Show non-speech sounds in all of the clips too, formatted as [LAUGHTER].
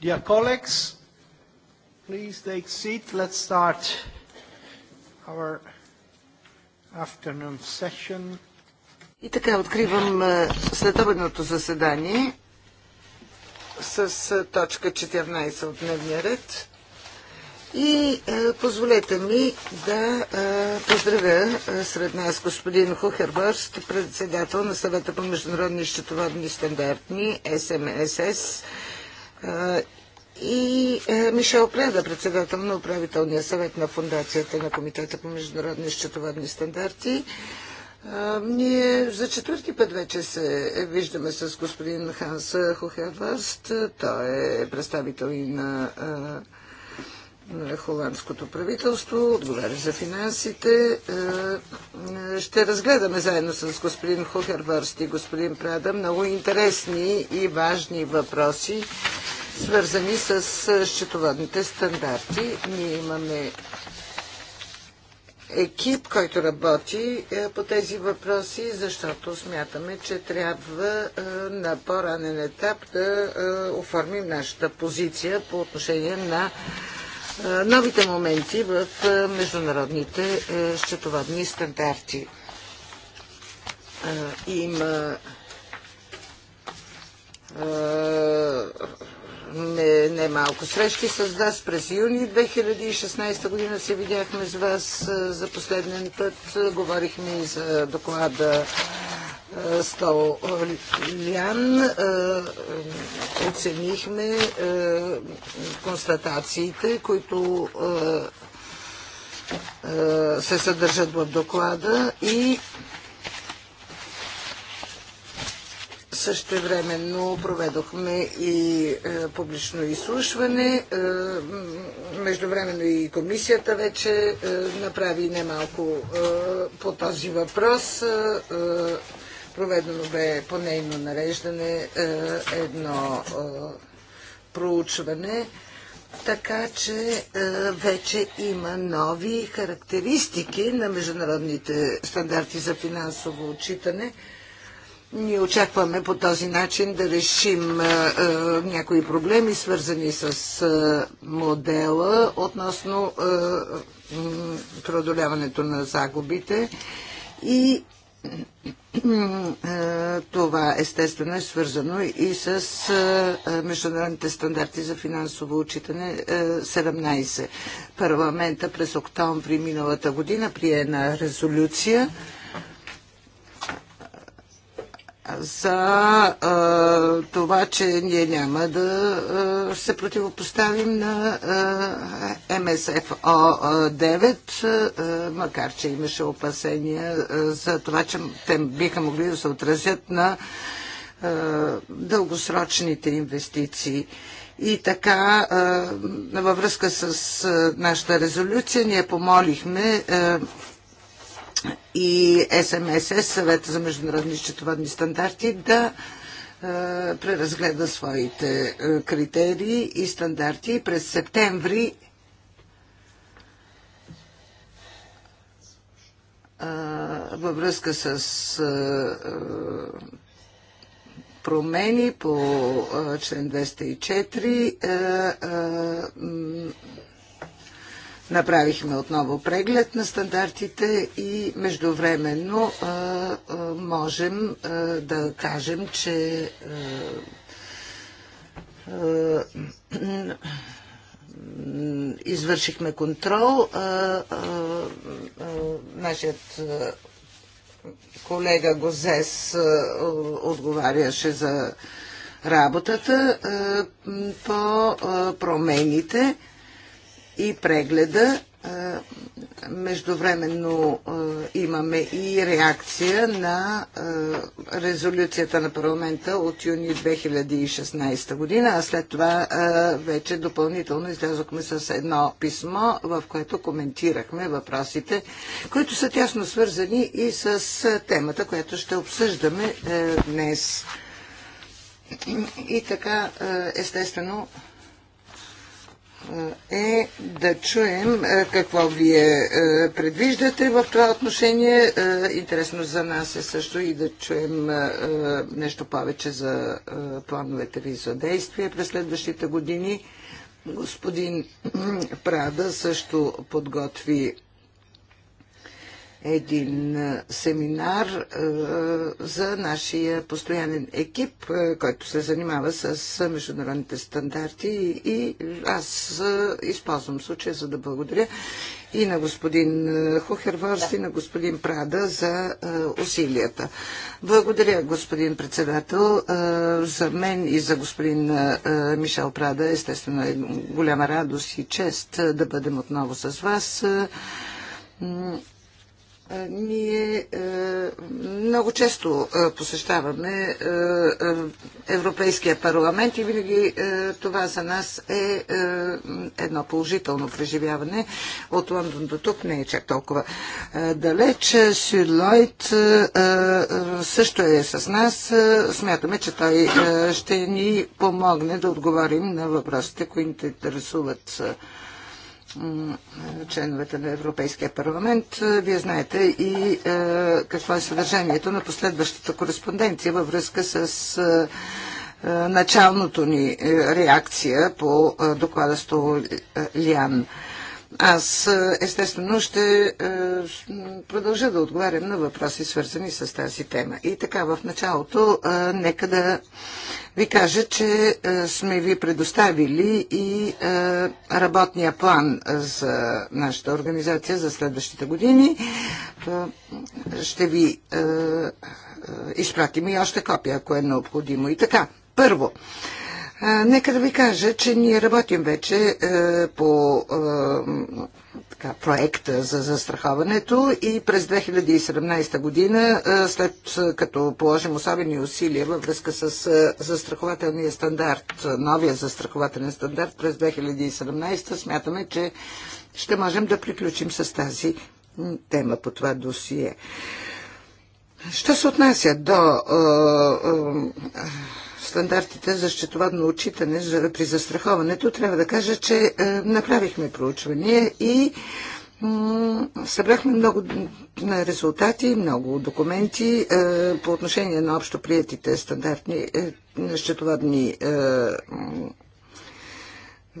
Dear colleagues, please take seat. Let's start our afternoon session. И така откривам е, следобедното заседание с е, точка 14 от дневния ред. И е, позволете ми да е, поздравя е, сред нас господин Хухербърст, председател на съвета по международни счетоводни стандартни СМСС и е, Мишел Преда, председател на управителния съвет на Фундацията на Комитета по международни счетоводни стандарти. Ние за четвърти път вече се виждаме с господин Ханс Хохеваст. Той е представител и на холандското правителство, отговаря за финансите. Е, е, ще разгледаме заедно с господин Хохерварст и господин Прада много интересни и важни въпроси, свързани с е, счетоводните стандарти. Ние имаме екип, който работи по тези въпроси, защото смятаме, че трябва на по-ранен етап да оформим нашата позиция по отношение на новите моменти в международните счетоводни стандарти. Има не, не малко срещи с вас. През юни 2016 година се видяхме с вас за последен път. Говорихме и за доклада е, Лян е, оценихме е, констатациите, които се съдържат в доклада и Същевременно проведохме и публично изслушване. междувременно и комисията вече направи немалко по този въпрос. Проведено бе по нейно нареждане е, едно е, проучване, така че е, вече има нови характеристики на международните стандарти за финансово отчитане. Ние очакваме по този начин да решим е, е, някои проблеми, свързани с е, модела относно преодоляването на загубите и [CLEARS THROAT] Това естествено е свързано и с международните стандарти за финансово учитане 17. Парламента през октомври миналата година прие една резолюция за а, това, че ние няма да а, се противопоставим на а, МСФО 9, а, макар че имаше опасения а, за това, че те биха могли да се отразят на а, дългосрочните инвестиции. И така, а, във връзка с а, нашата резолюция, ние помолихме. А, и СМСС, съвета за международни счетоводни стандарти, да е, преразгледа своите е, критерии и стандарти. През септември е, във връзка с промени по член 204 Направихме отново преглед на стандартите и междувременно можем да кажем, че извършихме контрол. Нашият колега Гозес отговаряше за работата по промените и прегледа. Междувременно имаме и реакция на резолюцията на парламента от юни 2016 година, а след това вече допълнително излязохме с едно писмо, в което коментирахме въпросите, които са тясно свързани и с темата, която ще обсъждаме е, днес. И така, е, естествено, е да чуем е, какво вие е, предвиждате в това отношение. Е, интересно за нас е също и да чуем нещо повече за плановете ви за действие през следващите години. Господин Прада също подготви един семинар за нашия постоянен екип, който се занимава с международните стандарти и аз използвам случая за да благодаря и на господин Хухерворст и на господин Прада за усилията. Благодаря, господин председател. За мен и за господин Мишел Прада естествено е голяма радост и чест да бъдем отново с вас. Ние е, много често е, посещаваме е, Европейския парламент и винаги това за нас е едно положително преживяване. От Лондон до тук не е чак толкова далеч. Сюрлойд също е с нас. Смятаме, че той ще ни помогне да отговорим на въпросите, които интересуват членовете на Европейския парламент. Вие знаете и е, какво е съдържанието на последващата кореспонденция във връзка с е, е началното ни е, реакция по е, доклада Столиан. Е, аз е, естествено ще е, продължа да отговарям на въпроси, свързани с тази тема. И така, в началото, е, нека да ви кажа, че сме ви предоставили и работния план за нашата организация за следващите години. Ще ви изпратим и още копия, ако е необходимо. И така, първо, Нека да ви кажа, че ние работим вече е, по е, така, проекта за застраховането и през 2017 година, е, след като положим особени усилия във връзка с застрахователния стандарт, новия застрахователен стандарт през 2017, смятаме, че ще можем да приключим с тази тема по това досие. Що се отнася до стандартите за счетоводно отчитане за, при застраховането, трябва да кажа, че е, направихме проучвания и Събрахме много резултати, много документи е, по отношение на общо приятите стандартни е, счетоводни е,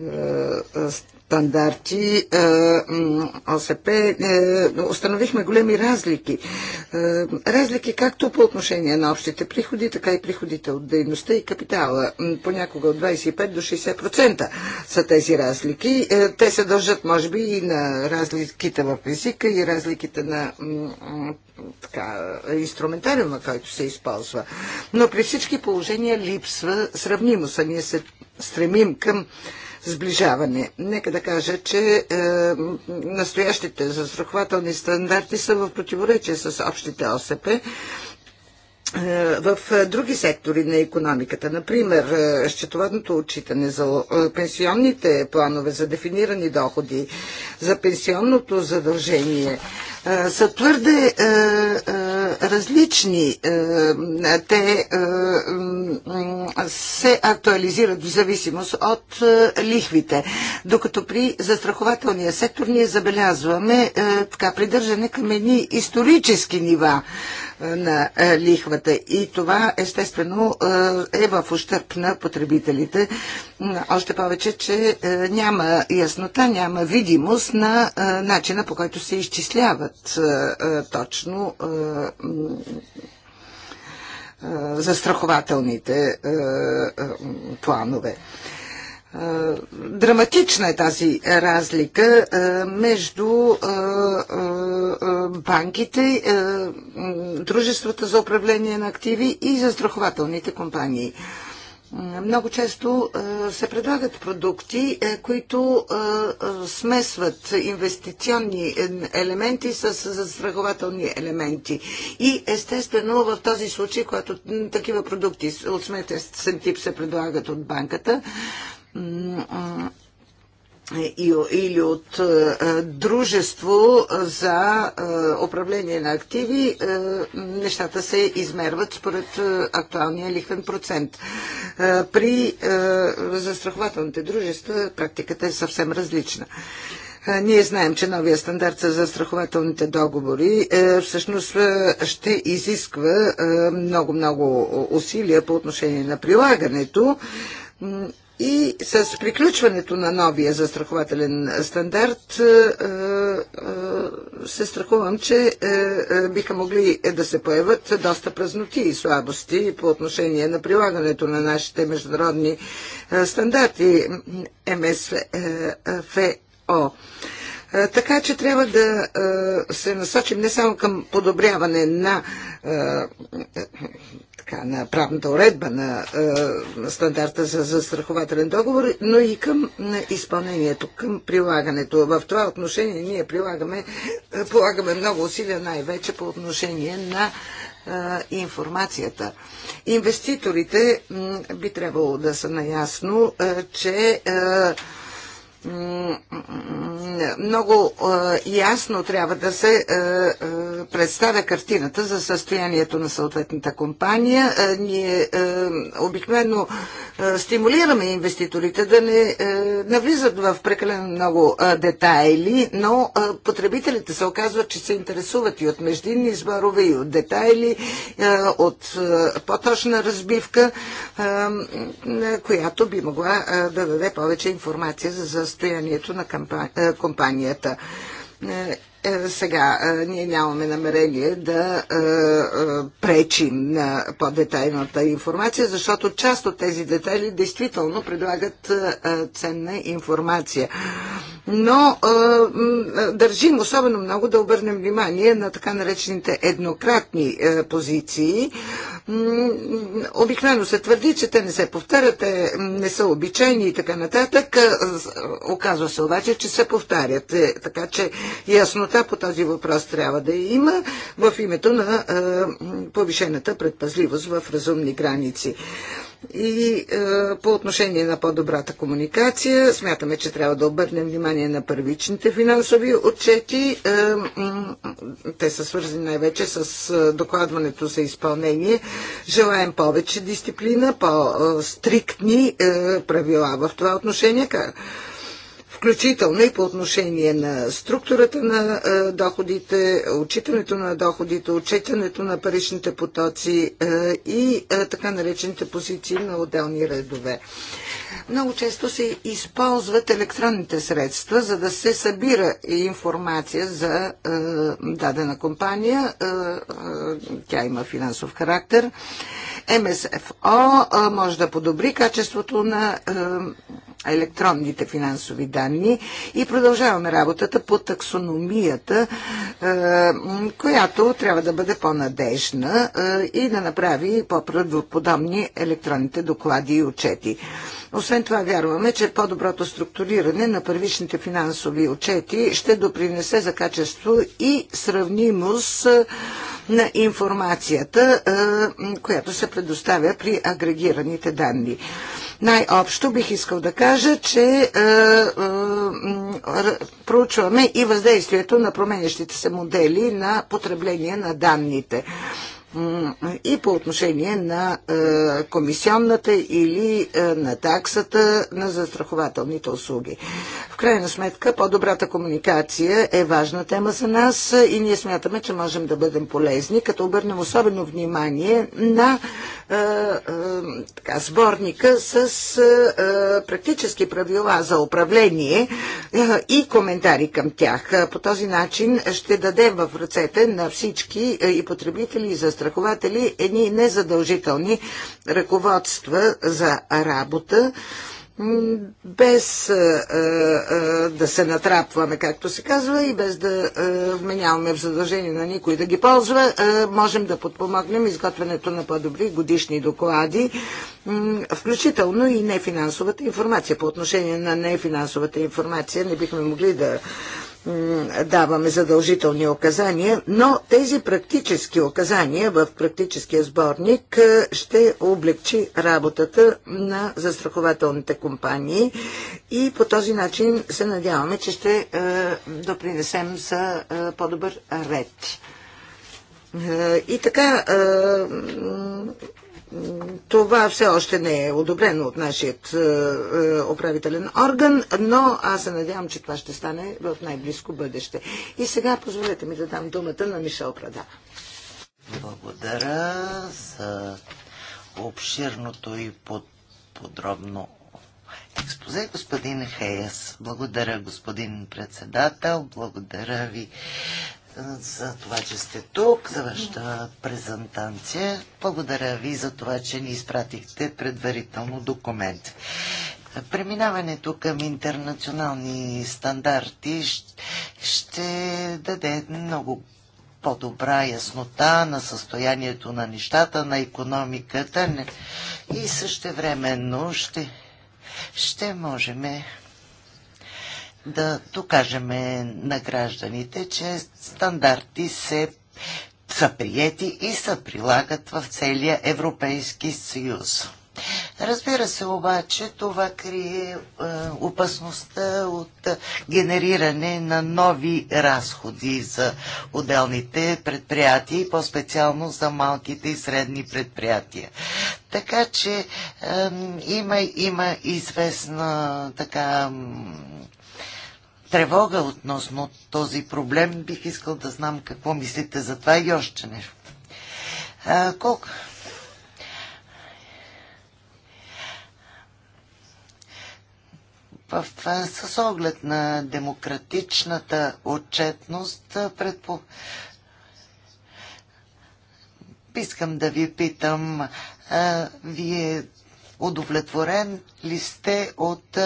е, е стандарти е, ОСП е, установихме големи разлики. Е, разлики както по отношение на общите приходи, така и приходите от дейността и капитала. Понякога от 25 до 60% са тези разлики. Те се дължат, може би, и на разликите в езика и разликите на така, инструментариума, който се използва. Но при всички положения липсва сравнимост. Ние се стремим към сближаване. Нека да кажа, че е, настоящите застрахователни стандарти са в противоречие с общите ОСП е, в е, други сектори на економиката, например е, счетоводното отчитане за пенсионните планове за дефинирани доходи, за пенсионното задължение, са твърде различни. Те се актуализират в зависимост от лихвите, докато при застрахователния сектор ние забелязваме така придържане към едни исторически нива е, на е, лихвата. И това естествено е, е в ущърп на потребителите. Още повече, че няма яснота, няма видимост на начина по който се изчисляват точно застрахователните планове. Драматична е тази разлика между банките, дружествата за управление на активи и застрахователните компании. Много често се предлагат продукти, които смесват инвестиционни е, елементи с застрахователни елементи. И естествено в този случай, когато такива продукти от смесен тип се предлагат от банката, или от дружество за управление на активи, нещата се измерват според актуалния лихвен процент. При застрахователните дружества практиката е съвсем различна. Ние знаем, че новия стандарт за застрахователните договори е, всъщност ще изисква много-много усилия по отношение на прилагането и с приключването на новия застрахователен стандарт е, е, се страхувам, че е, биха могли да се появят доста празноти и слабости по отношение на прилагането на нашите международни стандарти МСФО. Така че трябва да се насочим не само към подобряване на така, на правната уредба на е, стандарта за застрахователен договор, но и към изпълнението, към прилагането. В това отношение ние прилагаме, е, полагаме много усилия най-вече по отношение на е, информацията. Инвеститорите би трябвало да са наясно, е, че много ясно трябва да се представя картината за състоянието на съответната компания. Ние обикновено стимулираме инвеститорите да не навлизат в прекалено много детайли, но потребителите се оказват, че се интересуват и от междинни изборове, и от детайли, от по-точна разбивка, която би могла да даде повече информация за състоянието на е, компанията. Е, е, сега ние нямаме намерение да пречим на по детайната информация, защото част от тези детайли действително предлагат ценна информация. Но държим особено много да обърнем внимание на така наречените еднократни позиции, Обикновено се твърди, че те не се повтарят, те не са обичайни и така нататък. Оказва се обаче, че се повтарят. Е, така че яснота по този въпрос трябва да има в името на повишената предпазливост в разумни граници. И е, по отношение на по-добрата комуникация, смятаме, че трябва да обърнем внимание на първичните финансови отчети. Е, те са свързани най-вече с е, докладването за изпълнение. Желаем повече дисциплина, по-стриктни е, е, правила в това отношение. Как? включително и по отношение на структурата на е, доходите, отчитането на доходите, отчитането на паричните потоци е, и е, така наречените позиции на отделни редове много често се използват електронните средства, за да се събира информация за е, дадена компания. Е, е, тя има финансов характер. МСФО е, може да подобри качеството на е, електронните финансови данни и продължаваме работата по таксономията, е, която трябва да бъде по-надежна е, и да направи по предоподобни електронните доклади и отчети. Освен това вярваме, че по-доброто структуриране на първичните финансови отчети ще допринесе за качество и сравнимост е, на информацията, е, която се предоставя при агрегираните данни. Най-общо бих искал да кажа, че е, е, проучваме и въздействието на променящите се модели на потребление на данните и по отношение на е, комисионната или е, на таксата на застрахователните услуги. В крайна сметка, по-добрата комуникация е важна тема за нас и ние смятаме, че можем да бъдем полезни, като обърнем особено внимание на е, така, сборника с практически правила за управление и коментари към тях. По този начин ще дадем в ръцете на всички и потребители и застрахователи застрахователи едни незадължителни ръководства за работа без а, а, да се натрапваме, както се казва, и без да а, вменяваме в задължение на никой да ги ползва, а, можем да подпомогнем изготвянето на по-добри годишни доклади, включително и нефинансовата информация. По отношение на нефинансовата информация не бихме могли да даваме задължителни указания, но тези практически указания в практическия сборник е, ще облегчи работата на застрахователните компании и по този начин се надяваме, че ще е, допринесем за е, по-добър ред. И така, това все още не е одобрено от нашият е, е, управителен орган, но аз се надявам, че това ще стане в най-близко бъдеще. И сега позволете ми да дам думата на Мишел Прада. Благодаря за обширното и под, подробно експозе, господин Хейс. Благодаря, господин председател. Благодаря ви за това, че сте тук, за вашата презентация. Благодаря ви за това, че ни изпратихте предварително документ. Преминаването към интернационални стандарти ще даде много по-добра яснота на състоянието на нещата, на економиката и същевременно ще, ще можем да докажем на гражданите, че стандарти се са приети и се прилагат в целия Европейски съюз. Разбира се обаче, това крие е, опасността от генериране на нови разходи за отделните предприятия и по-специално за малките и средни предприятия. Така че е, има, има известна така тревога относно този проблем. Бих искал да знам какво мислите за това и още нещо. А, колко? В, с оглед на демократичната отчетност, предпо... искам да ви питам, а, вие Удовлетворен ли сте от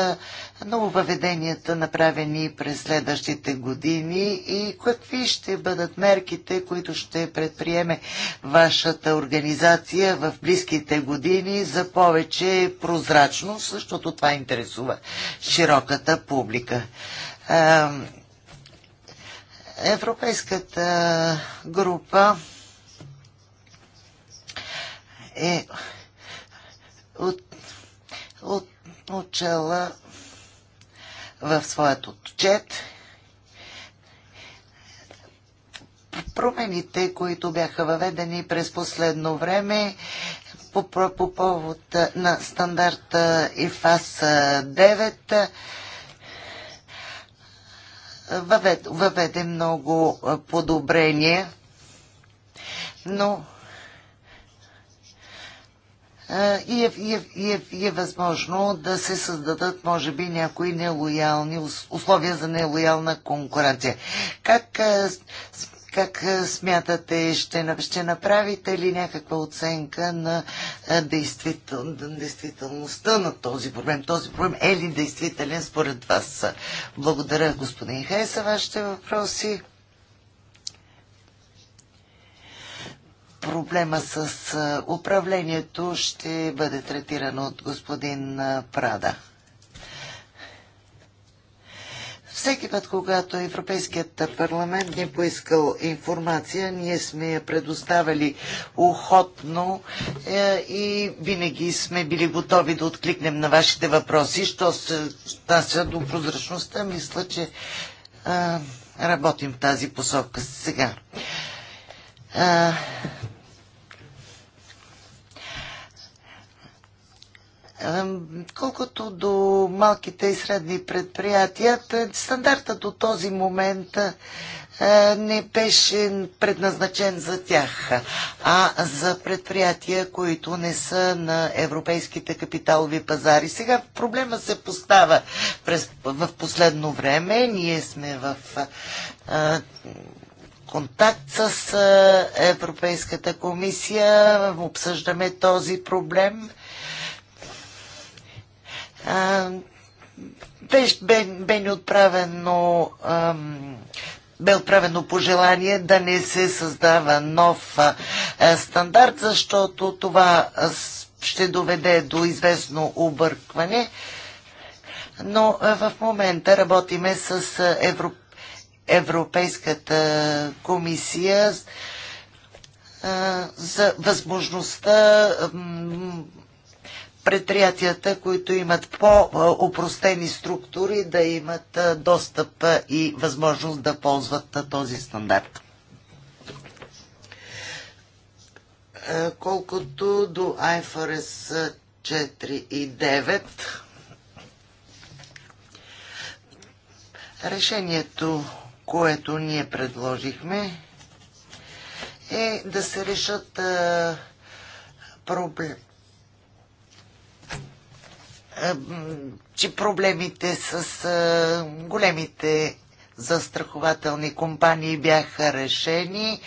нововъведенията, направени през следващите години и какви ще бъдат мерките, които ще предприеме вашата организация в близките години за повече прозрачност, защото това интересува широката публика? Европейската група е от от, отчела в своят отчет промените, които бяха въведени през последно време по, по повод на стандарта ИФАС 9 въведе, въведе много подобрения, но и е, и, е, и, е, и е възможно да се създадат, може би, някои нелоялни условия за нелоялна конкуренция. Как, как смятате, ще, ще направите ли някаква оценка на действител, действителността на този проблем? Този проблем е ли действителен според вас? Благодаря, господин Хайса, вашите въпроси. проблема с управлението ще бъде третиран от господин Прада. Всеки път, когато Европейският парламент ни е поискал информация, ние сме я предоставили охотно е, и винаги сме били готови да откликнем на вашите въпроси. Що се отнася до прозрачността, мисля, че е, работим в тази посока сега. Е, Колкото до малките и средни предприятия, стандартът до този момент не беше предназначен за тях, а за предприятия, които не са на европейските капиталови пазари. Сега проблема се поставя през, в последно време. Ние сме в а, контакт с Европейската комисия, обсъждаме този проблем бе, бе, отправено бе отправено пожелание да не се създава нов стандарт, защото това ще доведе до известно объркване. Но в момента работиме с Европ... Европейската комисия за възможността предприятията, които имат по-опростени структури, да имат достъп и възможност да ползват този стандарт. Колкото до IFRS 4 и 9, решението, което ние предложихме, е да се решат проблеми е, че проблемите с е, големите застрахователни компании бяха решени.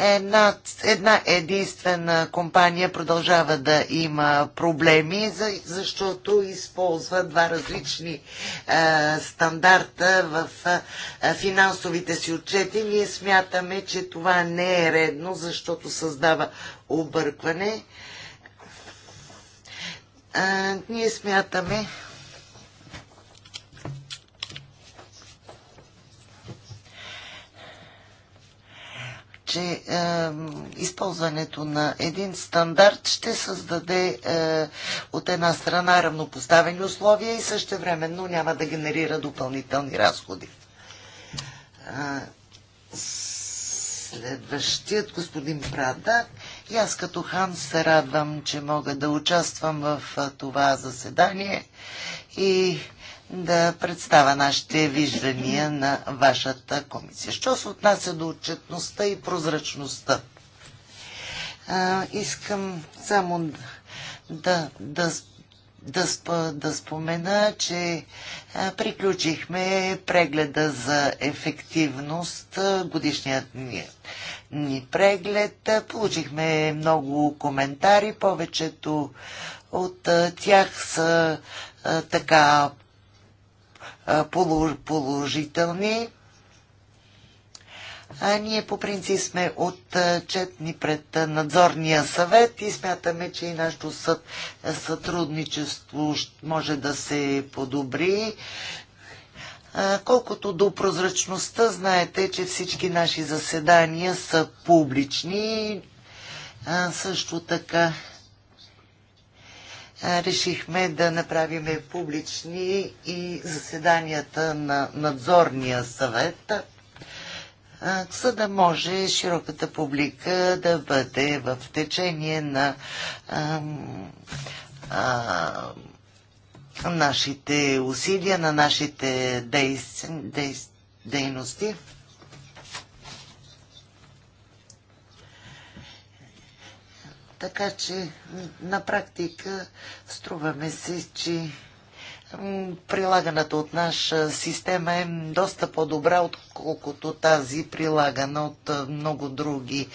Една, една единствена компания продължава да има проблеми, защото използва два различни е, стандарта в е, финансовите си отчети. Ние смятаме, че това не е редно, защото създава объркване а, ние смятаме, че е, използването на един стандарт ще създаде е, от една страна равнопоставени условия и същевременно няма да генерира допълнителни разходи. Е, следващият господин Прадак. И аз като хан се радвам, че мога да участвам в това заседание и да представя нашите виждания на вашата комисия. Що се отнася до отчетността и прозрачността? А, искам само да, да, да, да спомена, че приключихме прегледа за ефективност, годишният ни ни преглед. Получихме много коментари, повечето от тях са така положителни. А ние по принцип сме отчетни пред надзорния съвет и смятаме, че и нашето съд, сътрудничество може да се подобри. Колкото до прозрачността, знаете, че всички наши заседания са публични. Също така решихме да направим публични и заседанията на надзорния съвет, за да може широката публика да бъде в течение на нашите усилия, на нашите дей... Дей... дейности. Така че на практика струваме се, че прилаганата от наша система е доста по-добра, отколкото тази прилагана от много други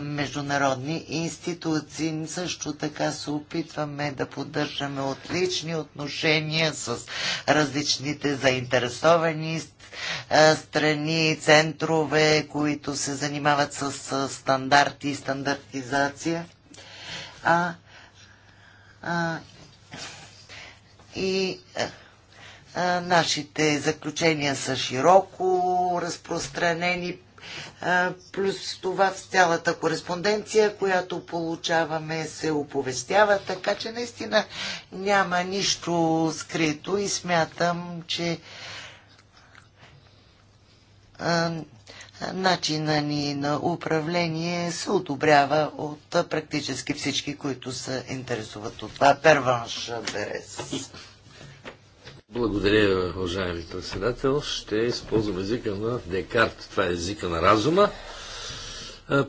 международни институции. Също така се опитваме да поддържаме отлични отношения с различните заинтересовани страни, центрове, които се занимават с стандарти и стандартизация. А, а и нашите заключения са широко разпространени, плюс това в цялата кореспонденция, която получаваме, се оповестява, така че наистина няма нищо скрито и смятам, че начина ни на управление се одобрява от практически всички, които се интересуват от това. Перванш Берес. Благодаря, уважаеми председател. Ще използвам езика на Декарт. Това е езика на разума.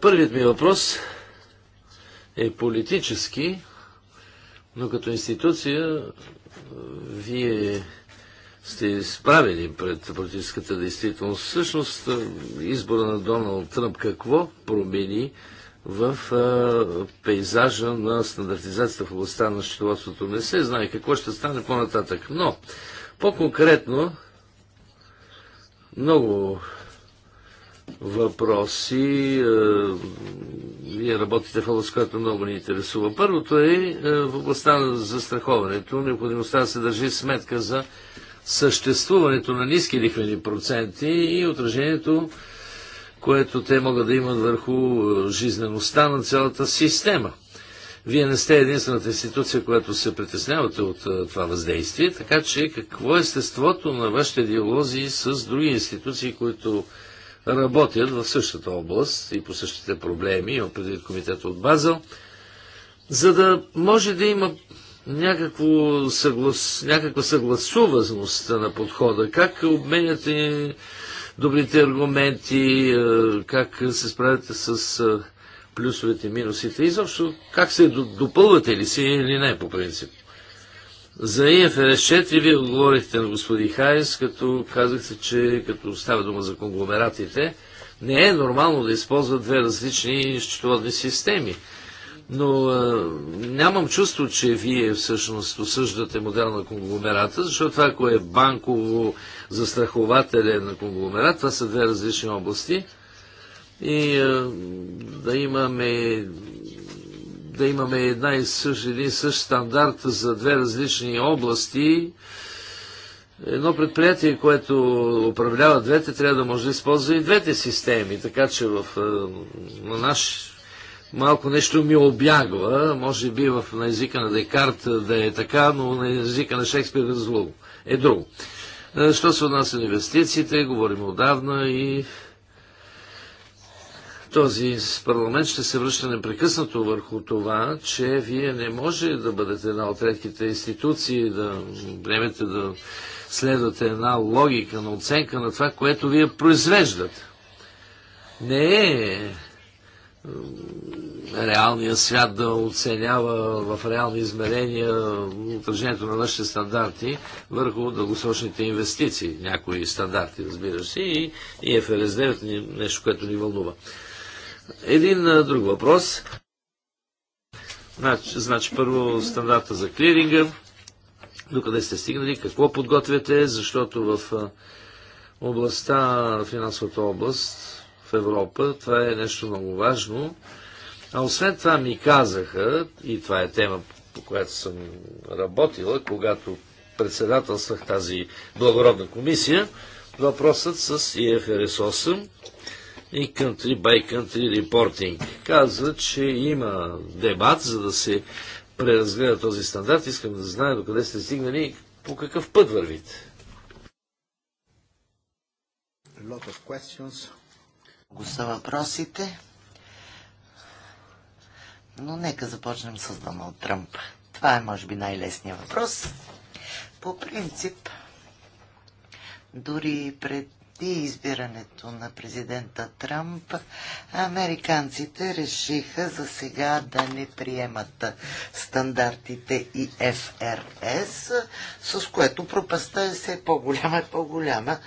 Първият ми въпрос е политически, но като институция вие сте изправени пред политическата действителност. Всъщност, избора на Доналд Тръмп какво промени в а, пейзажа на стандартизацията в областта на счетоводството? Не се знае какво ще стане по-нататък. Но, по-конкретно, много въпроси. Вие работите в област, която много ни интересува. Първото е в областта на застраховането. Необходимостта да се държи сметка за съществуването на ниски лихвени проценти и отражението, което те могат да имат върху е, жизнеността на цялата система. Вие не сте единствената институция, която се притеснявате от е, това въздействие, така че какво е естеството на вашите диалози с други институции, които работят в същата област и по същите проблеми, имам предвид комитета от Базел, за да може да има някакво съглас... някаква съгласуваност на подхода, как обменяте добрите аргументи, е, как се справяте с е, плюсовете, минусите, изобщо как се допълвате ли си или не по принцип. За ИФРС 4 вие отговорихте на господин Хайс, като казахте, че като става дума за конгломератите, не е нормално да използват две различни счетоводни системи но а, нямам чувство, че вие всъщност осъждате модел на конгломерата, защото това, ако е банково застрахователен конгломерат, това са две различни области. И а, да имаме да имаме една и същ, един и същ стандарт за две различни области, едно предприятие, което управлява двете, трябва да може да използва и двете системи. Така че в, на наш малко нещо ми обягва, може би в, на езика на Декарт да е така, но на езика на Шекспир е, зло, е друго. Е, що се отнася инвестициите, говорим отдавна и този парламент ще се връща непрекъснато върху това, че вие не може да бъдете една от редките институции, да времете да следвате една логика на оценка на това, което вие произвеждате. Не е реалния свят, да оценява в реални измерения отражението на нашите стандарти върху дългосрочните инвестиции, някои стандарти, разбира се, и, и ФРС 9 нещо, което ни вълнува. Един друг въпрос. Значи, значи първо стандарта за клиринга, докъде сте стигнали, какво подготвяте, защото в областта, финансовата област, в Европа. Това е нещо много важно. А освен това ми казаха, и това е тема, по която съм работила, когато председателствах тази благородна комисия, въпросът с IFRS e 8 и Country by Country Reporting. Казва, че има дебат, за да се преразгледа този стандарт. Искам да знае докъде сте стигнали и по какъв път вървите. Го са въпросите, но нека започнем с Доналд Тръмп. Това е, може би, най-лесният въпрос. По принцип, дори пред преди избирането на президента Трамп, американците решиха за сега да не приемат стандартите и ФРС, с което пропаста е все по-голяма и по-голяма.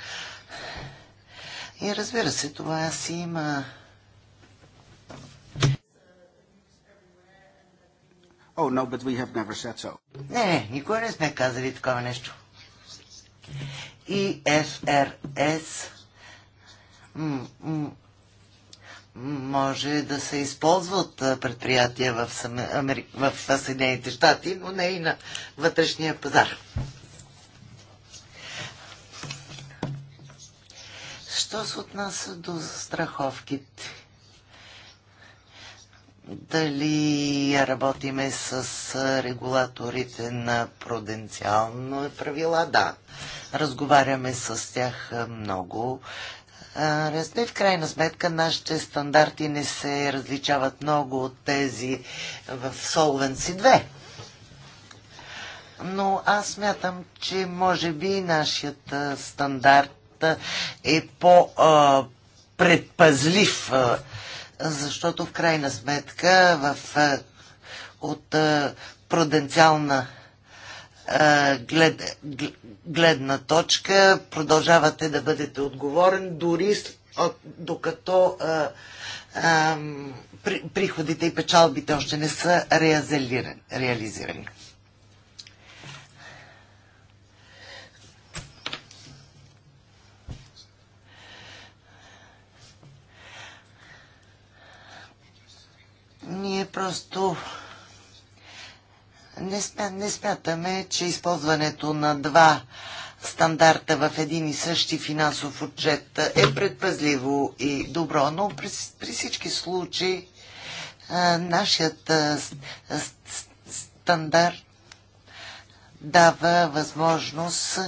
И разбира се, това си има Oh, no, but we have never said so. Не, не, никога не сме казали такова нещо. И ФРС може да се използва от предприятия в, Съединените щати, но не и на вътрешния пазар. Що се отнася до страховките? Дали работиме с регулаторите на пруденциално е правила? Да. Разговаряме с тях много. Разне в крайна сметка нашите стандарти не се различават много от тези в Solvency 2 но аз мятам, че може би нашият стандарт е по-предпазлив, защото в крайна сметка в, от проденциална глед, гледна точка продължавате да бъдете отговорен дори от, докато а, а, при, приходите и печалбите още не са реализирани. просто не, смя, не смятаме, че използването на два стандарта в един и същи финансов отчет е предпазливо и добро, но при, при всички случаи а, нашият а, стандарт дава възможност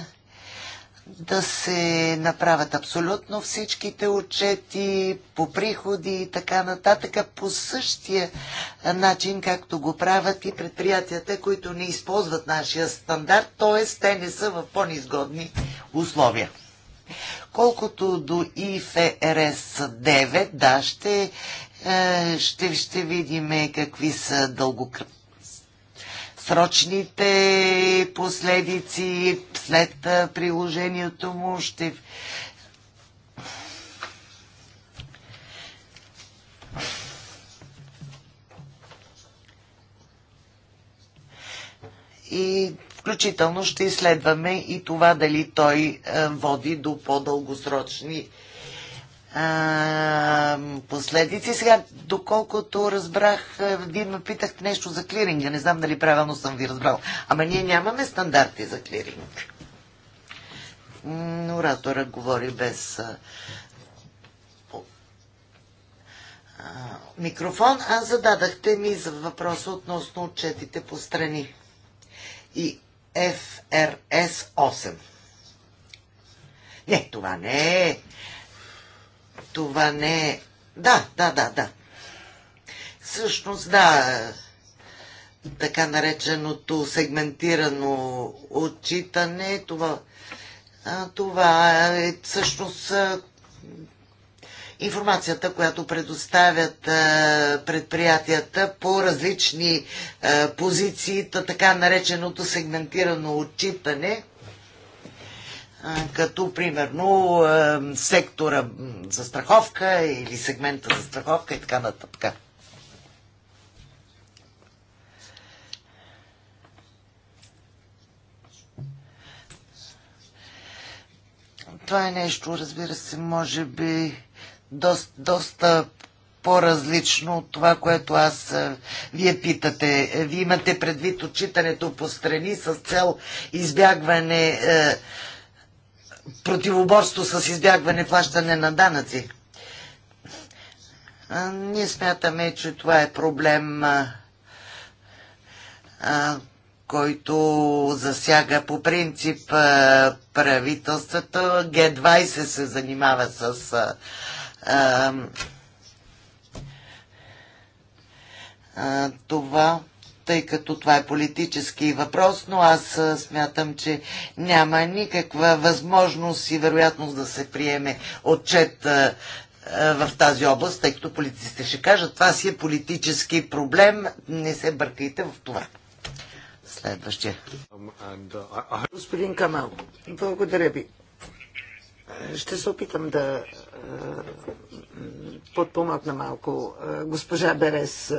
да се направят абсолютно всичките отчети по приходи и така нататък по същия начин, както го правят и предприятията, които не използват нашия стандарт, т.е. те не са в по-низгодни условия. Колкото до ИФРС 9, да, ще, е, ще, ще видим какви са дългокръпни срочните последици, след приложението му ще и включително ще изследваме и това дали той води до по-дългосрочни последици. Сега, доколкото разбрах, вие ме питахте нещо за клиринга. Не знам дали правилно съм ви разбрал. Ама ние нямаме стандарти за клиринг. Оратора говори без микрофон, а зададахте ми за въпроса относно отчетите по страни и FRS 8. Не, това не е. Това не е. Да, да, да, да. Всъщност, да, така нареченото сегментирано отчитане, това това е всъщност информацията, която предоставят предприятията по различни позиции, така нареченото сегментирано отчитане, като примерно сектора за страховка или сегмента за страховка и така нататък. Това е нещо, разбира се, може би доста, доста по-различно от това, което аз е, вие питате. Е, вие имате предвид отчитането по страни с цел избягване е, противоборство с избягване плащане на данъци. Ние смятаме, че това е проблем който засяга по принцип правителството. Г20 се занимава с а, а, това, тъй като това е политически въпрос, но аз смятам, че няма никаква възможност и вероятност да се приеме отчет а, в тази област, тъй като политиците ще кажат, това си е политически проблем, не се бъркайте в това следващия. Um, uh, Господин Камал, благодаря ви. Ще се опитам да е, подпомогна малко е, госпожа Берес.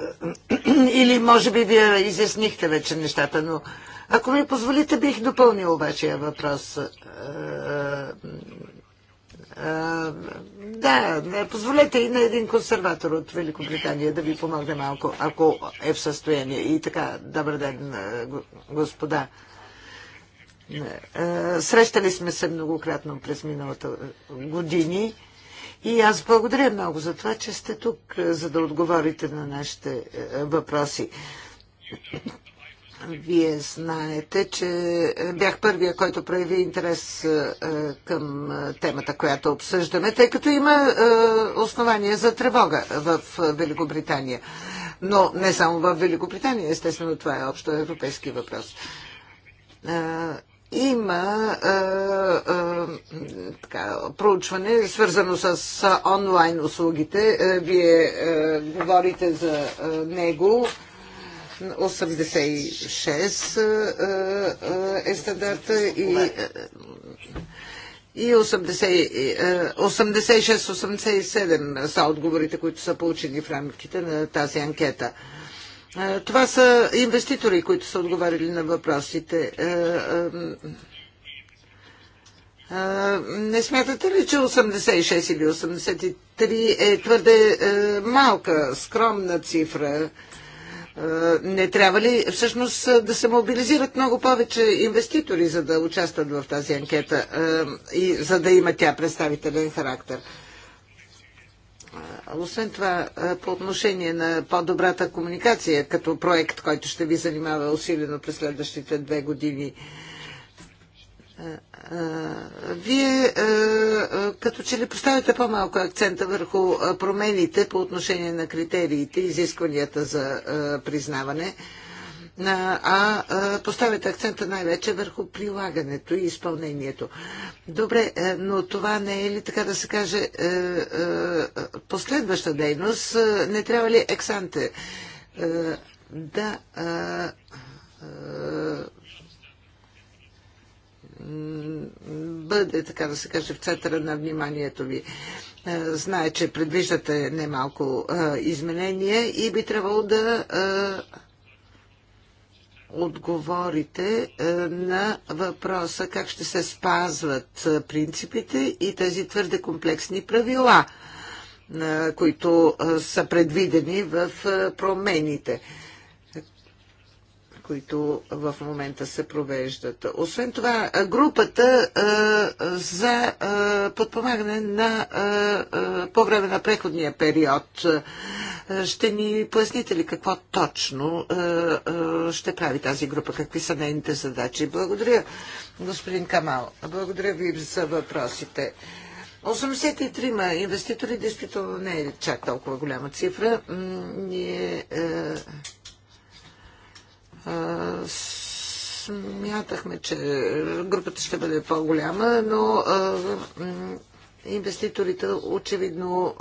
Или може би вие изяснихте вече нещата, но ако ми позволите, бих допълнил вашия въпрос. Е, да, позволете и на един консерватор от Великобритания да ви помогне малко, ако е в състояние. И така, добър ден, господа. Срещали сме се многократно през миналата години и аз благодаря много за това, че сте тук, за да отговорите на нашите въпроси. Вие знаете, че е, бях първия, който прояви интерес е, е, към темата, която обсъждаме, тъй като има основания за тревога в Великобритания. Но не само в Великобритания, естествено това е общо европейски въпрос. Има така, проучване, свързано с онлайн услугите. Вие говорите за него. 86 е, е, е стандарта и е, и 86-87 са отговорите, които са получени в рамките на тази анкета. Това са инвеститори, които са отговарили на въпросите. Не смятате ли, че 86 или 83 е твърде малка, скромна цифра? Е, не трябва ли всъщност е, да се мобилизират много повече инвеститори, за да участват в тази анкета е, и за да има тя представителен характер? Освен това, по отношение на по-добрата комуникация като проект, който ще ви занимава усилено през следващите две години, вие е, е, като че ли поставяте по-малко акцента върху е, промените по отношение на критериите, изискванията за признаване, а поставяте акцента най-вече върху прилагането и изпълнението. Добре, но това не е ли, така да се каже, последваща дейност? Не трябва ли ексанте да бъде, така да се каже, в центъра на вниманието ви. Е, знае, че предвиждате немалко е, изменения и би трябвало да е, отговорите на въпроса как ще се спазват принципите и тези твърде комплексни правила, които са предвидени в промените които в момента се провеждат. Освен това, групата за подпомагане на по време на преходния период. Ще ни поясните ли какво точно ще прави тази група? Какви са нейните задачи? Благодаря, господин Камал. Благодаря ви за въпросите. 83-ма инвеститори действително не е чак толкова голяма цифра. Ние е, Смятахме, че групата ще бъде по-голяма, но инвеститорите очевидно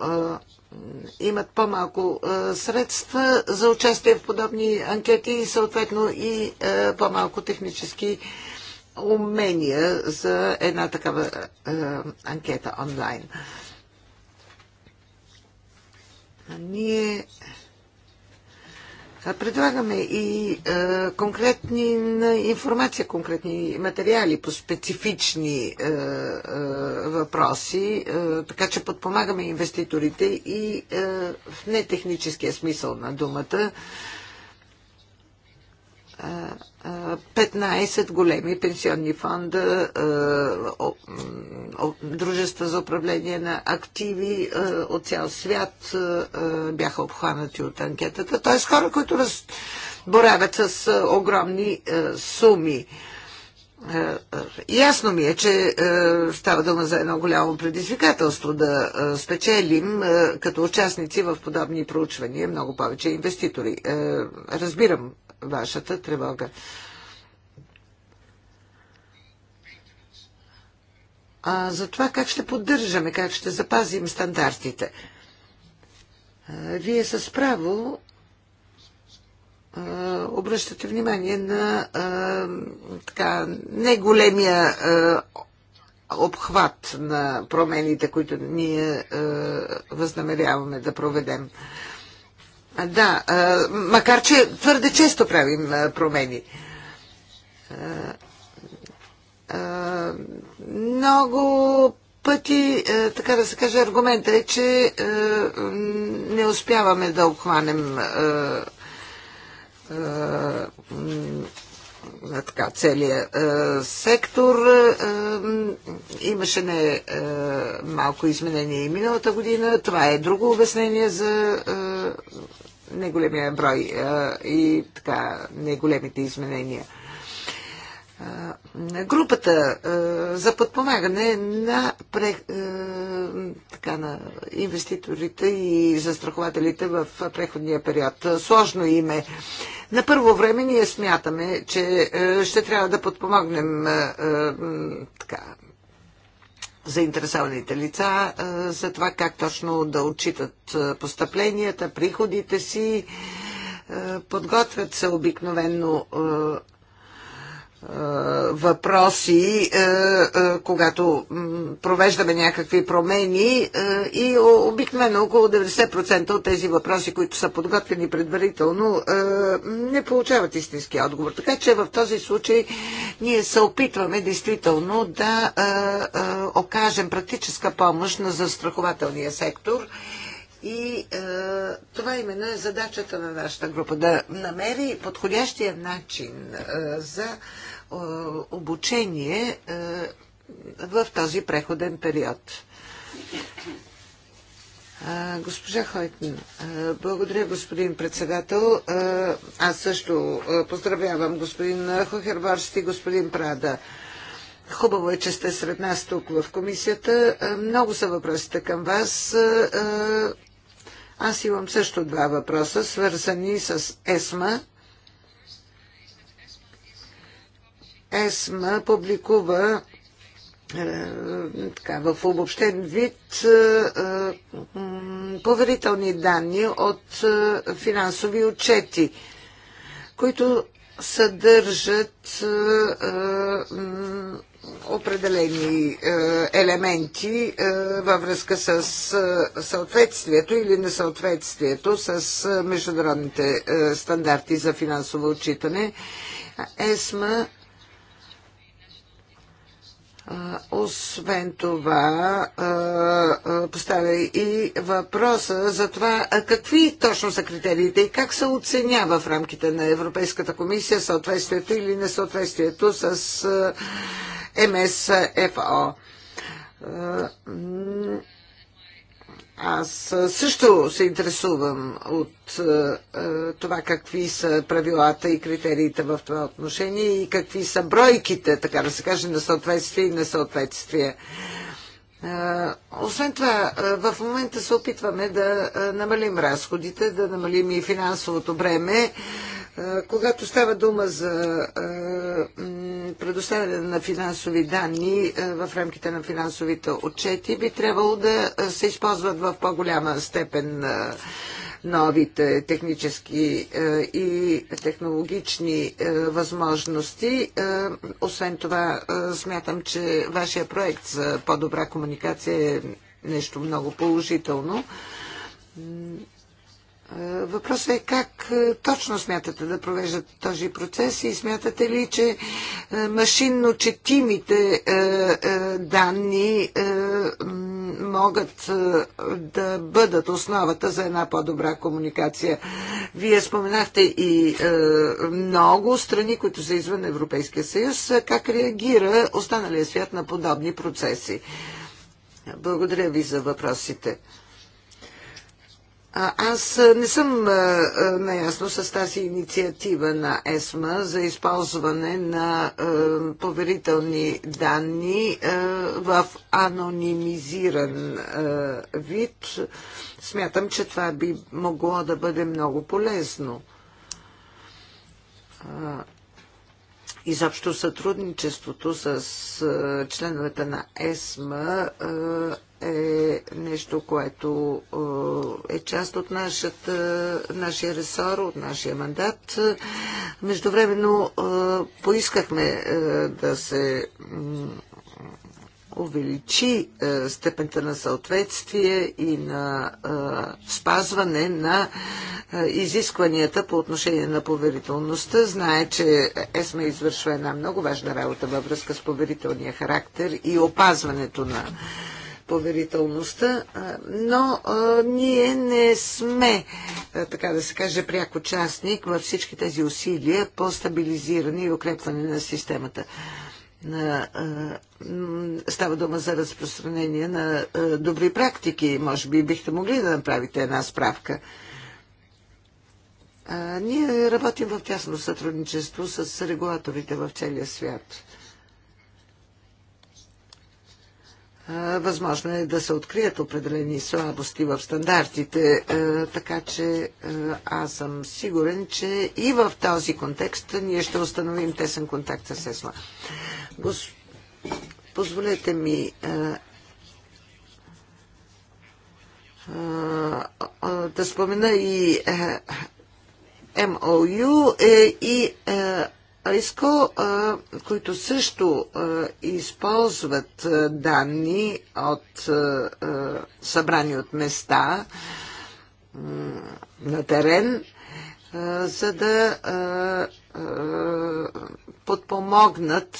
имат по-малко средства за участие в подобни анкети и съответно и по-малко технически умения за една такава анкета онлайн. Ние Предлагаме и е, конкретни информация, конкретни материали по специфични е, е, въпроси, е, така че подпомагаме инвеститорите и е, в нетехническия смисъл на думата. Е, 15 големи пенсионни фонда, дружества за управление на активи от цял свят бяха обхванати от анкетата. Т.е. хора, които раз... боравят с огромни суми. Ясно ми е, че става дума за едно голямо предизвикателство да спечелим като участници в подобни проучвания много повече инвеститори. Разбирам вашата тревога. А за това как ще поддържаме, как ще запазим стандартите. Вие с право обръщате внимание на така, не големия обхват на промените, които ние възнамеряваме да проведем. Да, макар че твърде често правим промени. Много пъти, така да се каже, аргумента е, че не успяваме да обхванем е, така, целият е, сектор. Е, е, имаше не е, малко изменение и миналата година. Това е друго обяснение за е, неголемия брой е, и така, неголемите изменения групата за подпомагане на, пре, така, на инвеститорите и застрахователите в преходния период. Сложно име. На първо време ние смятаме, че ще трябва да подпомогнем така, заинтересованите лица за това как точно да отчитат постъпленията, приходите си. Подготвят се обикновенно е, въпроси, е, е, когато провеждаме някакви промени и обикновено около 90% от тези въпроси, които са подготвени предварително, не получават истински отговор. Така че в този случай ние се опитваме действително да окажем практическа помощ на застрахователния сектор. И е, това именно е задачата на нашата група да намери подходящия начин е, за е, обучение е, в този преходен период. Госпожа Хойтен, благодаря господин председател. Аз също поздравявам господин Хохерборст и господин Прада. Хубаво е, че сте сред нас тук в комисията. Много са въпросите към вас. Аз имам също два въпроса, свързани с ЕСМА ЕСМА публикува е, така, в обобщен вид е, е, поверителни данни от финансови отчети, които съдържат определени елементи във връзка с съответствието или несъответствието с международните стандарти за финансово отчитане. ЕСМА освен това, поставя и въпроса за това какви точно са критериите и как се оценява в рамките на Европейската комисия съответствието или несъответствието с МСФО аз също се интересувам от е, е, това какви са правилата и критериите в това отношение и какви са бройките, така да се каже, на съответствие и несъответствие. Е, освен това, в момента се опитваме да намалим разходите, да намалим и финансовото бреме. Когато става дума за предоставяне на финансови данни е, в рамките на финансовите отчети би трябвало да е, се използват в по-голяма степен е, новите технически и технологични възможности. Освен това, смятам, че вашия проект за по-добра комуникация е нещо много положително. Въпросът е как е, точно смятате да провеждате този процес и смятате ли, че е, машинно четимите е, данни могат да бъдат основата за една по-добра комуникация. Вие споменахте и много страни, които са извън Европейския съюз. Как реагира останалия свят на подобни процеси? Благодаря ви за въпросите. Аз не съм наясно с тази инициатива на ЕСМА за използване на поверителни данни в анонимизиран вид. Смятам, че това би могло да бъде много полезно. Изобщо сътрудничеството с членовете на ЕСМА е нещо, което е част от нашата, нашия ресор, от нашия мандат. Междувременно поискахме да се увеличи е, степента на съответствие и на е, спазване на е, изискванията по отношение на поверителността. Знае, че ЕСМА извършва една много важна работа във връзка с поверителния характер и опазването на поверителността, е, но а, е, ние не сме, а, е, така да се каже, пряк участник във всички тези усилия по стабилизиране и укрепване на системата на, става дума за разпространение на добри практики. Може би бихте могли да направите една справка. Ние работим в тясно сътрудничество с регулаторите в целия свят. Възможно е да се открият определени слабости в стандартите, така че аз съм сигурен, че и в този контекст ние ще установим тесен контакт с ЕСМА. Гос... Позволете ми да спомена и MOU е, и ИСКО, които също използват данни от събрани от места на терен, за да подпомогнат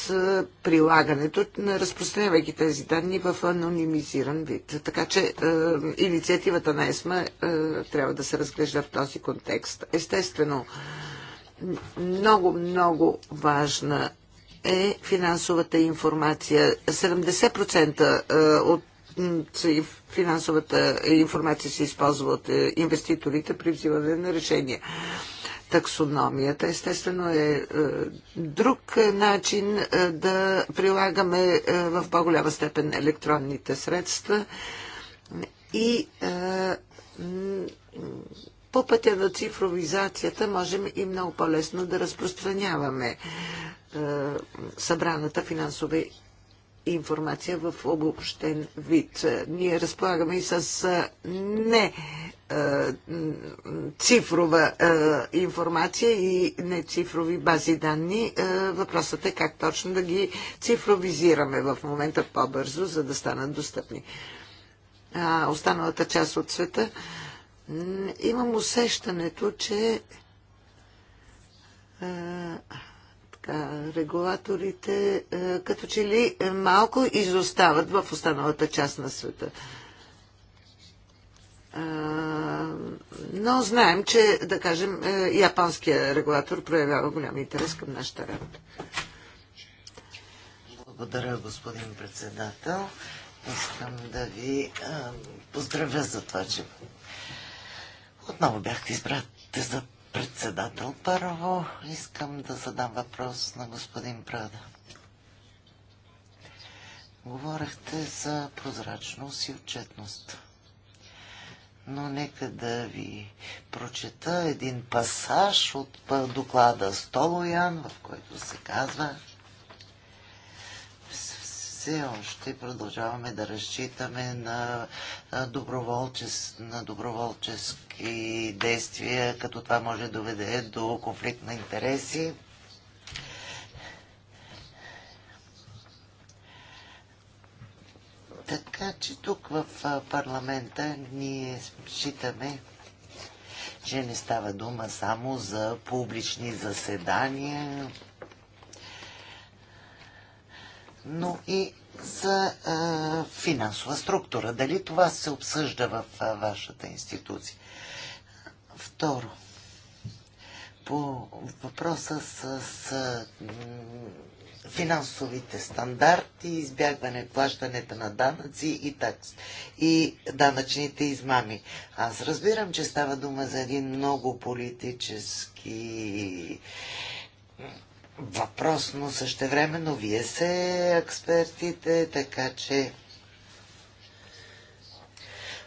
прилагането, разпространявайки тези данни в анонимизиран вид. Така че инициативата на ЕСМА трябва да се разглежда в този контекст. Естествено, много, много важна е финансовата информация. 70% е, от финансовата информация се използва от е, инвеститорите при взимане на решения. Таксономията, естествено, е, е друг начин да прилагаме в по-голяма степен електронните средства и по пътя на цифровизацията можем и много по-лесно да разпространяваме е, събраната финансова информация в обобщен вид. Ние разполагаме и с е, не е, цифрова е, информация и не цифрови бази данни. Въпросът е как точно да ги цифровизираме в момента по-бързо, за да станат достъпни. А останалата част от света Имам усещането, че така, регулаторите като че ли е, малко изостават в останалата част на света. Но знаем, че, да кажем, е, японския регулатор проявява голям интерес към нашата работа. Благодаря, господин председател. Искам да ви поздравя за това, че отново бяхте избрати за председател. Първо искам да задам въпрос на господин Прада. Говорехте за прозрачност и отчетност. Но нека да ви прочета един пасаж от доклада Столоян, в който се казва, все още продължаваме да разчитаме на, доброволчес, на доброволчески действия, като това може да доведе до конфликт на интереси. Така че тук в парламента ние считаме, че не става дума само за публични заседания, но и за а, финансова структура. Дали това се обсъжда в а, вашата институция? Второ, по въпроса с, с финансовите стандарти, избягване плащането на данъци и такс и данъчните измами. Аз разбирам, че става дума за един много политически въпрос, но същевременно вие се експертите, така че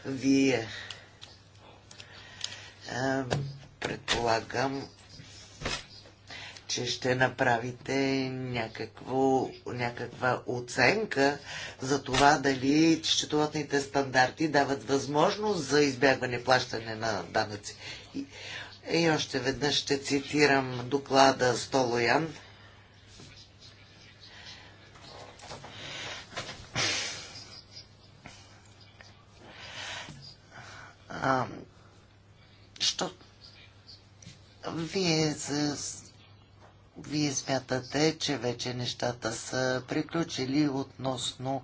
вие а, предполагам, че ще направите някакво, някаква оценка за това дали счетоводните стандарти дават възможност за избягване плащане на данъци. И, и още веднъж ще цитирам доклада Столоян. що? Вие за вие смятате, че вече нещата са приключили относно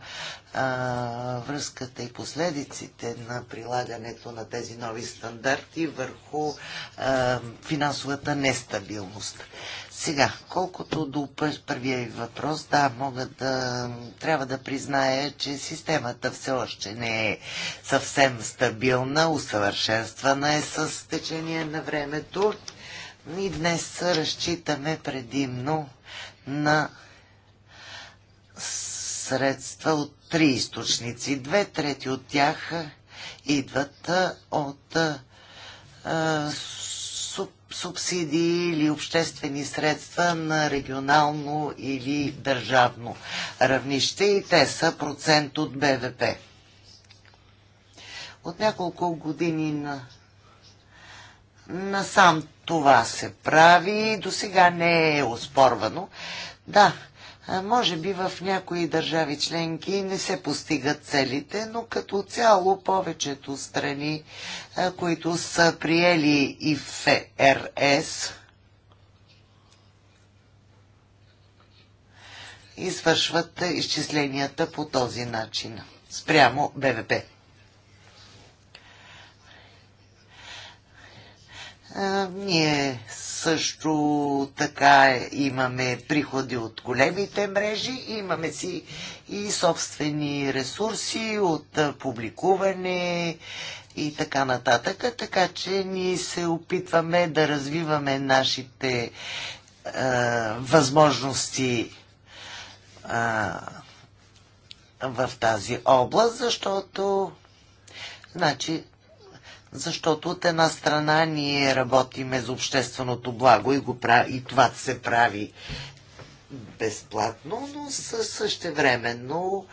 а, връзката и последиците на прилагането на тези нови стандарти върху а, финансовата нестабилност. Сега, колкото до първия ви въпрос, да, мога да, трябва да призная, че системата все още не е съвсем стабилна, усъвършенствана е с течение на времето и днес разчитаме предимно на средства от три източници. Две трети от тях идват от а, суб, субсидии или обществени средства на регионално или държавно равнище и те са процент от БВП. От няколко години на насам това се прави. и До сега не е оспорвано. Да, може би в някои държави членки не се постигат целите, но като цяло повечето страни, които са приели и ФРС, извършват изчисленията по този начин спрямо БВП. А, ние също така имаме приходи от големите мрежи, имаме си и собствени ресурси от публикуване и така нататък. Така че ние се опитваме да развиваме нашите а, възможности а, в тази област, защото значи защото от една страна ние работиме за общественото благо и, го прави, и това се прави безплатно, но същевременно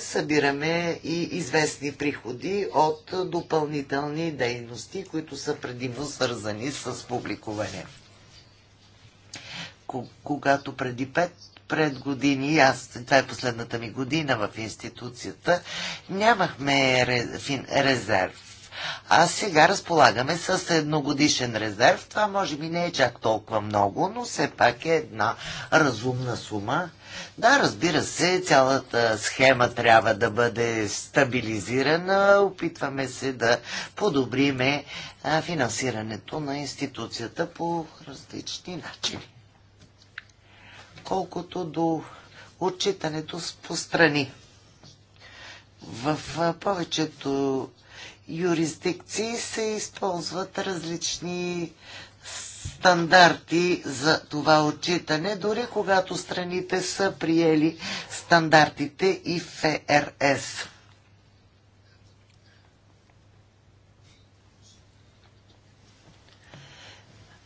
събираме и известни приходи от допълнителни дейности, които са предимно свързани с публикуване. Когато преди пет пред години, аз, това е последната ми година в институцията, нямахме резерв. А сега разполагаме с едногодишен резерв. Това може би не е чак толкова много, но все пак е една разумна сума. Да, разбира се, цялата схема трябва да бъде стабилизирана. Опитваме се да подобриме финансирането на институцията по различни начини. Колкото до отчитането по страни. В повечето юрисдикции се използват различни стандарти за това отчитане, дори когато страните са приели стандартите и ФРС.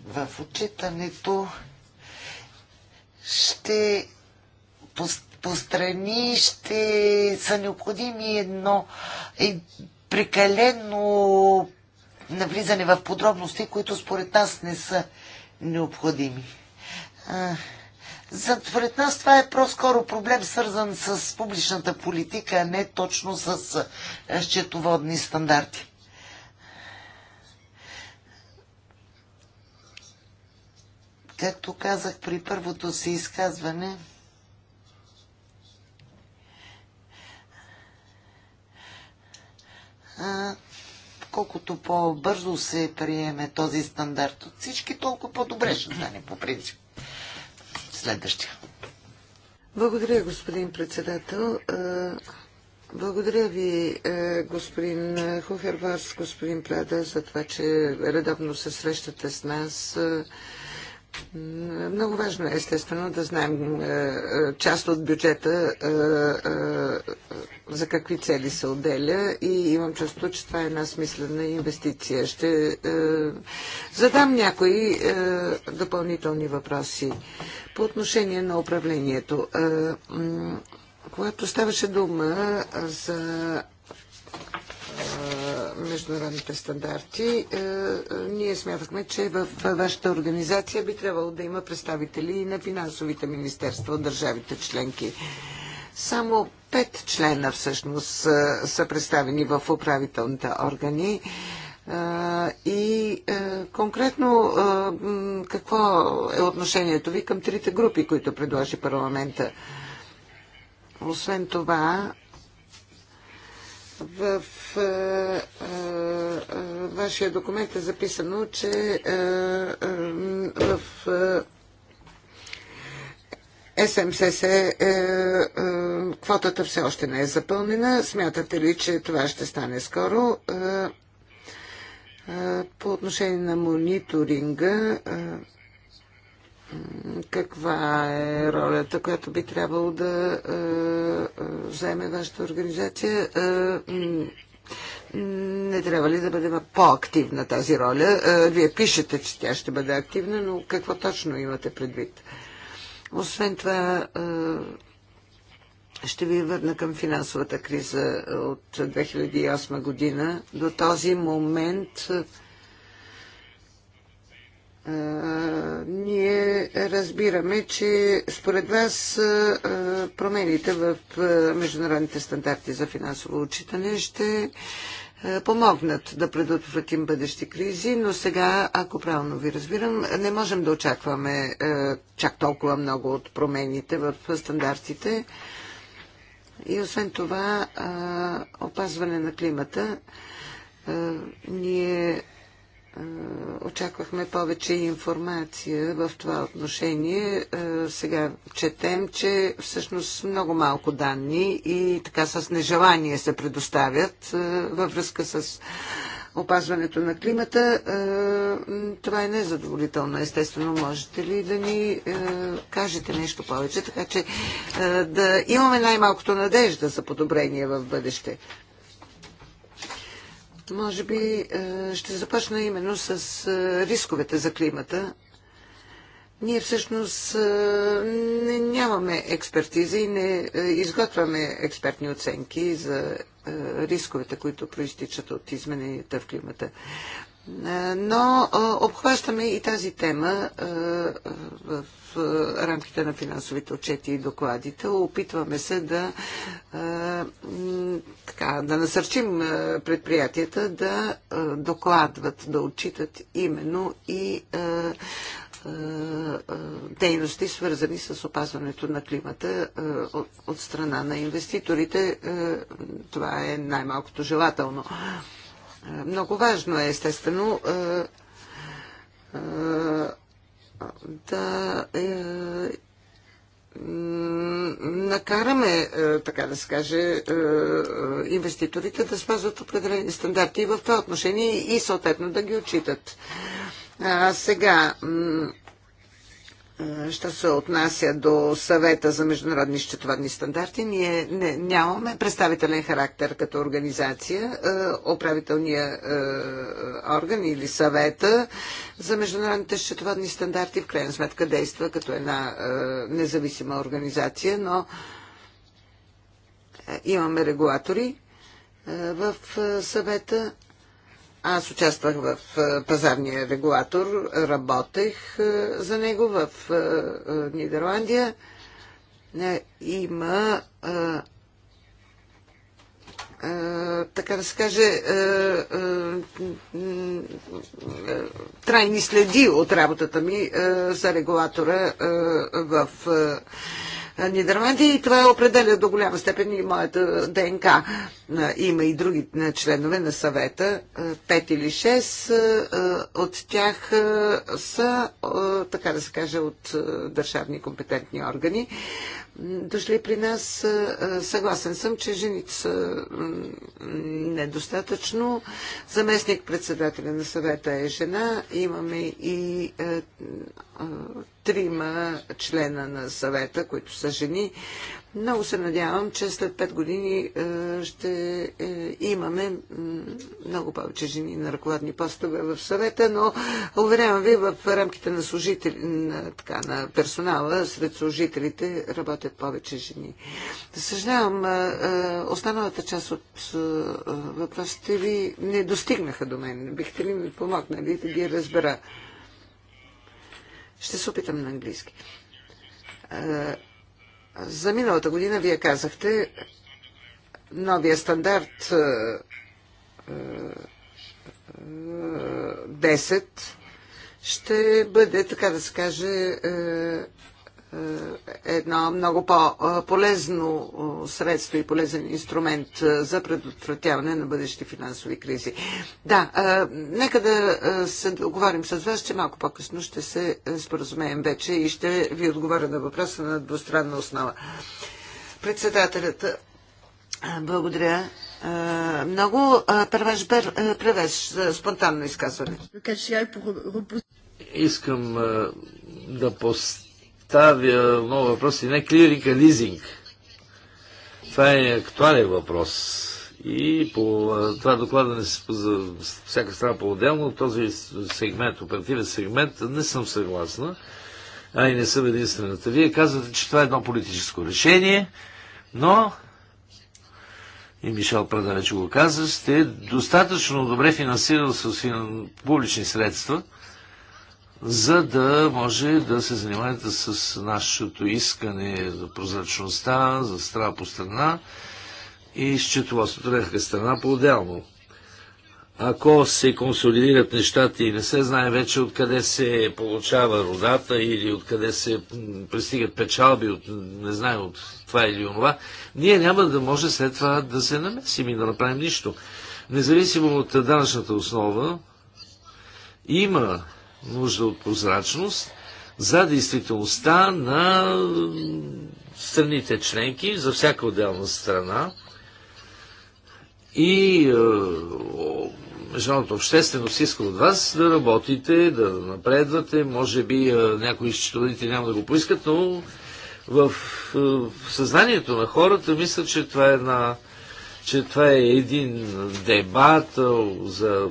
В отчитането ще по, страни ще са необходими едно, прекалено навлизане в подробности, които според нас не са необходими. За, според нас това е по-скоро проблем свързан с публичната политика, а не точно с счетоводни стандарти. Както казах при първото си изказване, колкото по-бързо се приеме този стандарт от всички, толкова по-добре ще стане по принцип. Следващия. Благодаря, господин председател. Благодаря ви, господин Хухерварс, господин Плада, за това, че редовно се срещате с нас. Много важно е, естествено, да знаем е, е, част от бюджета е, за какви цели се отделя и имам чувство, че това е една смислена инвестиция. Ще задам някои допълнителни въпроси по отношение на управлението. Когато ставаше дума за международните стандарти. Ние смятахме, че в вашата организация би трябвало да има представители и на финансовите министерства от държавите членки. Само пет члена всъщност са представени в управителните органи. И конкретно какво е отношението ви към трите групи, които предложи парламента? Освен това, в а, а, е, е, вашия документ е записано, че а, е, а, в а, СМСС е, е, квотата все още не е запълнена. Смятате ли, че това ще стане скоро? Е, е, по отношение на мониторинга. Е, каква е ролята, която би трябвало да е, вземе е, вашата организация? Е, не трябва ли да бъде по-активна тази роля? Е, вие пишете, че тя ще бъде активна, но какво точно имате предвид? Освен това, е, ще ви върна към финансовата криза от 2008 година. До този момент ние разбираме, че според вас промените в международните стандарти за финансово отчитане ще помогнат да предотвратим бъдещи кризи, но сега, ако правилно ви разбирам, не можем да очакваме чак толкова много от промените в стандартите. И освен това, опазване на климата, ние е, очаквахме повече информация в това отношение. Е, сега четем, че всъщност много малко данни и така с нежелание се предоставят е, във връзка с опазването на климата. Това е незадоволително. Естествено, можете ли да ни кажете нещо повече, така че да имаме най-малкото надежда за подобрение в бъдеще. Може би е, ще започна именно с е, рисковете за климата. Ние всъщност е, не нямаме експертиза и не изготвяме експертни оценки за рисковете, които проистичат от измененията в климата но обхващаме и тази тема в рамките на финансовите отчети и докладите. Опитваме се да, така, да насърчим предприятията да докладват, да отчитат именно и дейности, свързани с опазването на климата от страна на инвеститорите. Това е най-малкото желателно. Много важно е, естествено, е, е, да е, накараме, така да се каже, инвеститорите да спазват определени стандарти и в това отношение и съответно да ги отчитат. А, сега, е, що се отнася до съвета за международни счетоводни стандарти, ние не, нямаме представителен характер като организация. Е, Управителният е, орган или съвета за международните счетоводни стандарти в крайна сметка действа като една независима организация, но имаме регулатори в съвета аз участвах в е, пазарния регулатор, работех е, за него в е, Нидерландия. Има така да се каже, трайни следи от работата ми за регулатора в Нидерланди, и това определя до голяма степен и моята ДНК. Има и други членове на съвета, пет или шест от тях са, така да се каже, от държавни компетентни органи. Дошли при нас, съгласен съм, че жените са недостатъчно. Заместник председателя на съвета е жена. Имаме и трима члена на съвета, които са жени. Много се надявам, че след 5 години е, ще е, имаме много повече жени на ръководни постове в съвета, но уверявам ви, в рамките на, служители, на, така, на персонала, сред служителите работят повече жени. Съжалявам, е, останалата част от въпросите ви не достигнаха до мен. Бихте ли ми помогнали да ги разбера? Ще се опитам на английски. За миналата година вие казахте новия стандарт 10 ще бъде, така да се каже, е, едно много по-полезно средство и полезен инструмент е, за предотвратяване на бъдещи финансови кризи. Да, е, нека да се договорим с вас, че малко по-късно ще се споразумеем вече и ще ви отговоря на въпроса на двустранна основа. Председателят, благодаря. Много превеж, превеж, спонтанно изказване. Искам да пост поставя много въпроси. Не клирика лизинг. Това е актуален въпрос. И по това докладане за всяка страна по-отделно, този сегмент, оперативен сегмент, не съм съгласна, а и не съм единствената. Вие казвате, че това е едно политическо решение, но и Мишел Прадалече го каза, сте достатъчно добре финансирал с публични средства, за да може да се занимавате с нашето искане за прозрачността, за страна по страна и счетоводството на всяка страна по-отделно. Ако се консолидират нещата и не се знае вече откъде се получава родата или откъде се пристигат печалби, от, не знае от това или онова, ние няма да може след това да се намесим и да направим нищо. Независимо от данъчната основа, има нужда от прозрачност за действителността на страните членки, за всяка отделна страна и е, международната общественост иска от вас да работите, да напредвате, може би е, някои счетоводители няма да го поискат, но в, е, в съзнанието на хората мисля, че това е една че това е един дебат, за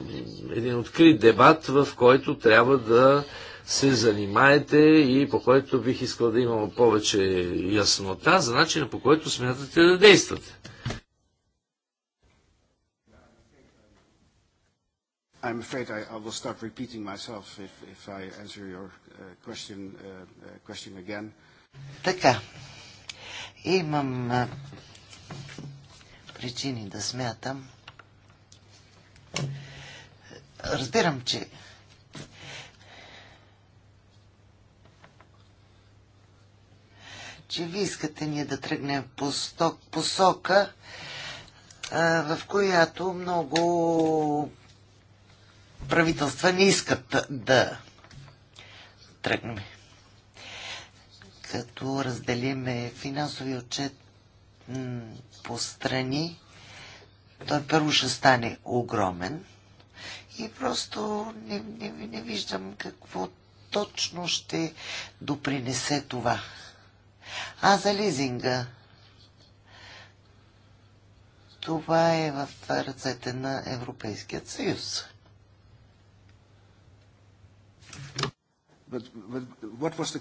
един открит дебат, в който трябва да се занимаете и по който бих искал да имам повече яснота за начина по който смятате да действате. I'm afraid I, I will start repeating myself if, if I answer your uh, question, uh, uh question again. Така. Имам причини да смятам. Разбирам, че че ви искате ние да тръгнем по сток, посока, в която много правителства не искат да тръгнем. Като разделиме финансови отчет отстрани, той първо ще стане огромен и просто не, не, не виждам какво точно ще допринесе това. А за лизинга? Това е в ръцете на Европейският съюз. But, but,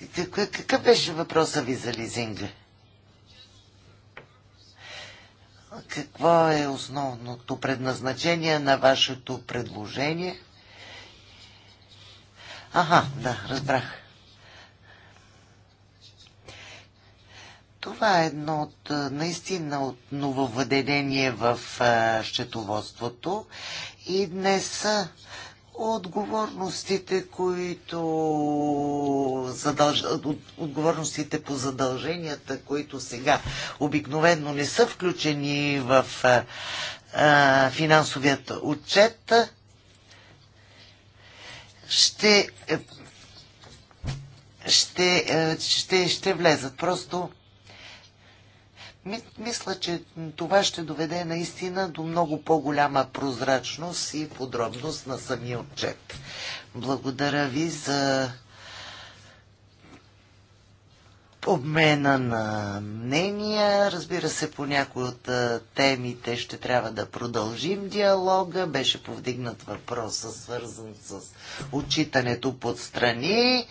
the... какъв беше въпроса ви за лизинга? какво е основното предназначение на вашето предложение? Ага, да, разбрах. Това е едно от, наистина от нововъдение в а, счетоводството и днес отговорностите, които задълж... отговорностите по задълженията, които сега обикновено не са включени в а, финансовият отчет, ще, е, ще, е, ще, ще влезат. Просто мисля, че това ще доведе наистина до много по-голяма прозрачност и подробност на самия отчет. Благодаря ви за обмена на мнения. Разбира се, по някои от темите ще трябва да продължим диалога. Беше повдигнат въпроса, свързан с отчитането под страни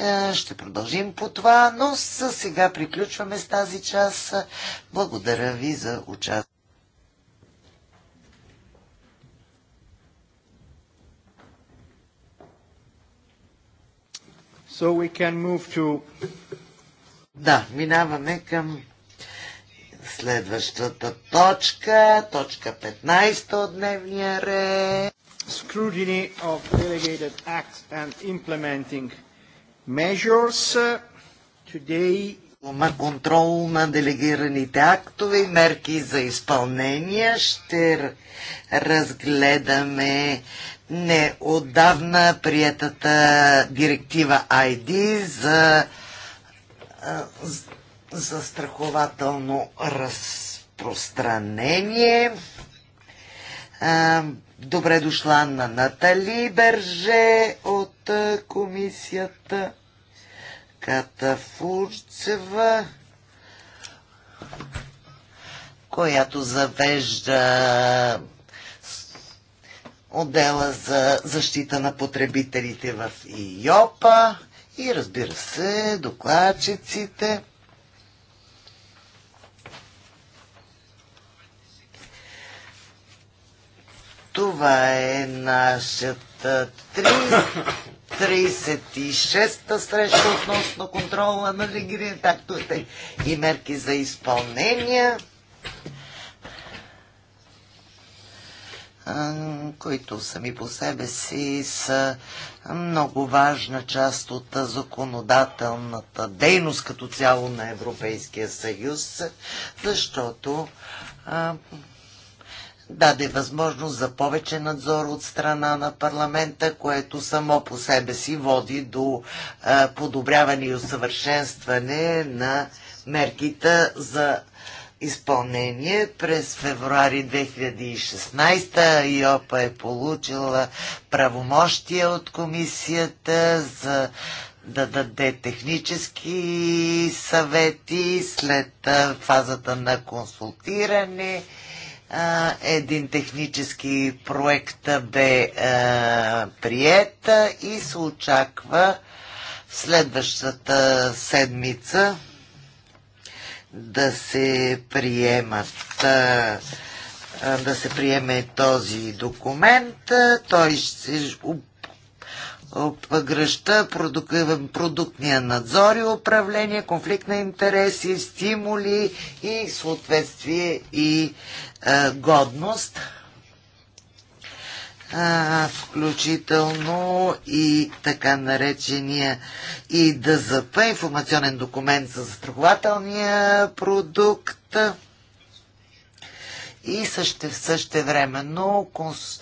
е, ще продължим по това, но сега приключваме с тази част. Благодаря ви за участие. So we can move to... Да, минаваме към следващата точка, точка 15 от дневния ред. Scrutiny of delegated acts and implementing measures. Uh, today на контрол на делегираните актове и мерки за изпълнение. Ще разгледаме неодавна приятата директива ID за застрахователно разпространение. Добре дошла на Натали Берже от комисията Катафурцева, която завежда отдела за защита на потребителите в ИОПА и разбира се докладчиците. Това е нашата 36-та среща относно контрола на региони, както е и мерки за изпълнение, които сами по себе си са много важна част от законодателната дейност като цяло на Европейския съюз, защото даде възможност за повече надзор от страна на парламента, което само по себе си води до подобряване и усъвършенстване на мерките за изпълнение. През февруари 2016 ИОПА е получила правомощия от комисията за да даде технически съвети след фазата на консултиране един технически проект бе прият и се очаква следващата седмица да се приемат да се приеме този документ. Той ще гръща, продук, е, продуктния надзор и управление, конфликт на интереси, стимули и съответствие и а, е, годност. А, включително и така наречения и ДЗП, информационен документ за застрахователния продукт и също, същевременно конс,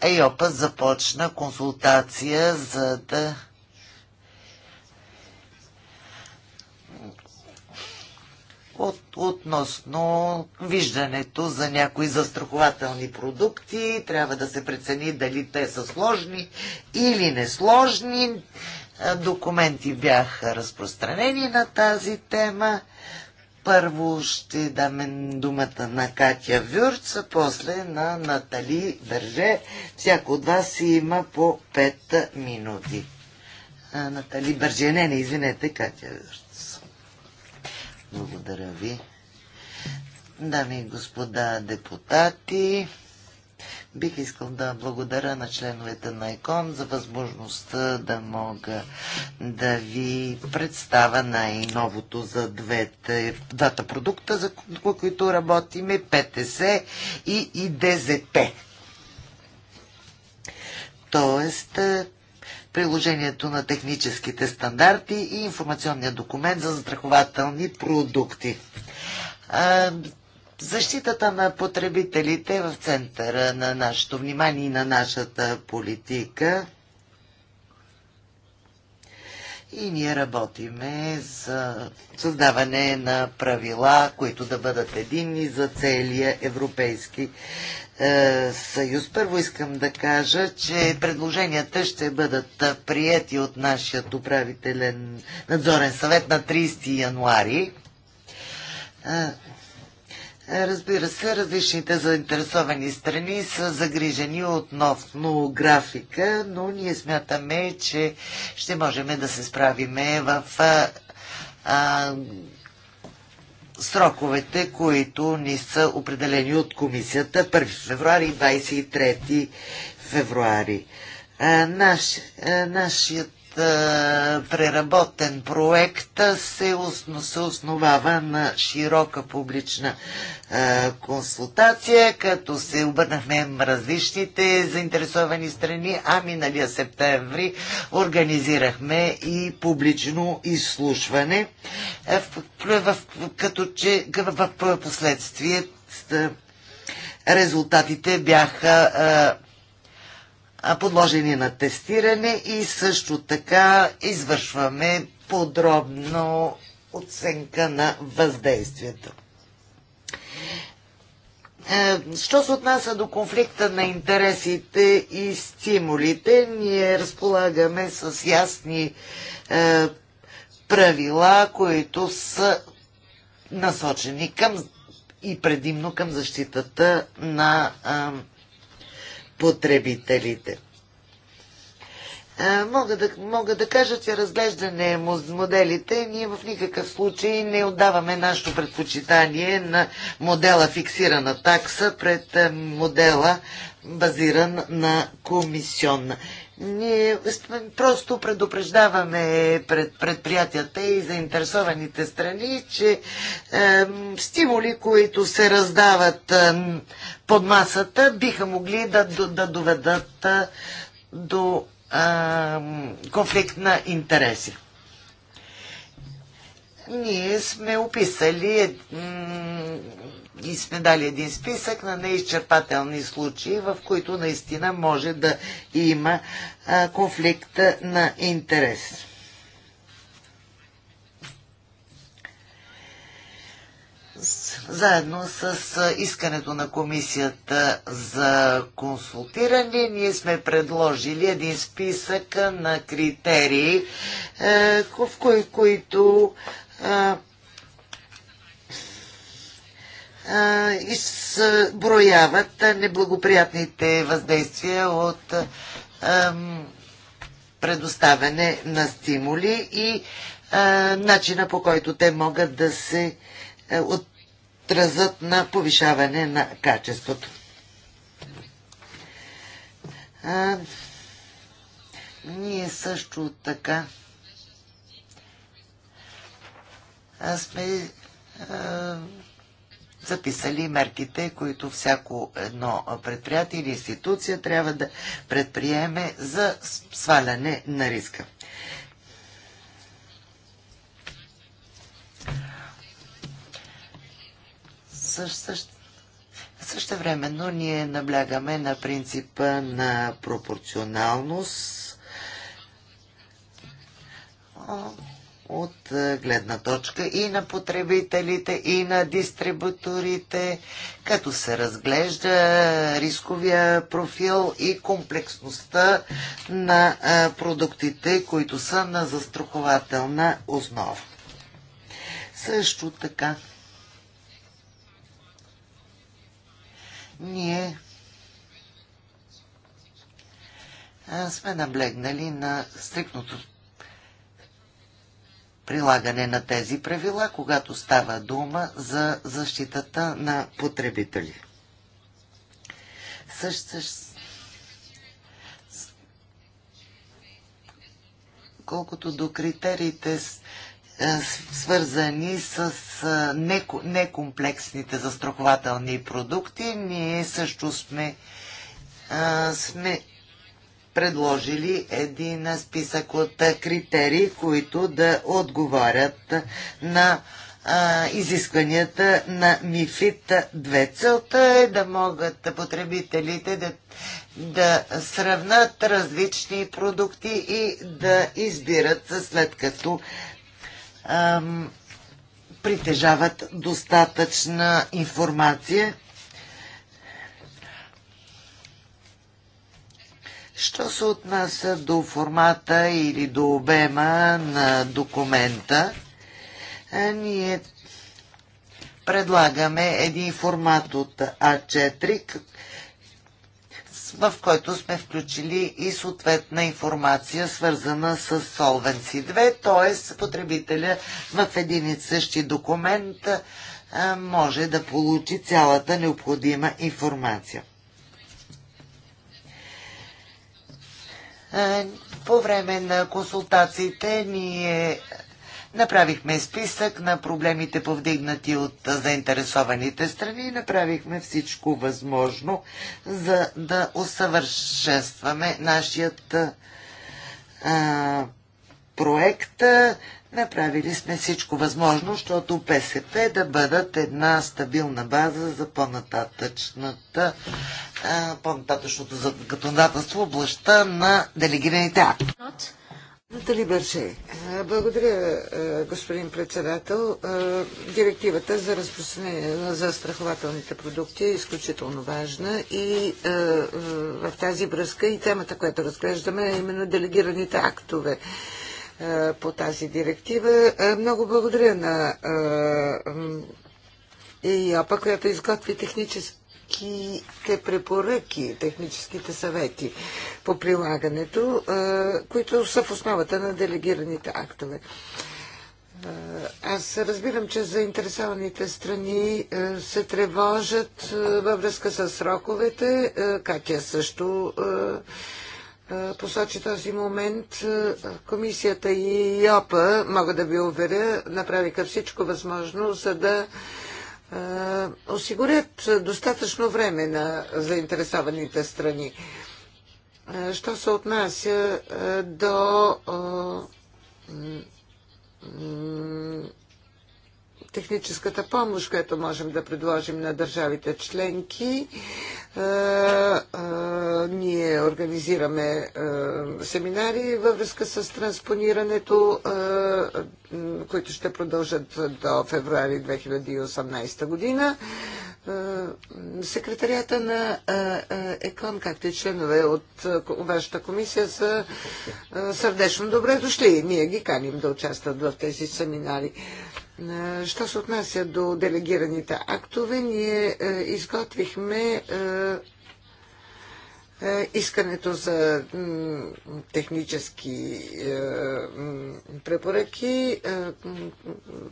ЕОПА започна консултация, за да от, относно виждането за някои застрахователни продукти. Трябва да се прецени дали те са сложни или несложни. Документи бяха разпространени на тази тема. Първо ще даме думата на Катя Вюрц, а после на Натали Върже. Всяко от вас има по 5 минути. А, Натали Върже, не, не, извинете, Катя Вюрц. Благодаря ви. Дами и господа депутати, Бих искал да благодаря на членовете на ЕКОН за възможността да мога да ви представя най-новото за двете, двата продукта, за които работиме, ПТС и, ИДЗП. Тоест, е, приложението на техническите стандарти и информационния документ за застрахователни продукти. Е, защитата на потребителите е в центъра на нашето внимание и на нашата политика. И ние работиме за създаване на правила, които да бъдат единни за целия Европейски е, съюз. Първо искам да кажа, че предложенията ще бъдат прияти от нашия управителен надзорен съвет на 30 януари. Е, Разбира се, различните заинтересовани страни са загрижени относно графика, но ние смятаме, че ще можем да се справиме в а, а, сроковете, които ни са определени от комисията 1 февруари и 23 февруари. А, наш, а, нашият е, преработен проект се, основ, се основава на широка публична а, е, консултация, като се обърнахме различните заинтересовани страни, а миналия септември организирахме и публично изслушване, е, в, в, като че в, в последствие резултатите бяха а, подложени на тестиране и също така извършваме подробно оценка на въздействието. Е, що се отнася до конфликта на интересите и стимулите, ние разполагаме с ясни е, правила, които са насочени към и предимно към защитата на е, потребителите. Мога да, мога да кажа, че разглеждане моделите, ние в никакъв случай не отдаваме нашето предпочитание на модела фиксирана такса пред модела базиран на комисионна. Ние просто предупреждаваме пред предприятията и заинтересованите страни, че е, стимули, които се раздават е, под масата, биха могли да, да, да доведат е, до е, конфликт на интереси. Ние сме описали и сме дали един списък на неизчерпателни случаи, в които наистина може да има а, конфликт на интерес. Заедно с искането на комисията за консултиране, ние сме предложили един списък на критерии, в кои, които изброяват неблагоприятните въздействия от предоставяне на стимули и начина по който те могат да се е, отразят на повишаване на качеството. А, ние също така аз сме записали мерките, които всяко едно предприятие или институция трябва да предприеме за сваляне на риска. Също, също, времено ние наблягаме на принципа на пропорционалност от е, гледна точка и на потребителите, и на дистрибуторите, като се разглежда рисковия профил и комплексността на е, продуктите, които са на застрахователна основа. Също така, ние е, сме наблегнали на стрикното прилагане на тези правила, когато става дума за защитата на потребители. Също, също колкото до критериите е, свързани с е, некомплексните застрахователни продукти, ние също сме, е, сме предложили един списък от критерии, които да отговарят на а, изискванията на МИФИТ 2. Целта е да могат потребителите да, да сравнат различни продукти и да избират след като ам, притежават достатъчна информация Що се отнася до формата или до обема на документа, е, ние предлагаме един формат от А4, в който сме включили и съответна информация, свързана с Solvency 2, т.е. потребителя в един и същи документ е, може да получи цялата необходима информация. Е, по време на консултациите ние направихме списък на проблемите повдигнати от заинтересованите страни и направихме всичко възможно, за да усъвършенстваме нашият е, проект. Направили сме всичко възможно, защото ПСП да бъдат една стабилна база за по-нататъчната по-нататъчното законодателство областта на делегираните акти. Натали Бърше. благодаря, господин председател. Директивата за разпространение на застрахователните продукти е изключително важна и в тази връзка и темата, която разглеждаме, е именно делегираните актове. Е, по тази директива. Е, много благодаря на ЕИОПА, която изготви техническите препоръки, техническите съвети по прилагането, е, които са в основата на делегираните актове. Аз разбирам, че заинтересованите страни се тревожат във връзка с сроковете. Катя също посочи този момент. Комисията и ИОПА, мога да ви уверя, направиха всичко възможно, за да осигурят достатъчно време на заинтересованите страни. Що се отнася до техническата помощ, която можем да предложим на държавите членки. Е, е, ние организираме е, семинари във връзка с транспонирането, които ще продължат до февруари 2018 година. Секретарията на ЕКОН, както и членове от вашата комисия, са сърдечно добре дошли. Ние ги каним да участват в тези семинари. Що се отнася до делегираните актове, ние е, изготвихме е, е, искането за технически препоръки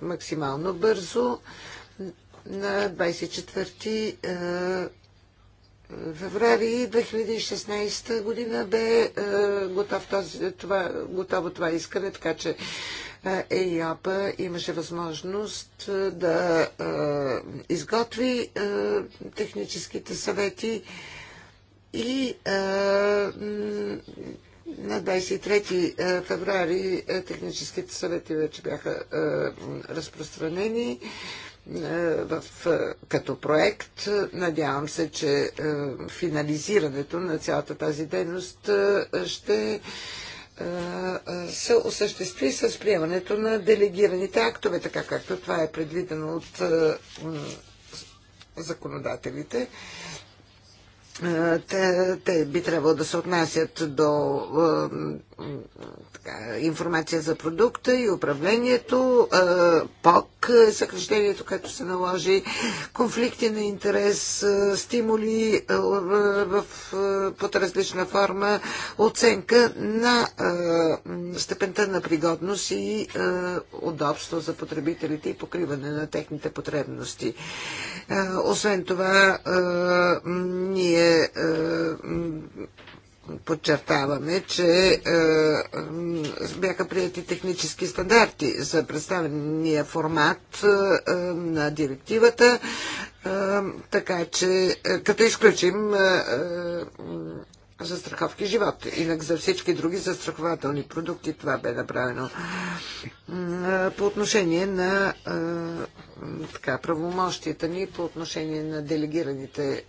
максимално бързо на 24 феврари 2016 година бе готов този, това, готово това искане, така че ЕИАП имаше възможност е, да е, изготви е, техническите съвети и на 23 феврари техническите съвети вече бяха разпространени в, като проект. Надявам се, че финализирането на цялата тази дейност ще се осъществи с приемането на делегираните актове, така както това е предвидено от законодателите. Те, те би трябвало да се отнасят до така, информация за продукта и управлението, ПОК, съкрещението, което се наложи, конфликти на интерес, стимули в, под различна форма, оценка на степента на пригодност и удобство за потребителите и покриване на техните потребности. Освен това, ние подчертаваме, че е, бяха прияти технически стандарти за представения формат е, е, на директивата, така че като изключим застраховки живот. Инак за всички други застрахователни продукти това бе направено. По отношение на така, правомощията ни, по отношение на делегираните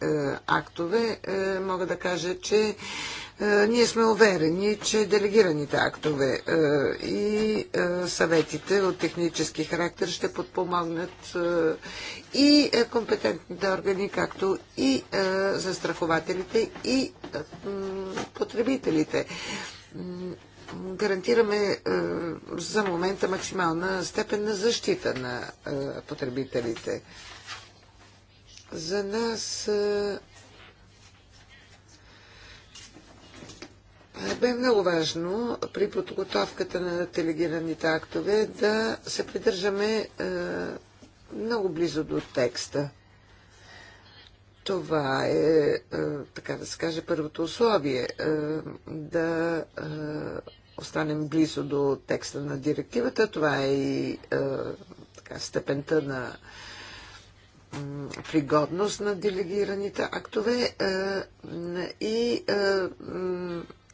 актове, мога да кажа, че е, ние сме уверени, че делегираните актове е, и е, съветите от технически характер ще подпомогнат и компетентните органи, както и застрахователите и потребителите. Гарантираме за момента максимална степен на защита на потребителите. За нас бе много важно при подготовката на делегираните актове да се придържаме е, много близо до текста. Това е, е, така да се каже, първото условие е, да останем близо до текста на директивата. Това е и така, степента на пригодност на делегираните актове и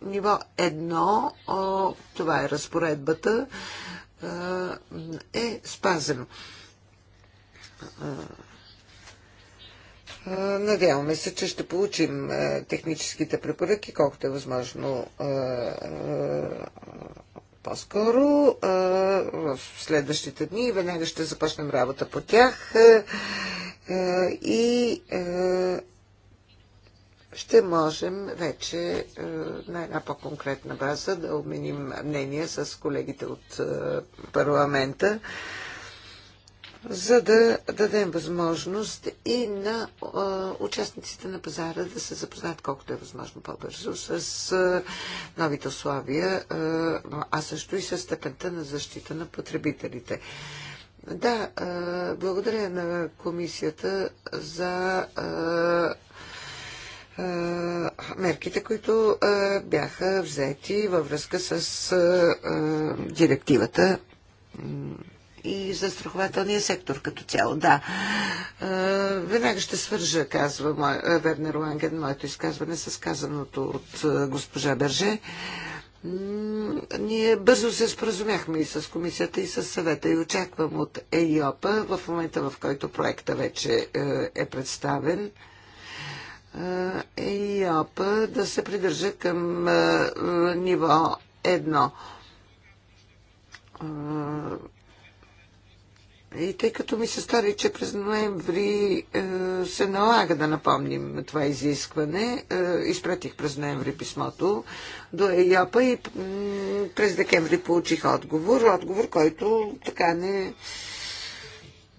ниво 1, това е разпоредбата, е спазено. Надяваме се, че ще получим техническите препоръки, колкото е възможно по-скоро. В следващите дни веднага ще започнем работа по тях. И ще можем вече е, на една по-конкретна база да обменим мнение с колегите от е, парламента, за да дадем възможност и на е, участниците на пазара да се запознаят колкото е възможно по-бързо с новите условия, а също и с степента на защита на потребителите. Да, благодаря на комисията за мерките, които бяха взети във връзка с директивата и застрахователния сектор като цяло. Да. Веднага ще свържа, казва мой, Вернер Ланген, моето изказване с казаното от госпожа Берже. Ние бързо се споразумяхме и с комисията, и с съвета и очаквам от ЕИОПа в момента, в който проекта вече е, е представен, ЕИОП да се придържа към ниво 1. И тъй като ми се стори, че през ноември се налага да напомним това изискване, изпратих през ноември писмото до ЕИОПа и през декември получих отговор. Отговор, който така не е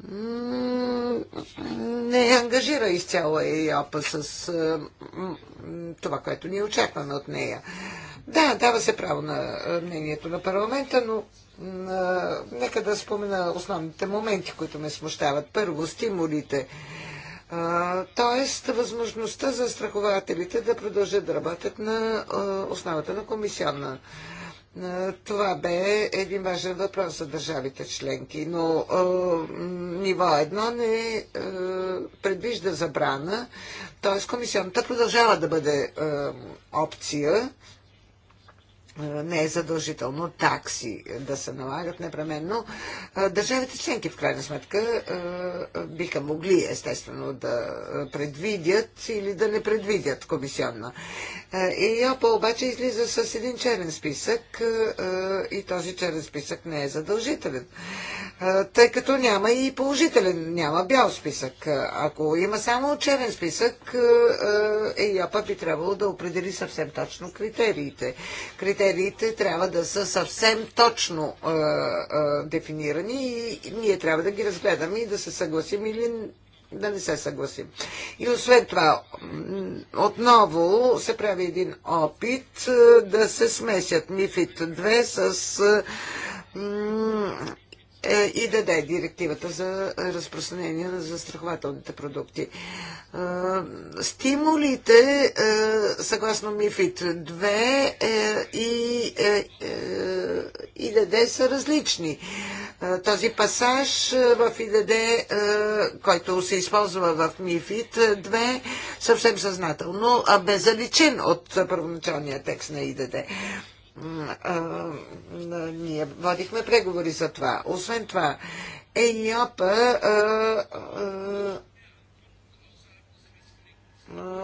не ангажира изцяло Опа с това, което ни е очакваме от нея. Да, дава се право на мнението на парламента, но нека да спомена основните моменти, които ме смущават. Първо, стимулите. Тоест, възможността за страхователите да продължат да работят на основата на комисионна това бе един важен въпрос за държавите членки, но е, ниво едно не е, предвижда забрана, т.е. комисионната продължава да бъде е, опция, е, не е задължително такси да се налагат непременно. Държавите членки в крайна сметка е, биха могли естествено да предвидят или да не предвидят комисионна. ЕОПА обаче излиза с един черен списък е, е, и този черен списък не е задължителен, е, тъй като няма и положителен, няма бял списък. Ако има само черен списък, ЕИОПА би трябвало да определи съвсем точно критериите. Критериите трябва да са съвсем точно дефинирани и ние трябва да ги разгледаме и да се съгласим или да не се съгласим. И освен това, отново се прави един опит е, да се смесят Мифит 2 с е, е, и даде директивата за разпространение на застрахователните продукти. Е, стимулите, е, съгласно МИФИД 2 и, и ДД са различни. Този пасаж в ИДД, който се използва в МИФИТ 2, съвсем съзнателно, а бе от първоначалния текст на ИДД ние водихме преговори за това. Освен това, ЕНИОПА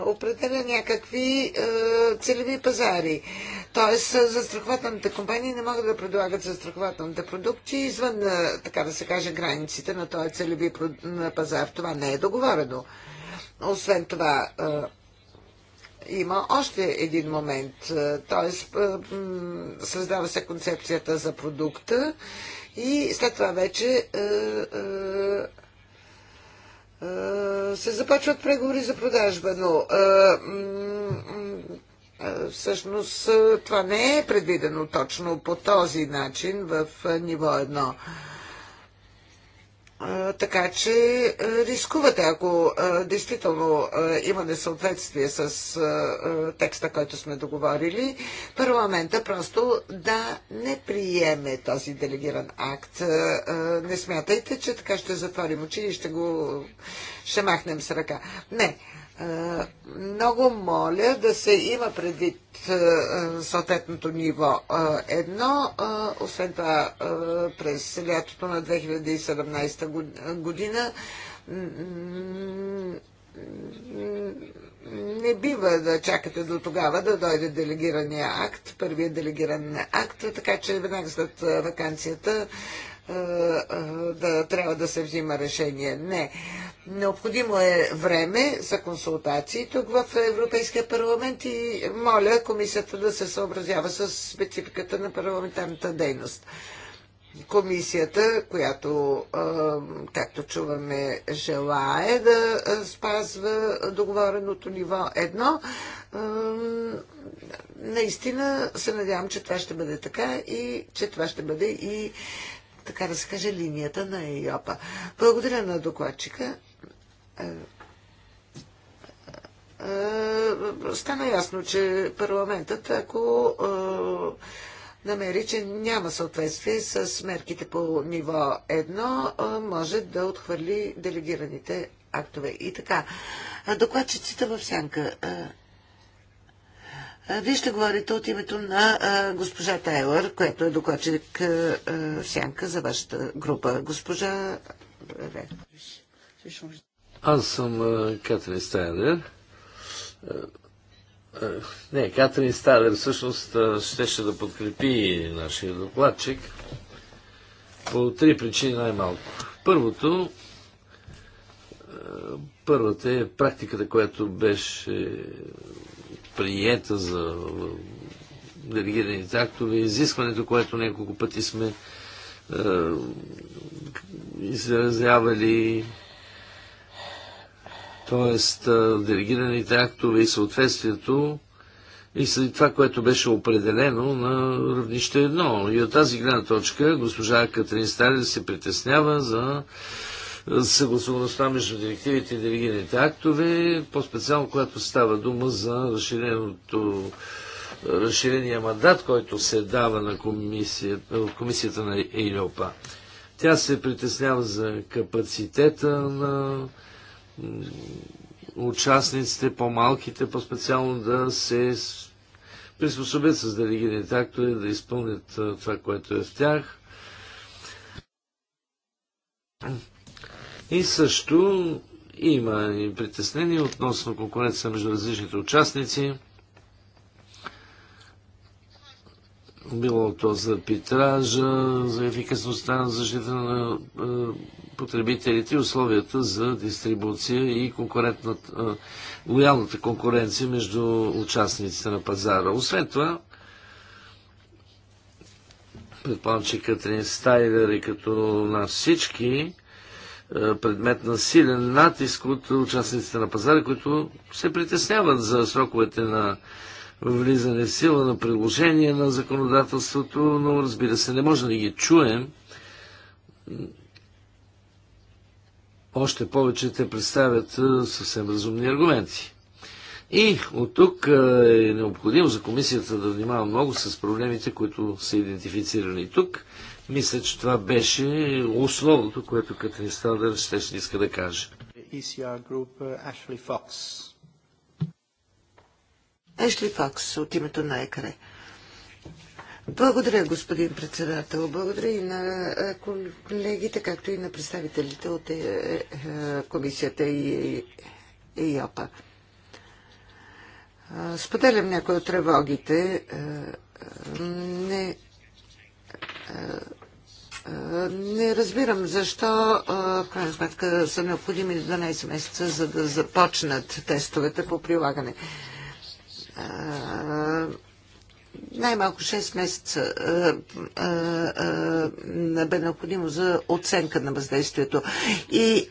определя някакви а, целеви пазари. Тоест, застрахователните компании не могат да предлагат застрахователните продукти извън, така да се каже, границите на този целеви пазар. Това не е договорено. Освен това, а, има още един момент. Т.е. Е, създава се концепцията за продукта и след това вече е, е, се започват преговори за продажба, но всъщност това не е предвидено точно по този начин в ниво едно така че рискувате, ако действително има несъответствие с текста, който сме договорили, парламента просто да не приеме този делегиран акт. Не смятайте, че така ще затворим очи и ще го ще махнем с ръка. Не. Е, много моля да се има предвид е, е, съответното ниво. Едно, освен това, през лятото на 2017 година не бива да чакате до тогава да дойде делегирания акт, първият делегиран акт, така че веднага след вакансията е, е, да трябва да се взима решение. Не. Необходимо е време за консултации тук в Европейския парламент и моля комисията да се съобразява с спецификата на парламентарната дейност. Комисията, която, е, както чуваме, желае да спазва договореното ниво едно, наистина се надявам, че това ще бъде така и че това ще бъде и така да се каже, линията на ЕИОПа. Благодаря на докладчика. Е, е, е, стана ясно, че парламентът, ако намери, че няма съответствие с мерките по ниво 1, може да отхвърли делегираните актове. И така, докладчиците в сянка. Вие ще говорите от името на госпожа Тайлър, която е докладчик сянка за вашата група. Госпожа Аз съм Катрин Стайлер. Не, Катрин Стайлер всъщност щеше да подкрепи нашия докладчик по три причини най-малко. Първото, първата е практиката, която беше приета за делегираните актове, изискването, което няколко пъти сме е, изразявали, т.е. делегираните актове и съответствието и след това, което беше определено на равнище едно. И от тази гледна точка госпожа Катрин Сталин се притеснява за съгласуваността между директивите и делегираните актове, по-специално когато става дума за разширеното е, разширения мандат, който се дава на комисията, е, комисията на ЕИОПА. Тя се притеснява за капацитета на участниците, по-малките, по-специално да се приспособят с делегираните актове, да изпълнят е, това, което е в тях. И също има и притеснение относно конкуренция между различните участници. Било то за арбитража, за ефикасността, на защита на е, потребителите и условията за дистрибуция и е, лоялната конкуренция между участниците на пазара. Освен това, предполагам, че Катрин Стайлер и е като на всички е, предмет на силен натиск от участниците на пазара, които се притесняват за сроковете на влизане в сила на приложение на законодателството, но разбира се, не може да ги чуем. Още повече те представят е, съвсем разумни аргументи. И от тук е, е необходимо за комисията да внимава много с проблемите, които са идентифицирани тук мисля, че това беше условното, което Катрин Стандър ще, ще иска да каже. ECR Group, uh, Ashley Fox. Ешли Факс от името на ЕКРЕ. Благодаря, господин председател. Благодаря и на колегите, както и на представителите от е, е, комисията и ЕОПА. Споделям някои от тревогите. Не не разбирам защо в крайна сметка са необходими 12 месеца, за да започнат тестовете по прилагане. Най-малко 6 месеца не бе необходимо за оценка на въздействието. И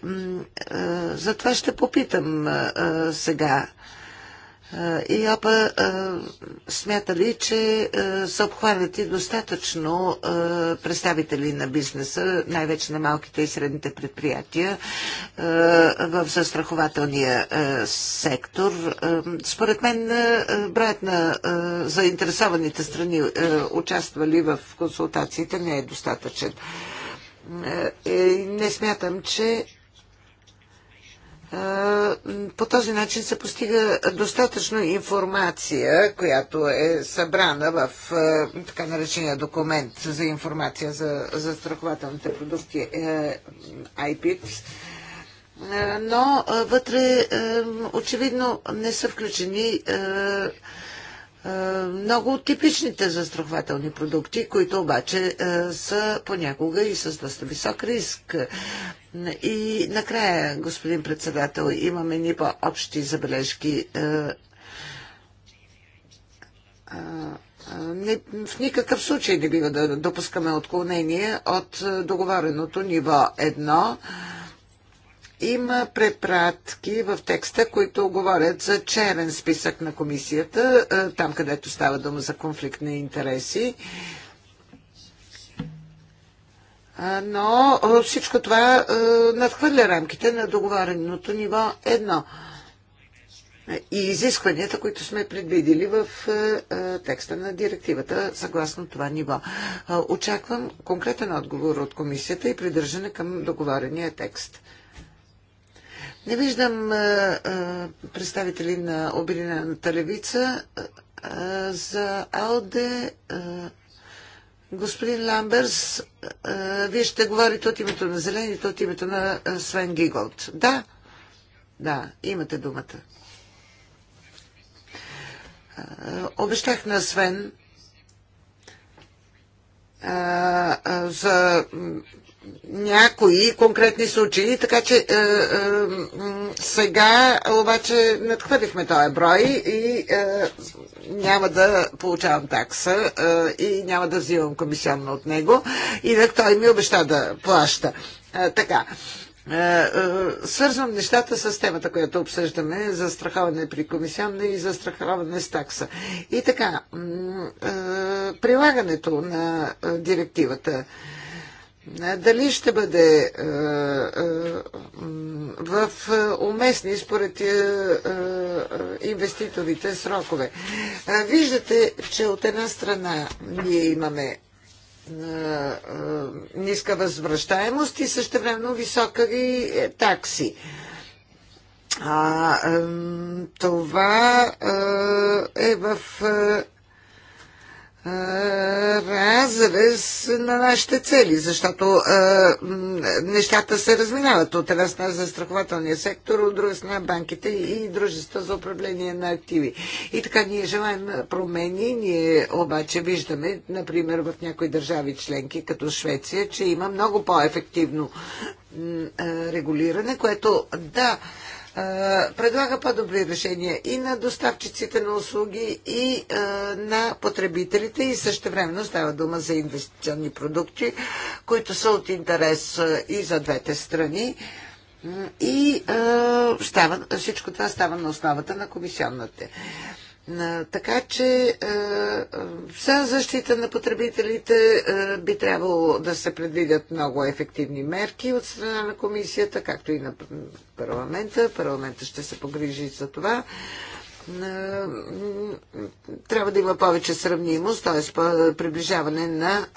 за това ще попитам сега и оба смятали, че са обхванати достатъчно представители на бизнеса, най-вече на малките и средните предприятия в застрахователния сектор? Според мен броят на заинтересованите страни, участвали в консултациите, не е достатъчен. Не смятам, че по този начин се постига достатъчно информация, която е събрана в така наречения документ за информация за застрахователните продукти е, IPIPS но вътре очевидно не са включени е, е, много от типичните застрахователни продукти, които обаче е, са понякога и с доста висок риск. И накрая, господин председател, имаме ни по-общи забележки. Е, не, в никакъв случай не бива да допускаме отклонение от договореното ниво едно. Има препратки в текста, които говорят за черен списък на комисията, е, там където става дума за конфликт на интереси. Е, но е, всичко това надхвърля рамките на договореното ниво едно и изискванията, които сме предвидили в текста на директивата, съгласно това ниво. Очаквам конкретен отговор от комисията и придържане към договорения текст. Не виждам представители на Обединената левица за АЛДЕ. Господин Ламберс, вие ще говорите от името на Зелените, от името на Свен Гиголд. Да, да, имате думата. Обещах на Свен за някои конкретни случаи, така че е, е, сега обаче надхвърлихме този брой и е, няма да получавам такса е, и няма да взимам комисионно от него. и да той ми обеща да плаща. Е, така. Е, е, свързвам нещата с темата, която обсъждаме за страховане при комисионна и за страховане с такса. И така, е, прилагането на директивата е, дали ще бъде е, е, в уместни според инвеститорите срокове. Виждате, че от една страна ние имаме ниска възвръщаемост и същевременно висока ви такси. А, това е в разрез на нашите цели, защото а, нещата се разминават. От една страна за страхователния сектор, от друга страна банките и дружества за управление на активи. И така ние желаем промени, ние обаче виждаме, например, в някои държави членки, като Швеция, че има много по-ефективно регулиране, което да, А, предлага по-добри решения и на доставчиците на услуги, и на потребителите, и също времено става дума за инвестиционни продукти, които са от интерес и за двете страни. И става, всичко това става на основата на комисионната. Така че е, е, за защита на потребителите е, би трябвало да се предвидят много ефективни мерки от страна на комисията, както и на парламента. Парламента ще се погрижи за това. Трябва да има повече сравнимост, т.е. приближаване на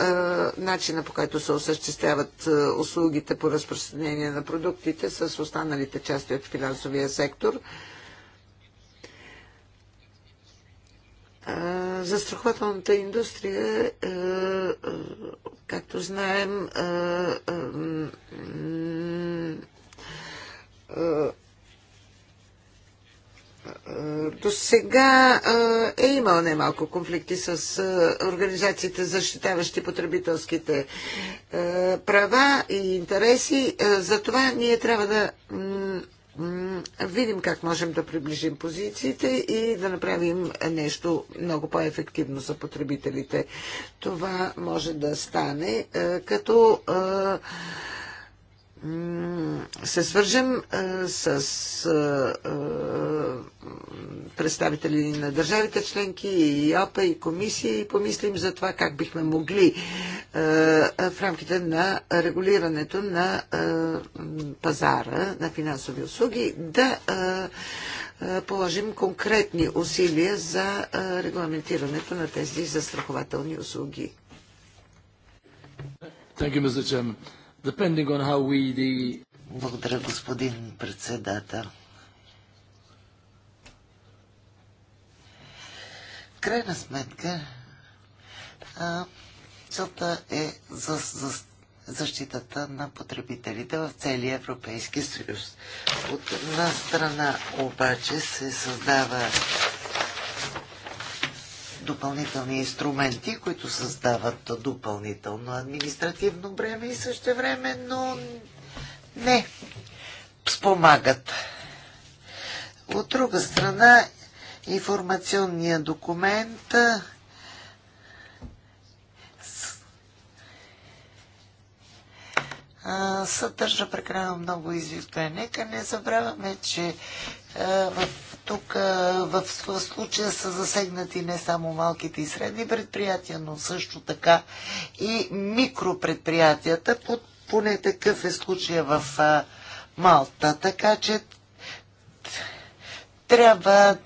начина по който се осъществяват услугите по разпространение на продуктите с останалите части от финансовия сектор. Застрахователната индустрия, както знаем, до сега е имал немалко конфликти с организациите, защитаващи потребителските права и интереси. Затова ние трябва да видим как можем да приближим позициите и да направим нещо много по-ефективно за потребителите. Това може да стане е, като е, се свържем с представители на държавите членки и ОПА и комисия и помислим за това как бихме могли в рамките на регулирането на пазара на финансови услуги да положим конкретни усилия за регламентирането на тези застрахователни услуги. Thank you, Mr. Chairman depending on how we the... Благодаря, господин председател. В крайна сметка, а, целта е за, за защитата на потребителите в целия Европейски съюз. От една страна обаче се създава допълнителни инструменти, които създават допълнително административно бреме и също време, но не спомагат. От друга страна, информационния документ съдържа прекалено много изисквания. Нека не забравяме, че в тук в случая са засегнати не само малките и средни предприятия, но също така и микропредприятията. Поне такъв е случая в Малта. Така че трябва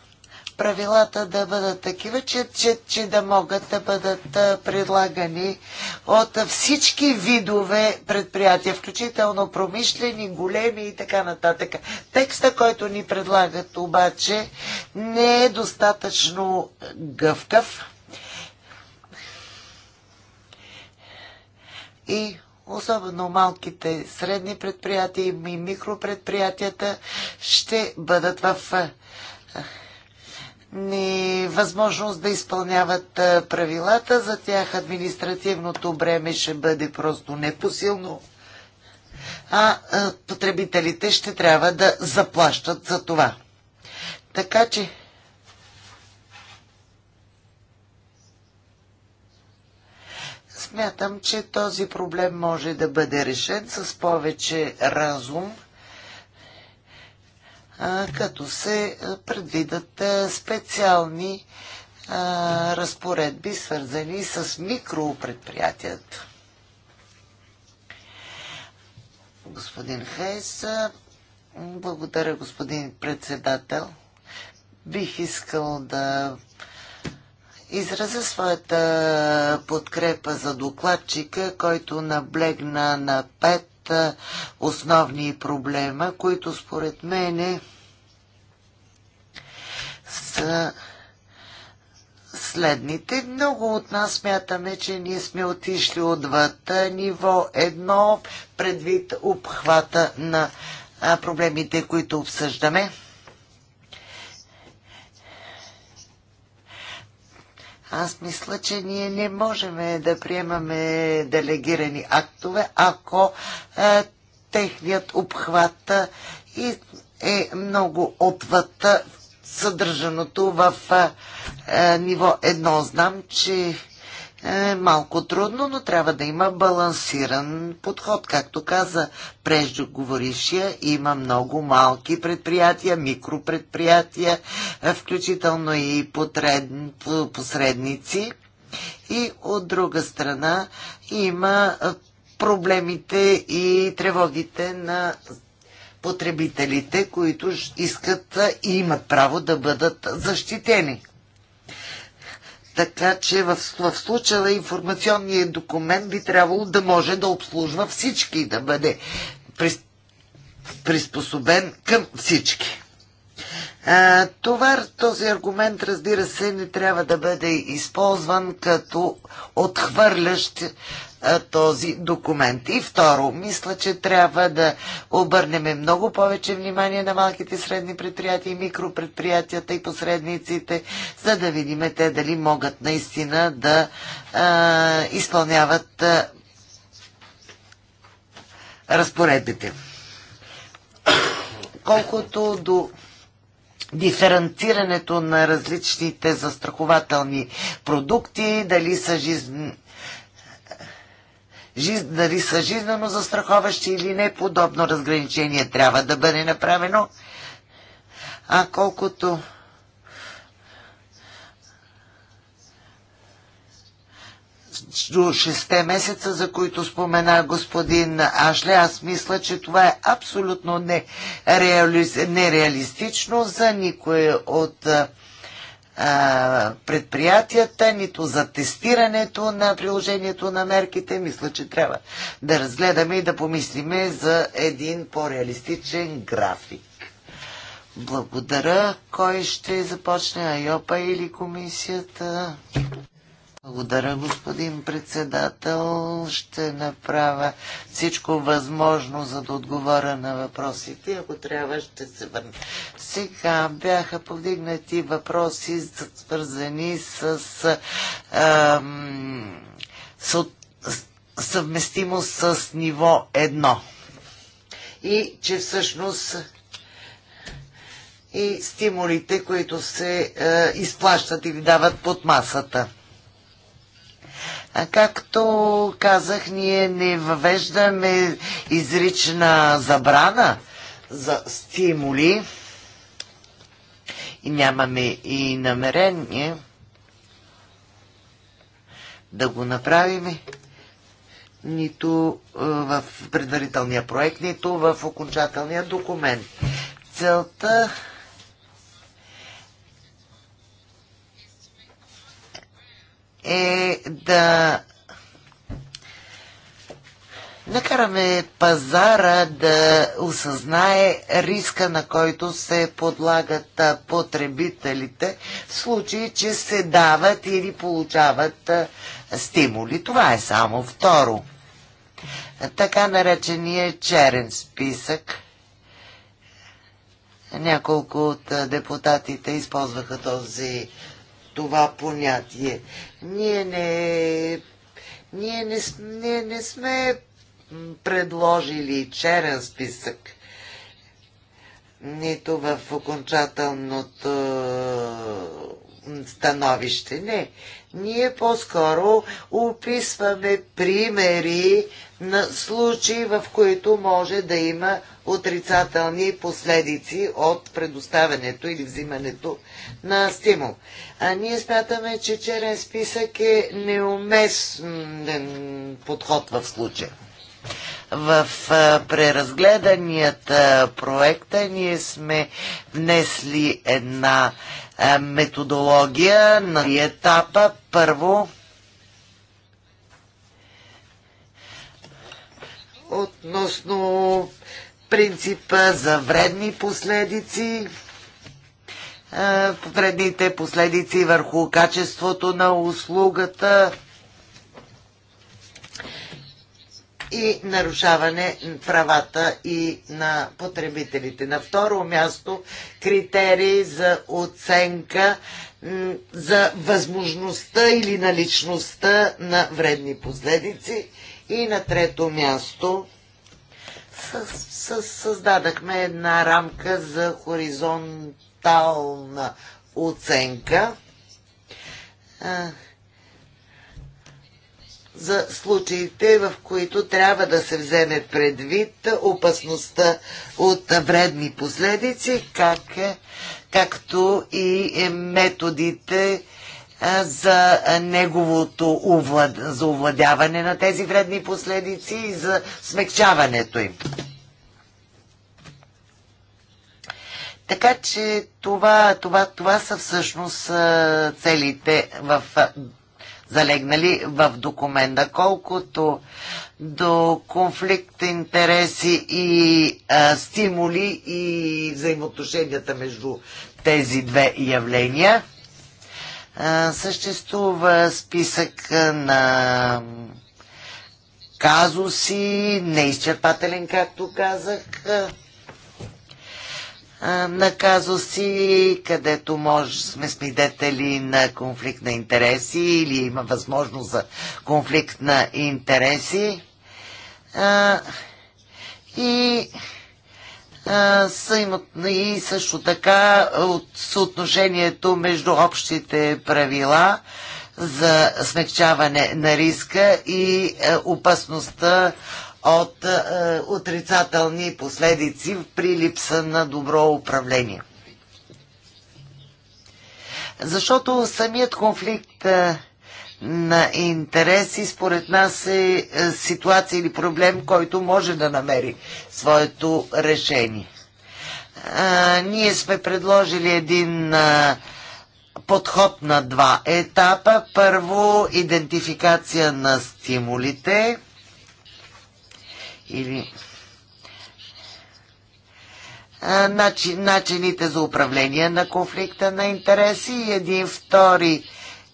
правилата да бъдат такива, че, че, че да могат да бъдат предлагани от всички видове предприятия, включително промишлени, големи и така нататък. Текста, който ни предлагат обаче, не е достатъчно гъвкав. И особено малките средни предприятия и микропредприятията ще бъдат в възможност да изпълняват правилата. За тях административното бреме ще бъде просто непосилно, а потребителите ще трябва да заплащат за това. Така че смятам, че този проблем може да бъде решен с повече разум – като се предвидат специални разпоредби, свързани с микропредприятията. Господин Хейс, благодаря, господин председател. Бих искал да изразя своята подкрепа за докладчика, който наблегна на пет двата основни проблема, които според мене са следните. Много от нас смятаме, че ние сме отишли отвъд ниво едно, предвид обхвата на проблемите, които обсъждаме. Аз мисля, че ние не можем да приемаме делегирани актове, ако е, техният обхват е, и е много отвъд е, съдържаното в е, е, ниво едно. Знам, че е малко трудно, но трябва да има балансиран подход. Както каза преждоговорившия, има много малки предприятия, микропредприятия, е, включително и потред... посредници. И от друга страна има е, проблемите и тревогите на потребителите, които искат е, и имат право да бъдат защитени. Така че в, в случая информационният документ би трябвало да може да обслужва всички, да бъде приспособен към всички. А, това, този аргумент, разбира се, не трябва да бъде използван като отхвърлящ този документ. И второ, мисля, че трябва да обърнем много повече внимание на малките средни предприятия и микропредприятията и посредниците, за да видим те дали могат наистина да а, изпълняват а, разпоредбите. Колкото до диференцирането на различните застрахователни продукти, дали са жизненно дали са жизнено застраховащи или не, подобно разграничение трябва да бъде направено. А колкото до 6 месеца, за които спомена господин Ашле, аз мисля, че това е абсолютно нереалистично за никой от а, предприятията, нито за тестирането на приложението на мерките. Мисля, че трябва да разгледаме и да помислиме за един по-реалистичен график. Благодаря. Кой ще започне? Айопа или комисията? Благодаря, господин председател. Ще направя всичко възможно, за да отговоря на въпросите. Ако трябва, ще се върна. Сега бяха повдигнати въпроси, свързани с ам, съвместимост с ниво 1. И че всъщност и стимулите, които се а, е, изплащат или дават под масата. Както казах, ние не въвеждаме изрична забрана за стимули и нямаме и намерение да го направим нито в предварителния проект, нито в окончателния документ. Целта е да накараме пазара да осъзнае риска, на който се подлагат потребителите в случай, че се дават или получават стимули. Това е само второ. Така наречения черен списък. Няколко от депутатите използваха този това понятие. Ние не, ние не, не, не сме предложили черен списък, нито в окончателното е, становище. Не, ние по-скоро описваме примери на случаи, в които може да има отрицателни последици от предоставянето или взимането на стимул. А ние смятаме, че черен списък е неуместен подход в случая. В преразгледаният проекта ние сме внесли една методология на етапа. Първо относно принципа за вредни последици, вредните последици върху качеството на услугата, и нарушаване правата и на потребителите. На второ място критерии за оценка за възможността или наличността на вредни последици. И на трето място създадахме една рамка за хоризонтална оценка за случаите, в които трябва да се вземе предвид опасността от вредни последици, как, е, както и е, методите е, за неговото увлад, за овладяване на тези вредни последици и за смягчаването им. Така че това, това, това са всъщност целите в залегнали в документа. Колкото до конфликт, интереси и а, стимули и взаимоотношенията между тези две явления, а, съществува списък на казуси, неизчерпателен, както казах на казуси, където може, сме свидетели на конфликт на интереси или има възможност за конфликт на интереси. А, и, а, са имат, и също така от съотношението между общите правила за смягчаване на риска и а, е, опасността от е, отрицателни последици при липса на добро управление. Защото самият конфликт е, на интереси, според нас е, е ситуация или проблем, който може да намери своето решение. А, е, ние сме предложили един а, е, подход на два етапа. Първо, идентификация на стимулите или начин, начините за управление на конфликта на интереси и един втори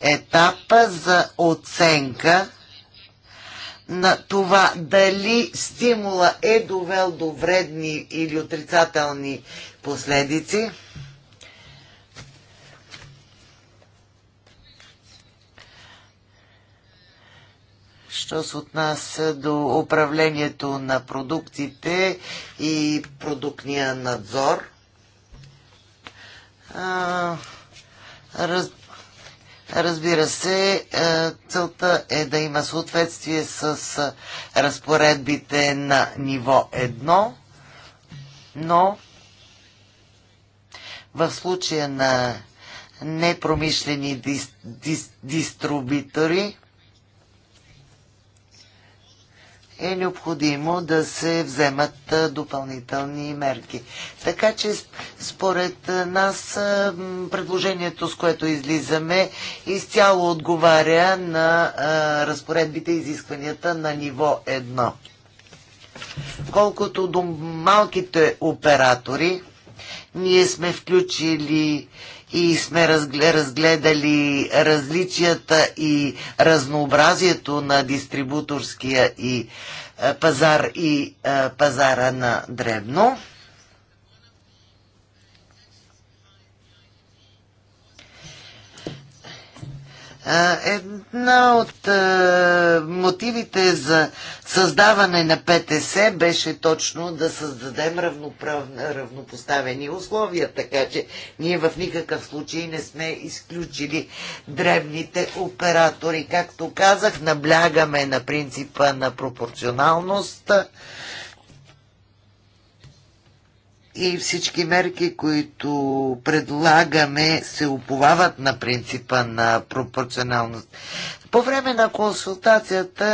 етап за оценка на това дали стимула е довел до вредни или отрицателни последици. що се отнася до управлението на продуктите и продуктния надзор. Раз, разбира се, целта е да има съответствие с разпоредбите на ниво 1, но в случая на непромишлени дис, дис, диструбитори, е необходимо да се вземат допълнителни мерки. Така че според нас предложението, с което излизаме, изцяло отговаря на разпоредбите и изискванията на ниво 1. Колкото до малките оператори, ние сме включили и сме разгледали различията и разнообразието на дистрибуторския и е, пазар и е, пазара на дребно. Една от мотивите за създаване на ПТС беше точно да създадем равноправ... равнопоставени условия, така че ние в никакъв случай не сме изключили древните оператори. Както казах, наблягаме на принципа на пропорционалност, и всички мерки, които предлагаме, се уповават на принципа на пропорционалност. По време на консултацията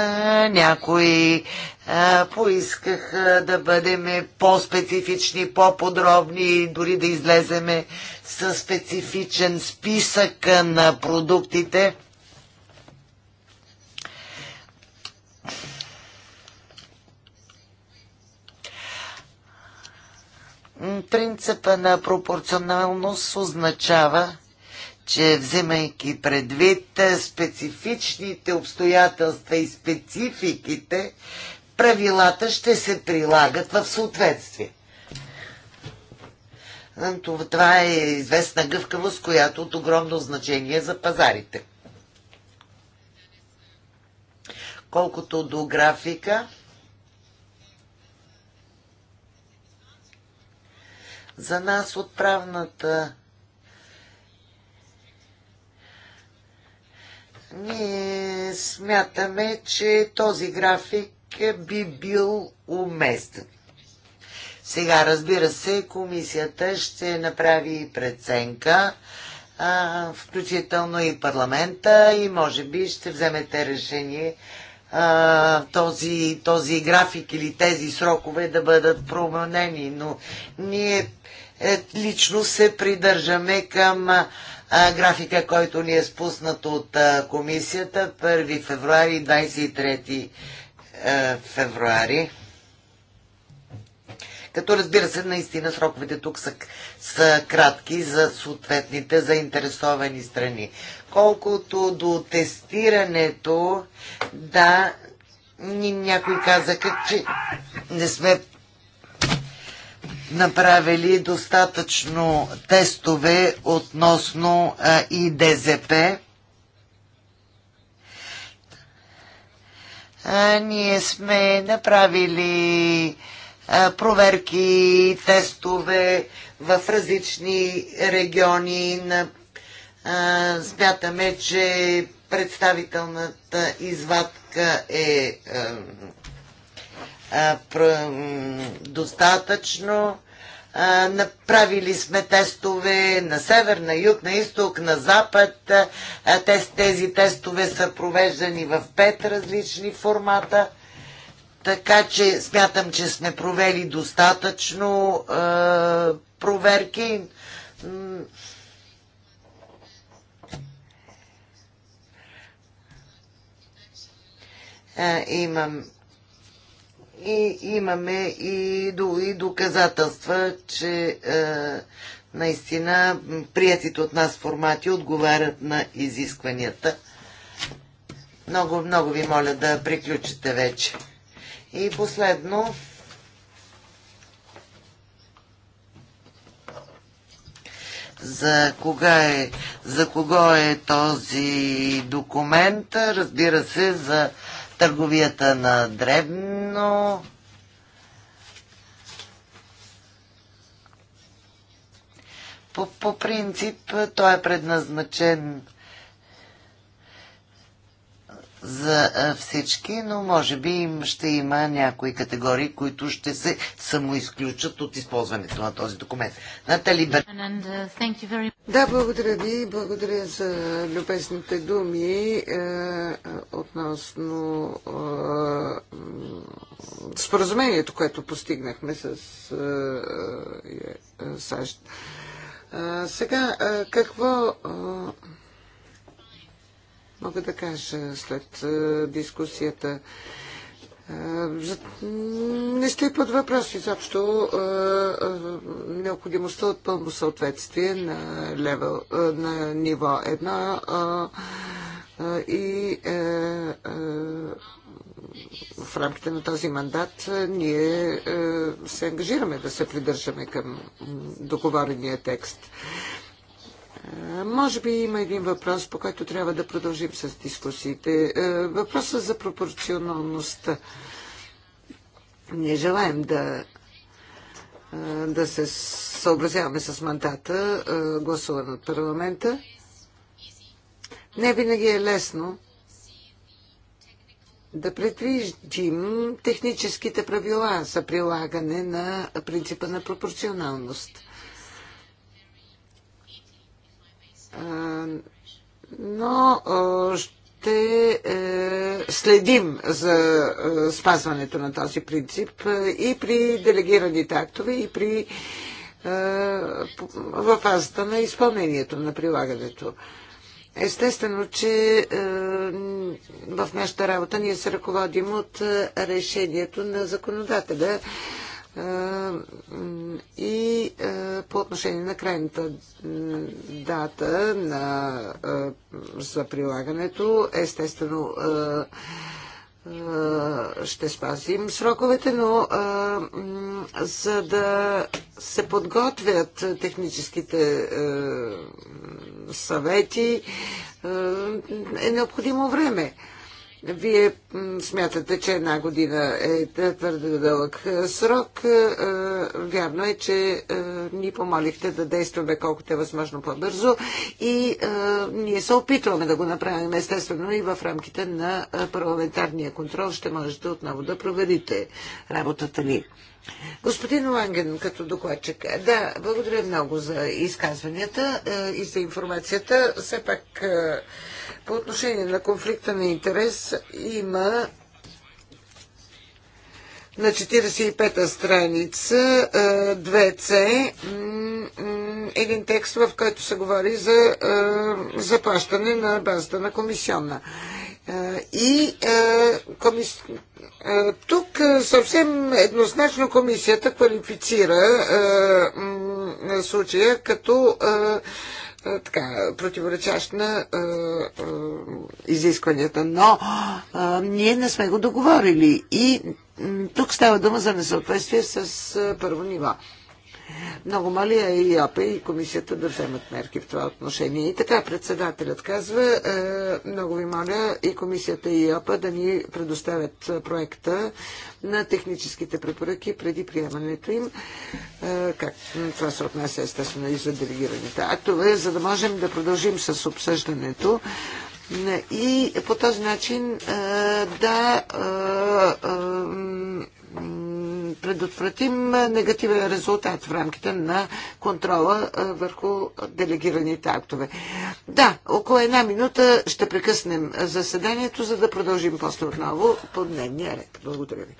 някои а, поискаха да бъдем по-специфични, по-подробни, дори да излеземе със специфичен списък на продуктите Принципа на пропорционалност означава, че вземайки предвид е, специфичните обстоятелства и спецификите, правилата ще се прилагат в съответствие. Това е известна гъвкавост, която е от огромно значение за пазарите. Колкото до графика, За нас отправната ние смятаме, че този график е, би бил уместен. Сега, разбира се, комисията ще направи преценка, включително и парламента, и може би ще вземете решение а, този, този график или тези срокове да бъдат променени, но ние е, лично се придържаме към а, графика, който ни е спуснат от а, комисията 1 февруари 23 а, е, февруари. Като разбира се, наистина сроковете тук са, са кратки за съответните заинтересовани страни. Колкото до тестирането, да, ни някой каза, че не сме направили достатъчно тестове относно а, и ДЗП. А, ние сме направили проверки, тестове в различни региони. смятаме, че представителната извадка е достатъчно. Направили сме тестове на север, на юг, на изток, на запад. Тези тестове са провеждани в пет различни формата. Така че смятам, че сме провели достатъчно е, проверки. Е, имам и имаме и, до, и доказателства, че е, наистина приятите от нас формати отговарят на изискванията. Много, много ви моля да приключите вече. И последно, за, кога е, за кого е този документ, разбира се, за търговията на дребно. По, по принцип, той е предназначен за всички, но може би им ще има някои категории, които ще се самоизключат от използването на този документ. Натали Бер... Uh, да, благодаря ви. Благодаря за любезните думи е, относно е, споразумението, което постигнахме с е, е, САЩ. сега, е, какво е, мога да кажа след дискусията. Не сте под въпрос изобщо необходимостта от пълно съответствие на, левел, на ниво 1 и е, е, в рамките на този мандат ние е, се ангажираме да се придържаме към договорения текст. Може би има един въпрос, по който трябва да продължим с дискусиите. Е, Въпросът за пропорционалността. Не желаем да, е, да се съобразяваме с мандата, е, гласуван от парламента. Не винаги е лесно да предвиждим техническите правила за прилагане на принципа на пропорционалност. но ще е, следим за е, спазването на този принцип е, и при делегираните актове, и при във фазата на изпълнението, на прилагането. Естествено, че в нашата работа ние се ръководим от решението на законодателя е, и е, по отношение на крайната дата на, е, за прилагането, естествено ще спазим сроковете, но за да се подготвят техническите съвети е необходимо време. Вие смятате, че една година е твърде дълъг е, срок. Е, е, вярно е, че ни помолихте да действаме колкото е възможно по-бързо и ние се опитваме да го направим естествено и в рамките на парламентарния контрол. Ще можете отново да проверите работата ни. Господин Ланген, като докладчик, да, благодаря много за изказванията и за информацията. Все пак по отношение на конфликта на интерес има на 45-та страница 2C един текст, в който се говори за заплащане на базата на комисионна. И комис... тук съвсем еднозначно комисията квалифицира случая като е, така, противоречащ на е, е, изискванията. Но е, ние не сме го договорили. И тук става дума за несъответствие с е, първо ниво. Много моля е и ОПЕ и комисията да вземат мерки в това отношение. И така председателят казва, е, много ви моля и комисията и ОПЕ да ни предоставят проекта на техническите препоръки преди приемането им. Е, как това се отнася естествено и за делегираните актове, за да можем да продължим с обсъждането и по този начин да предотвратим негативен резултат в рамките на контрола върху делегираните актове. Да, около една минута ще прекъснем заседанието, за да продължим после отново по дневния ред. Благодаря ви.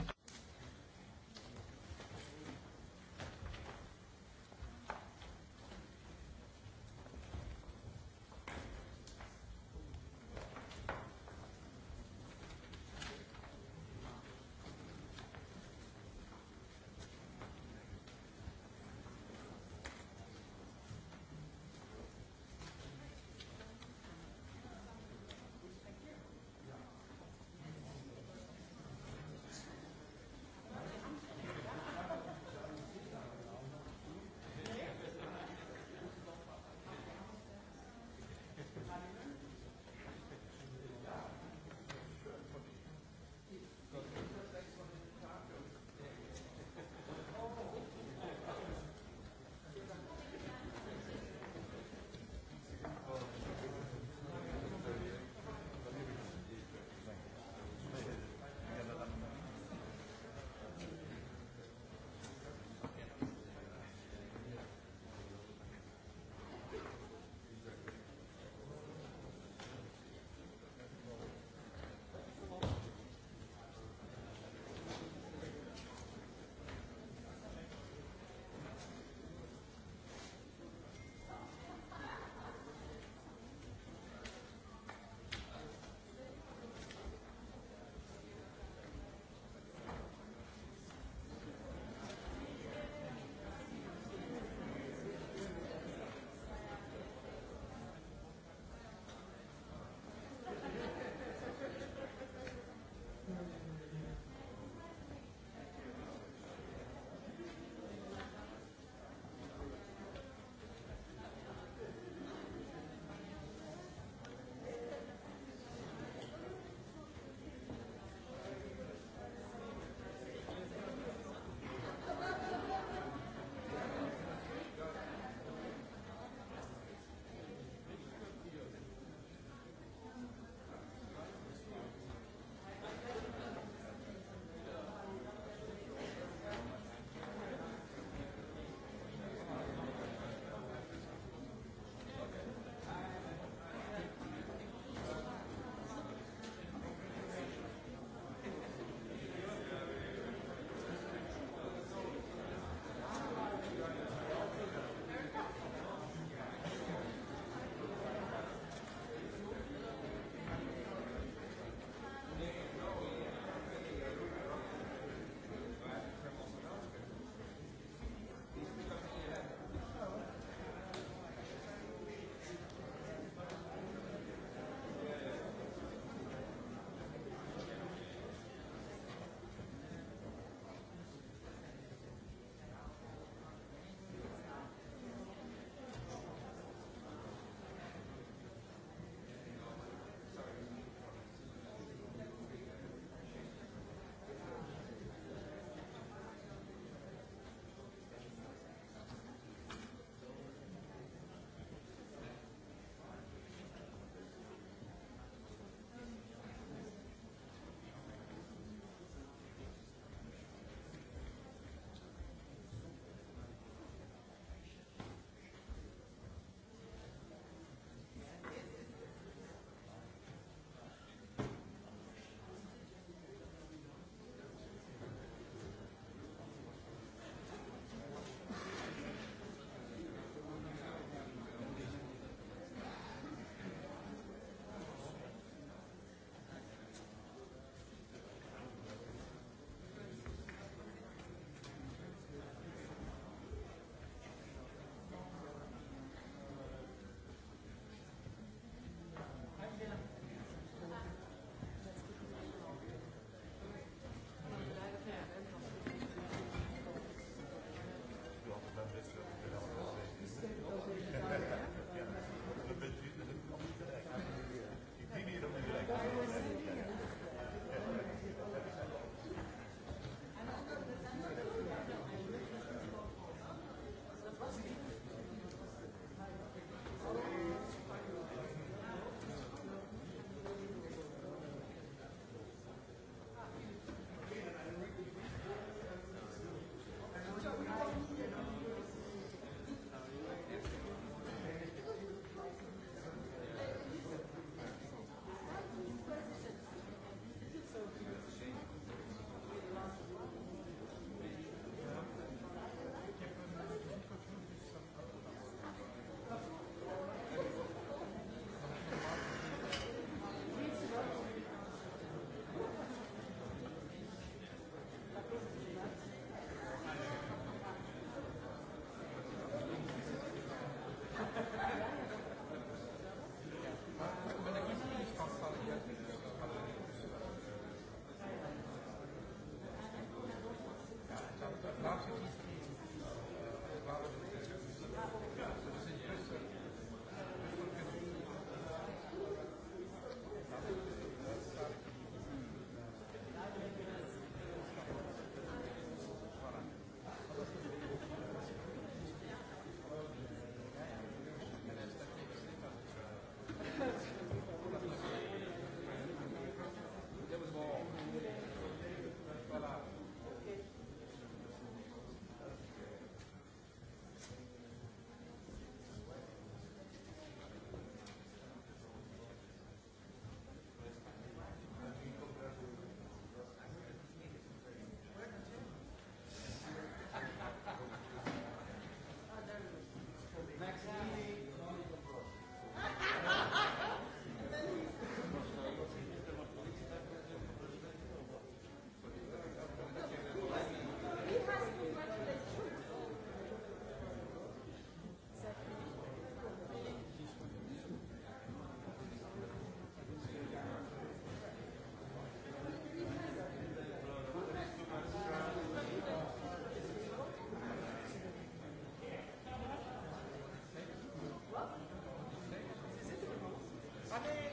Amém.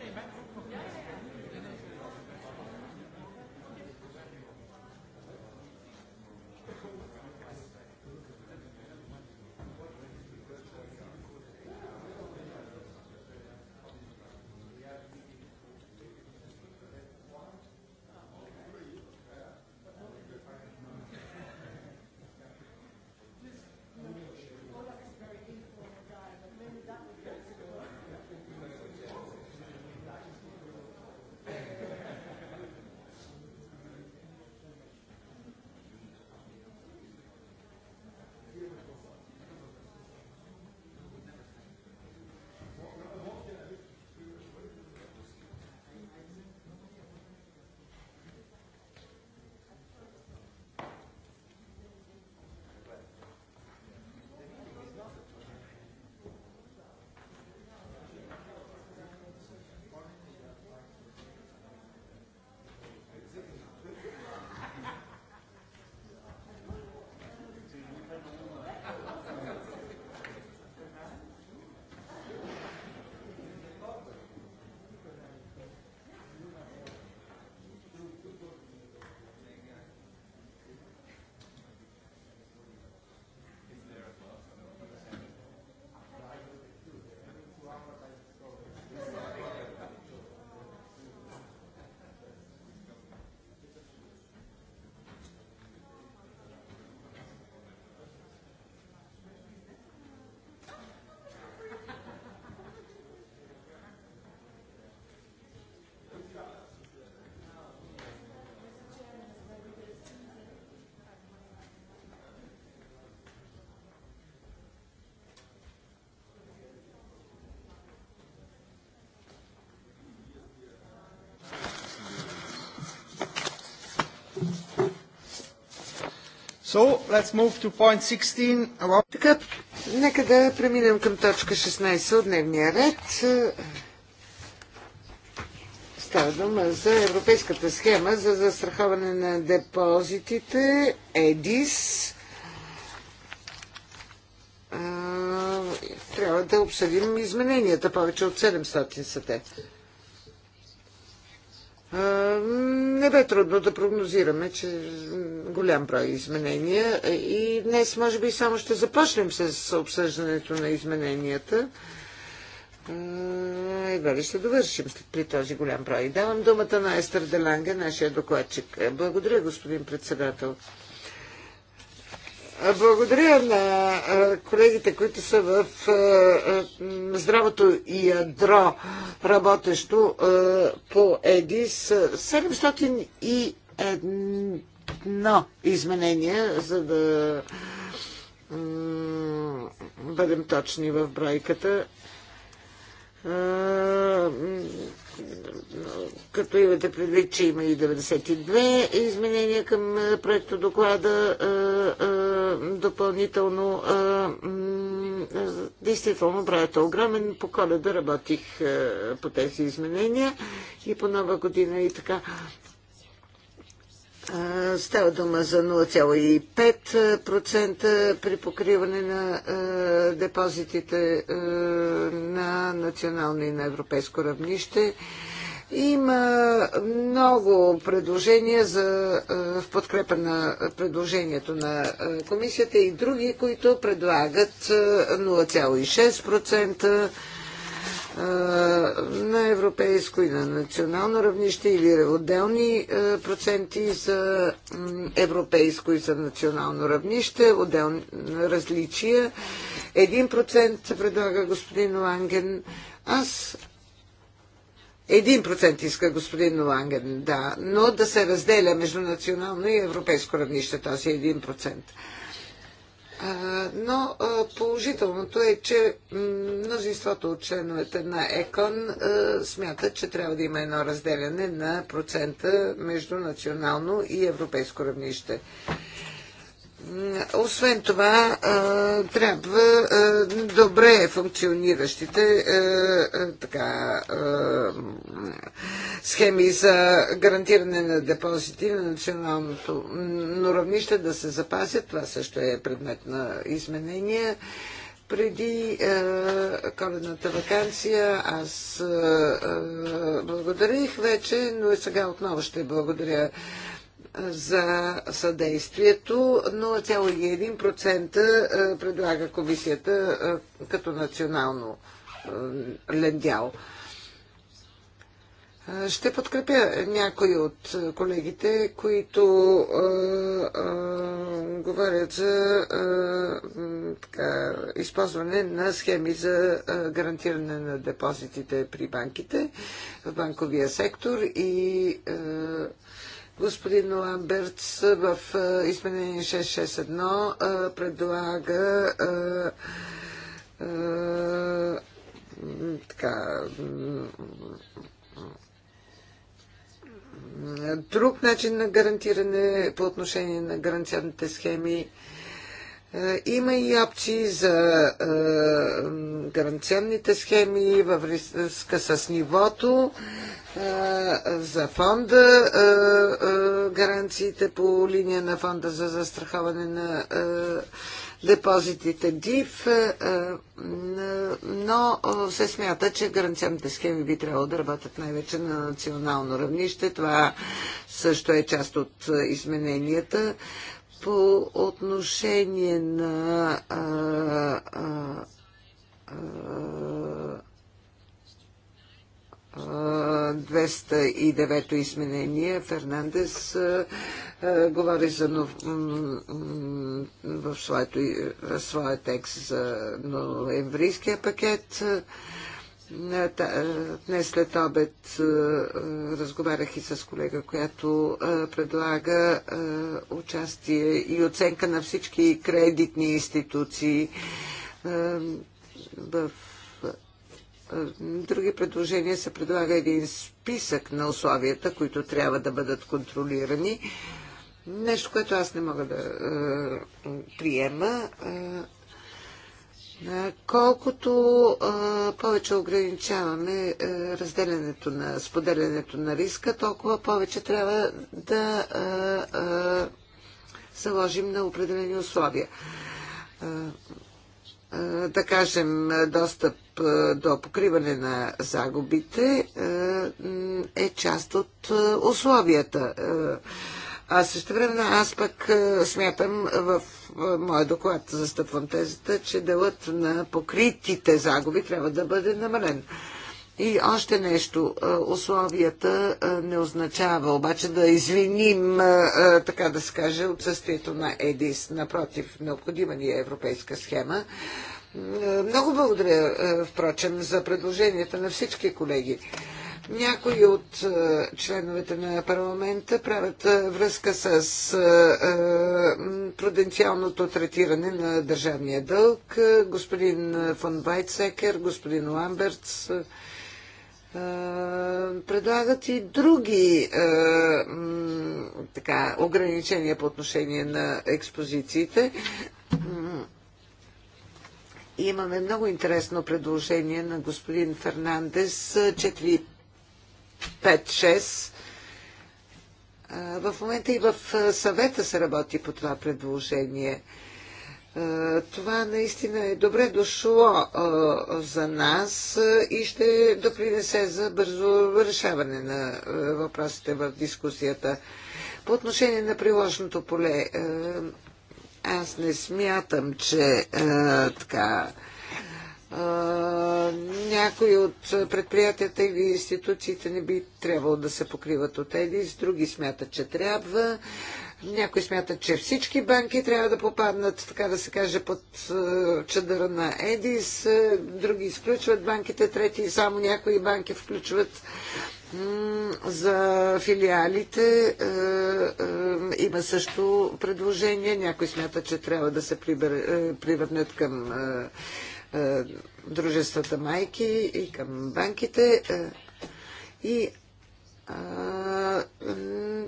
So, let's move to point 16. About... Така, нека да преминем към точка 16 от дневния ред. Става дума за Европейската схема за застраховане на депозитите ЕДИС. Трябва да обсъдим измененията. Повече от 700 са те. Не бе трудно да прогнозираме, че голям брой изменения и днес може би само ще започнем с обсъждането на измененията. Едва ли ще довършим при този голям брой. Давам думата на Естер Деланге, нашия докладчик. Благодаря, господин председател. Благодаря на колегите, които са в здравото ядро, работещо по ЕДИС. 701 едно изменение, за да бъдем точни в бройката. Като имате предвид, че има и 92 изменения към проекто доклада допълнително. Действително, броят е огромен. По коледа работих по тези изменения и по нова година и така. Става дума за 0,5% при покриване на депозитите на национално и на европейско равнище. Има много предложения за, в подкрепа на предложението на комисията и други, които предлагат 0,6% на европейско и на национално равнище или отделни проценти за европейско и за национално равнище, отделни различия. Един процент предлага господин Ланген. Аз един процент иска господин Ланген, да, но да се разделя между национално и европейско равнище този един процент. Но положителното е, че мнозинството от членовете на ЕКОН смятат, че трябва да има едно разделяне на процента между национално и европейско равнище. Освен това, трябва добре функциониращите така, схеми за гарантиране на депозити на националното равнище да се запазят. Това също е предмет на изменения. Преди е, коледната вакансия аз е, е, благодарих вече, но и сега отново ще благодаря за съдействието. 0,1% предлага комисията като национално лендял. Ще подкрепя някои от колегите, които а, а, говорят за а, така, използване на схеми за гарантиране на депозитите при банките в банковия сектор и а, Господин Ламбертс в е, изменение 661 е, предлага е, така друг начин на гарантиране по отношение на гаранционните схеми. Е, има и опции за е, гаранционните схеми във връзка с нивото, е, за фонда, гаранциите по линия на фонда за застраховане на депозитите ДИВ, но се смята, че гаранционните схеми би трябвало да работят най-вече на национално равнище. Това също е част от измененията. По отношение на а, а, а, 209-то изменение Фернандес а, а, говори за нов, в своето, своя текст за ноемврийския пакет. Е, е, днес след обед е, разговарях и с колега, която предлага участие и оценка на всички кредитни институции в други предложения се предлага един списък на условията, които трябва да бъдат контролирани. Нещо, което аз не мога да приема. Колкото а, повече ограничаваме а, разделянето на споделянето на риска, толкова повече трябва да а, а, заложим на определени условия. А, а, да кажем, достъп а, до покриване на загубите а, е част от а, условията. А също време аз пък а, смятам в е, моя доклад застъпвам тезата, че делът на покритите загуби трябва да бъде намален. И още нещо. Е, условията е, не означава обаче да извиним, така да се каже, отсъствието на ЕДИС. Напротив, необходима ни е европейска схема. Много благодаря, впрочем, за предложенията на всички колеги. Някои от е, членовете на парламента правят е, връзка с е, пруденциалното третиране на държавния дълг. Господин фон Вайтсекер, господин Ламбертс предлагат и други така, ограничения по отношение на експозициите. Имаме много интересно предложение на господин Фернандес. четири. 5-6. В момента и в съвета се работи по това предложение. Това наистина е добре дошло за нас и ще допринесе за бързо решаване на въпросите в дискусията. По отношение на приложното поле, аз не смятам, че така някои от предприятията или институциите не би трябвало да се покриват от Едис, други смятат, че трябва. Някои смятат, че всички банки трябва да попаднат, така да се каже, под чадъра на Едис. Други изключват банките, трети само някои банки включват за филиалите. Има също предложение. Някои смятат, че трябва да се привърнат към е, дружествата майки и към банките. Е, и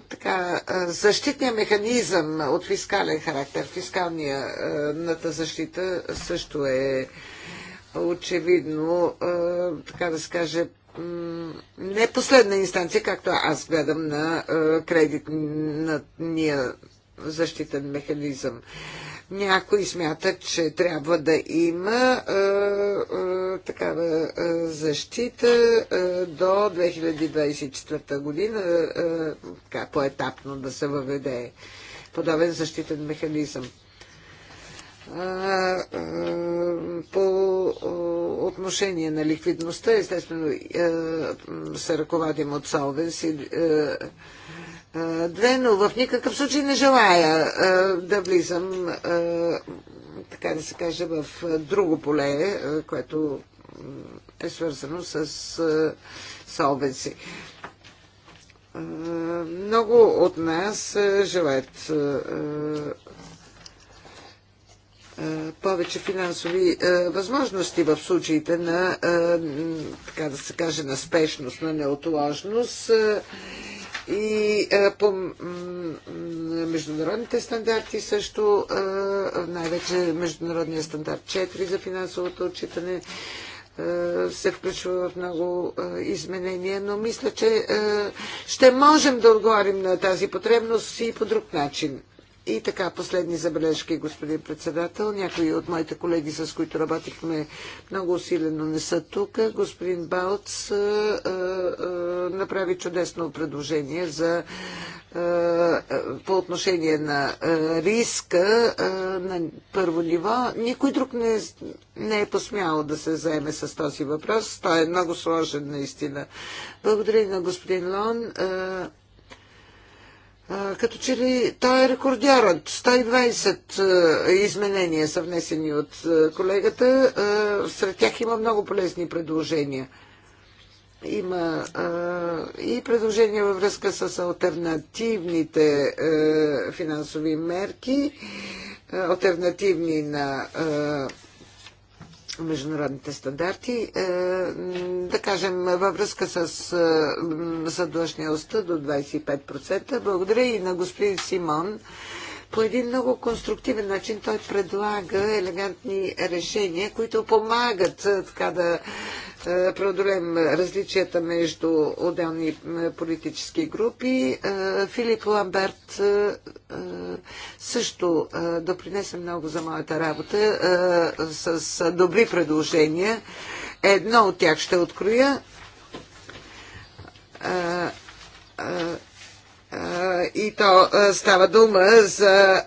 така, защитният механизъм от фискален характер, фискалната защита също е очевидно, така да се каже, не последна инстанция, както аз гледам на кредитния защитен механизъм. Някои смятат, че трябва да има а, е, а, е, такава а, е, защита а, до 2024 година, а, така поетапно да се въведе подобен защитен механизъм по отношение на ликвидността, естествено се ръководим от А, две, но в никакъв случай не желая да влизам, така да се каже, в друго поле, което е свързано с Солвенси. Много от нас желаят повече финансови възможности в случаите на, така да се каже, на спешност, на неотложност. И е, по международните стандарти също, е, най-вече международния стандарт 4 за финансовото отчитане е, се включва в много изменения, но мисля, че ще можем да отговорим на тази потребност и по друг начин. И така, последни забележки, господин председател. Някои от моите колеги, с които работихме много усилено, не са тук. Господин Балц а, а, направи чудесно предложение за, по отношение на риска на първо ниво. Никой друг не, не е посмял да се заеме с този въпрос. Той е много сложен, наистина. Благодаря на господин Лон като че ли той е рекордьорът. 120 изменения са внесени от колегата. Сред тях има много полезни предложения. Има и предложения във връзка с альтернативните финансови мерки, альтернативни на международните стандарти, е, да кажем във връзка с е, задлъжнялостта до 25%. Благодаря и на господин Симон по един много конструктивен начин той предлага елегантни решения, които помагат е, така да е, преодолем различията между отделни е, политически групи. Филип Ламберт също допринесе много за моята работа с добри предложения. Едно от тях ще откроя и то става дума за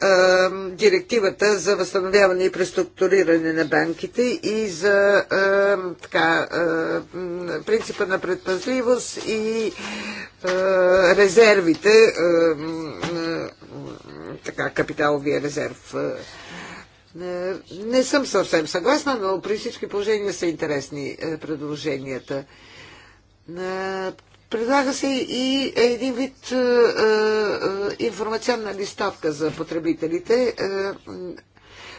директивата за възстановяване и преструктуриране на банките и за така, принципа на предпазливост и резервите, така, капиталовия резерв. Не съм съвсем съгласна, но при всички положения са интересни предложенията. Предлага се и един вид е, е, информационна листовка за потребителите. Е,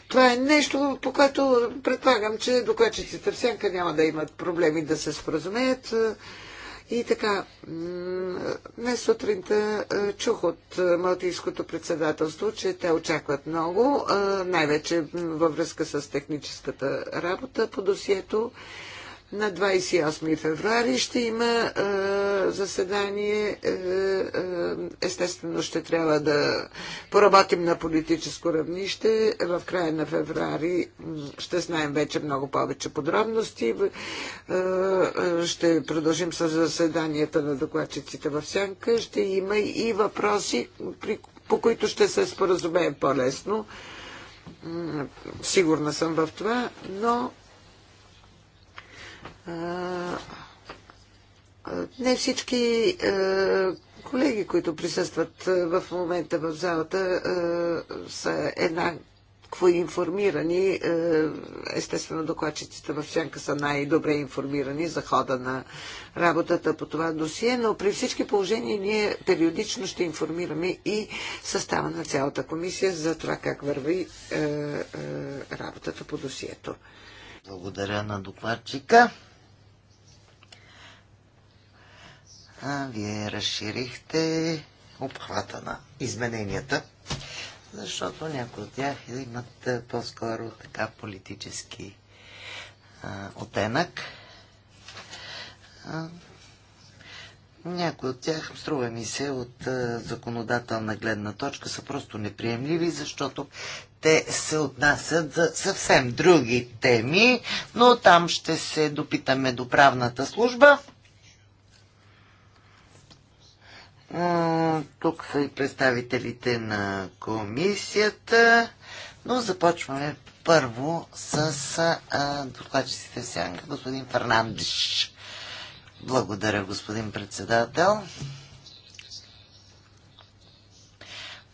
това е нещо, по което предполагам, че докладчиците в няма да имат проблеми да се споразумеят. И така, днес сутринта чух от Малтийското председателство, че те очакват много, най-вече във връзка с техническата работа по досието. На 28 февруари ще има е, заседание. Е, е, естествено ще трябва да поработим на политическо равнище. В края на февруари ще знаем вече много повече подробности. Е, е, ще продължим с заседанията на докладчиците в Сянка. Ще има и въпроси, при, по които ще се споразумеем по-лесно. Сигурна съм в това, но не всички колеги, които присъстват в момента в залата, са еднакво информирани. Естествено, докладчиците в Сянка са най-добре информирани за хода на работата по това досие, но при всички положения ние периодично ще информираме и състава на цялата комисия за това как върви работата по досието. Благодаря на докладчика. а, вие разширихте обхвата на измененията, защото някои от тях имат по-скоро така политически а, оттенък. А, някои от тях, струва ми се, от а, законодателна гледна точка са просто неприемливи, защото те се отнасят за съвсем други теми, но там ще се допитаме до правната служба. Тук са и представителите на комисията, но започваме първо с докладчиците в сянка. Господин Фернандиш. Благодаря, господин председател.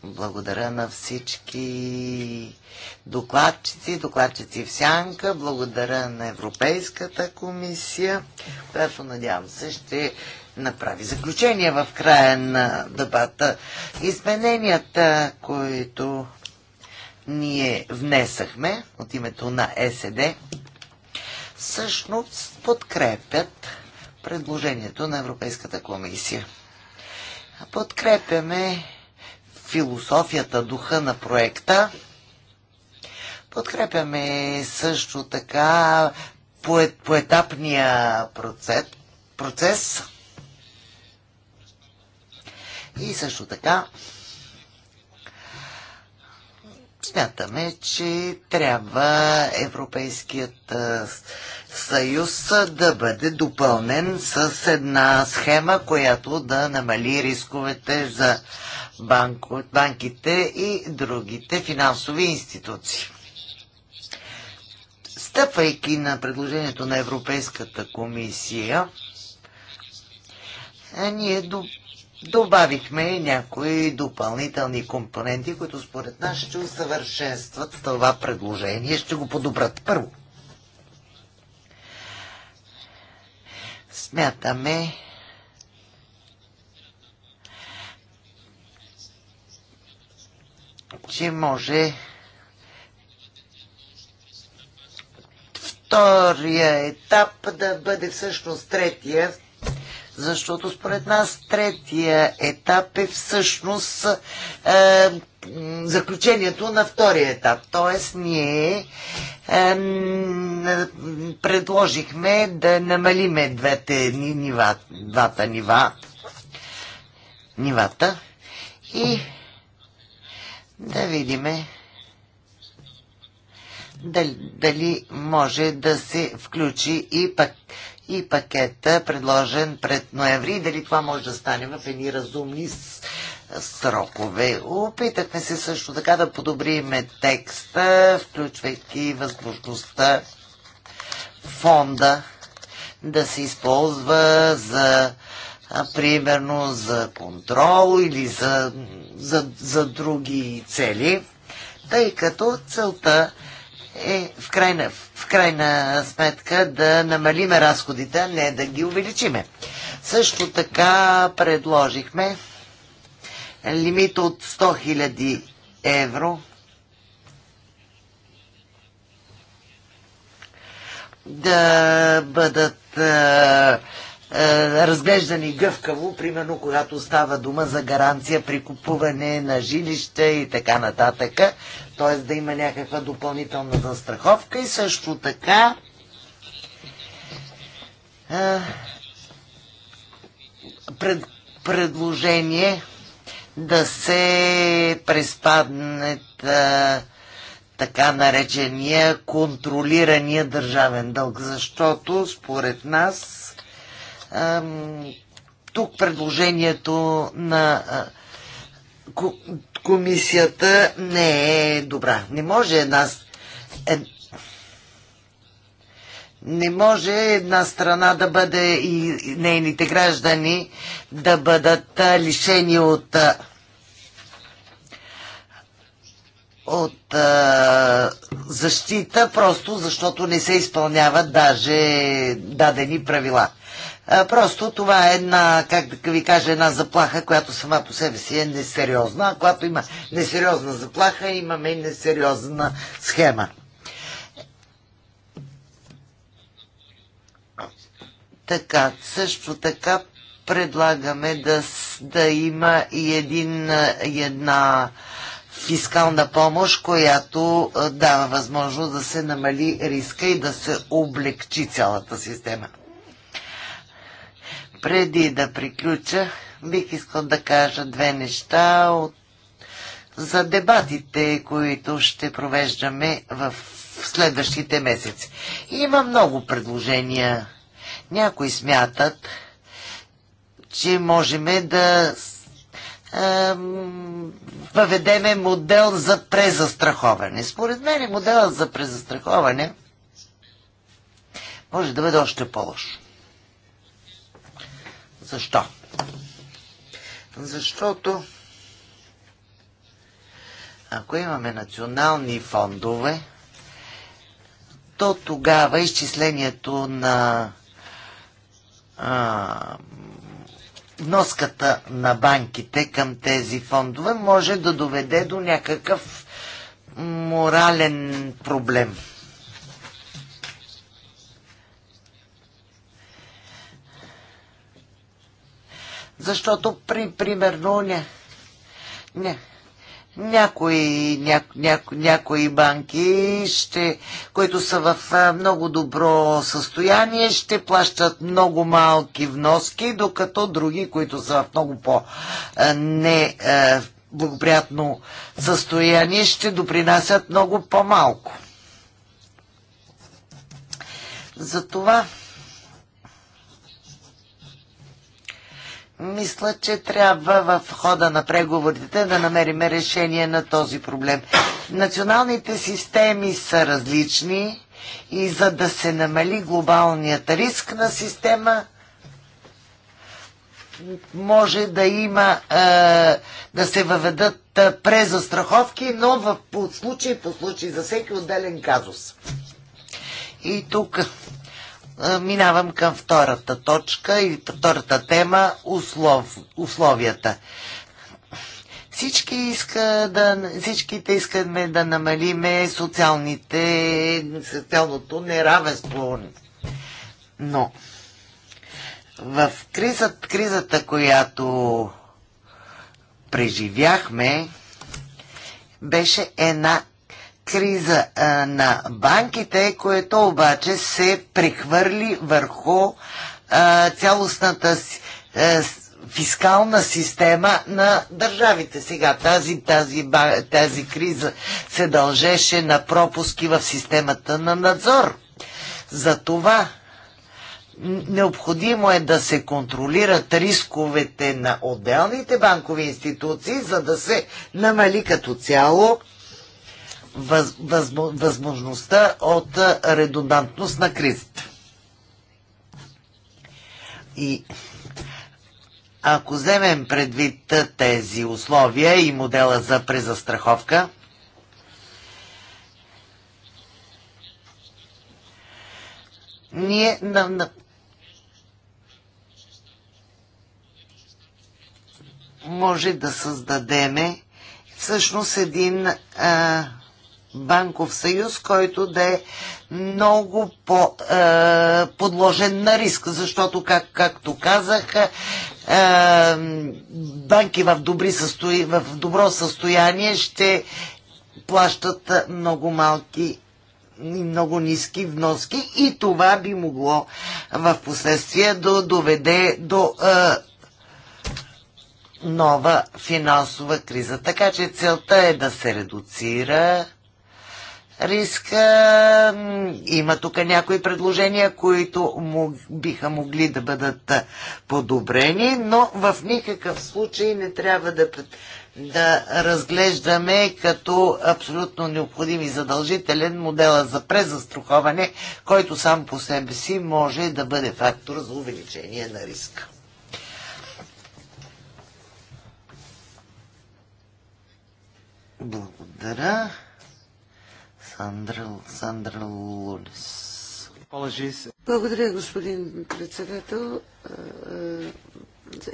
Благодаря на всички докладчици, докладчици в Сянка. Благодаря на Европейската комисия, която надявам се ще направи заключение в края на дебата. Измененията, които ние внесахме от името на СД, всъщност подкрепят предложението на Европейската комисия. Подкрепяме философията, духа на проекта. Подкрепяме също така поетапния процес, процес и също така смятаме, че трябва Европейският съюз да бъде допълнен с една схема, която да намали рисковете за банко, банките и другите финансови институции. Стъпвайки на предложението на Европейската комисия, ние добавихме някои допълнителни компоненти, които според нас ще усъвършенстват това предложение, ще го подобрат. Първо, смятаме, че може втория етап да бъде всъщност третия, защото според нас третия етап е всъщност е, заключението на втория етап. Тоест ние е, предложихме да намалиме двете нива, двата нива, нивата и да видиме дали, дали може да се включи и пак и пакета, предложен пред ноември, дали това може да стане в едни разумни срокове. Опитахме се също така да подобриме текста, включвайки възможността фонда да се използва за примерно за контрол или за, за, за други цели, тъй като целта е в крайна, в крайна сметка да намалиме разходите, а не да ги увеличиме. Също така предложихме лимит от 100 000 евро да бъдат е, е, разглеждани гъвкаво, примерно когато става дума за гаранция при купуване на жилище и така нататък, т.е. да има някаква допълнителна застраховка и също така е, пред, предложение да се преспаднат е, така наречения контролирания държавен дълг, защото според нас тук предложението на комисията не е добра. Не може една е, не може една страна да бъде и нейните граждани да бъдат лишени от от а, защита, просто защото не се изпълняват даже дадени правила. Просто това е една, как да ви кажа, една заплаха, която сама по себе си е несериозна. А когато има несериозна заплаха, имаме и несериозна схема. Така, също така предлагаме да, да има и един, една фискална помощ, която дава възможност да се намали риска и да се облегчи цялата система. Преди да приключа, бих искал да кажа две неща от, за дебатите, които ще провеждаме в следващите месеци. Има много предложения. Някои смятат, че можем да въведеме модел за презастраховане. Според мен моделът за презастраховане може да бъде още по-лош. Защо? Защото ако имаме национални фондове, то тогава изчислението на а, вноската на банките към тези фондове може да доведе до някакъв морален проблем. Защото, при, примерно, не, не, някои, ня, ня, някои банки, ще, които са в много добро състояние, ще плащат много малки вноски, докато други, които са в много по-не благоприятно състояние, ще допринасят много по-малко. Затова мисля, че трябва в хода на преговорите да намерим решение на този проблем. Националните системи са различни и за да се намали глобалният риск на система, може да има е, да се въведат е, презастраховки, но в, по случай по случай за всеки отделен казус. И тук минавам към втората точка и втората тема услов, условията. Всички, иска да, всичките искаме да намалиме социалните, социалното неравенство. Но в кризът, кризата, която преживяхме, беше една криза а, на банките, което обаче се прехвърли върху а, цялостната а, фискална система на държавите. Сега тази, тази, тази криза се дължеше на пропуски в системата на надзор. Затова необходимо е да се контролират рисковете на отделните банкови институции, за да се намали като цяло въз, въз, възможността от редундантност на кризата. И ако вземем предвид тези условия и модела за презастраховка, ние на, на, може да създадеме всъщност един а, банков съюз, който да е много по, е, подложен на риск, защото, как, както казах, е, банки в, добри състои, в добро състояние ще плащат много малки и много ниски вноски и това би могло в последствие да доведе до е, нова финансова криза. Така че целта е да се редуцира риска. Има тук някои предложения, които мог, биха могли да бъдат подобрени, но в никакъв случай не трябва да, да разглеждаме като абсолютно необходим и задължителен модела за презастраховане, който сам по себе си може да бъде фактор за увеличение на риска. Благодаря. Сандрал, Сандрал Лулис. Благодаря, господин председател.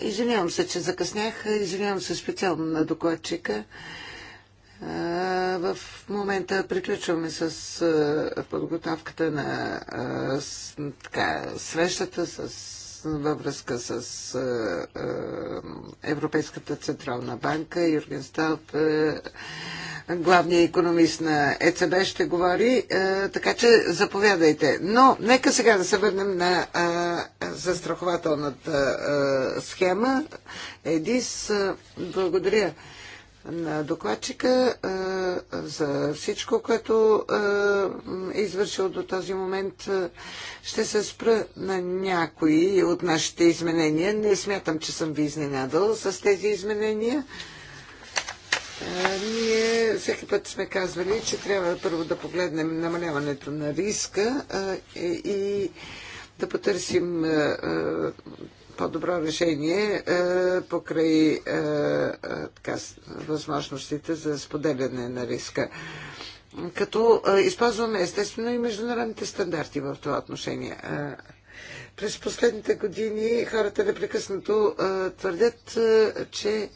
Извинявам се, че закъснях. Извинявам се специално на докладчика. В момента приключваме с подготовката на така, срещата с, във връзка с Европейската Централна банка. Юрген Сталп главния економист на ЕЦБ ще говори, е, така че заповядайте. Но нека сега да се върнем на е, застрахователната е, схема. Едис, благодаря на докладчика за всичко, което е извършил до този момент. Ще се спра на някои от нашите изменения. Не смятам, че съм ви изненадал с тези изменения. Ние всеки път сме казвали, че трябва първо да погледнем намаляването на риска и да потърсим по-добро решение покрай така, възможностите за споделяне на риска. Като използваме естествено и международните стандарти в това отношение. През последните години хората непрекъснато твърдят, че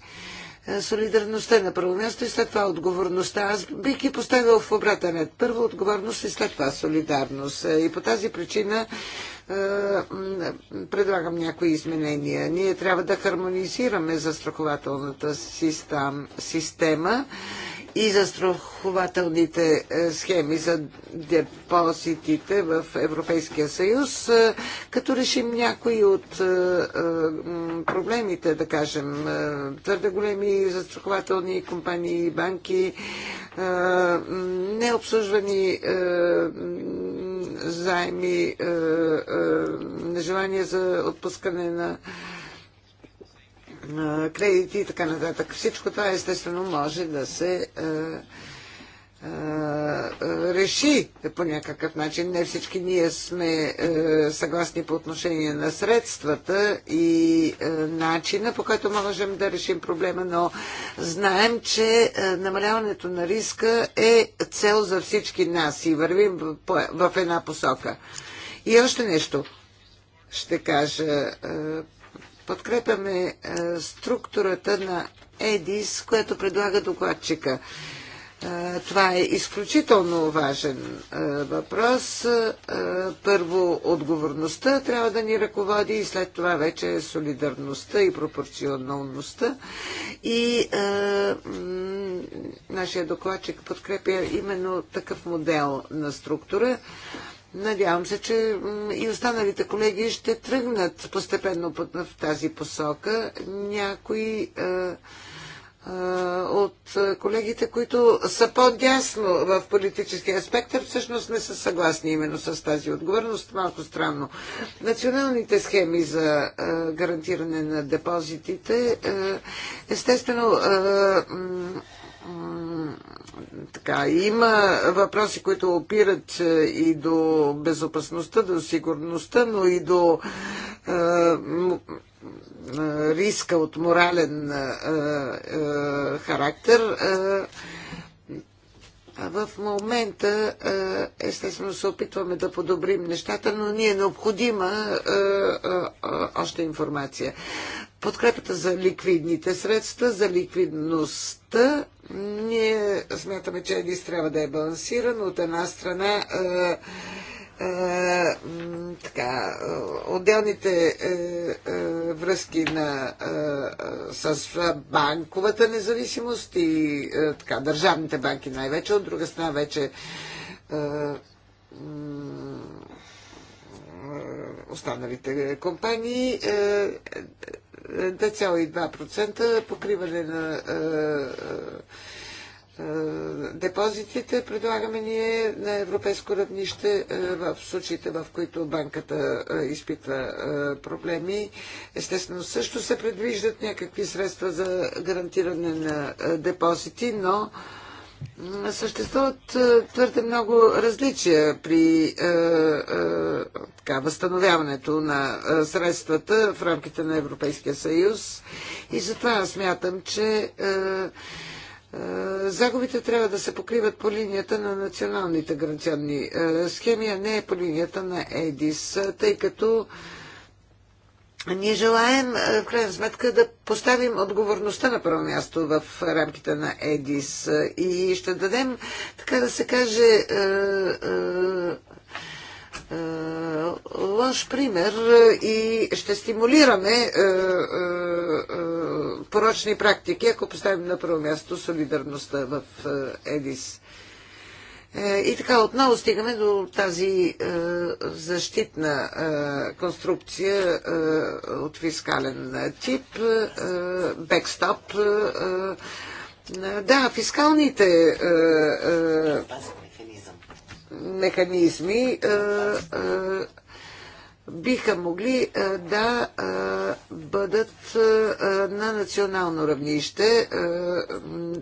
е, солидарността е на първо място и след това отговорността. Аз бих ги поставил в обратен ред. Първо отговорност и след това солидарност. Е, и по тази причина предлагам някои изменения. Ние трябва да хармонизираме застрахователната система и застрахователните е, схеми за депозитите в Европейския съюз, е, като решим някои от е, проблемите, да кажем, твърде големи застрахователни компании и банки, необслужвани заеми, нежелание за отпускане на кредити и така нататък. Всичко това естествено може да се е, е, е, реши по някакъв начин. Не всички ние сме съгласни по отношение на средствата и начина, по който можем да решим проблема, но знаем, че намаляването на риска е цел за всички нас и вървим в една посока. И още нещо ще кажа подкрепяме е, структурата на ЕДИС, което предлага докладчика. Е, това е изключително важен е, въпрос. Първо, отговорността трябва да ни ръководи и след това вече е солидарността и пропорционалността. И е, нашия докладчик подкрепя именно такъв модел на структура. Надявам се, че и останалите колеги ще тръгнат постепенно в тази посока. Някои е, е, от колегите, които са по-дясно в политическия аспект, всъщност не са съгласни именно с тази отговорност. Малко странно. Националните схеми за е, гарантиране на депозитите, естествено, така, има въпроси, които опират е, и до безопасността, до сигурността, но и до е, е риска от морален е, е, характер. Е, в момента, естествено, се опитваме да подобрим нещата, но ни е необходима още информация подкрепата за ликвидните средства, за ликвидността. Ние смятаме, че Едис трябва да е балансиран. От една страна е, е, така, е, отделните връзки на, с банковата независимост и така, държавните банки най-вече, от друга страна вече останалите компании. 2,2% покриване на е, е, е, депозитите предлагаме ние на европейско равнище в случаите, в които банката изпитва проблеми. Естествено, също се предвиждат някакви средства за гарантиране на депозити, но Съществуват е, твърде много различия при е, е, така, възстановяването на средствата в рамките на Европейския съюз и затова аз смятам, че загубите трябва да се покриват по линията на националните гаранционни схеми, а не по линията на ЕДИС, тъй като ние желаем, е, в крайна сметка, да поставим отговорността на първо място в рамките на ЕДИС и ще дадем, така да се каже, е, е, лош пример и ще стимулираме порочни практики, ако поставим на първо място солидарността в ЕДИС. Е, и така отново стигаме до тази е, защитна е, конструкция е, от фискален е, тип, е, бекстоп. Е, е, да, фискалните е, е, механизми е, е, биха могли да бъдат на национално равнище,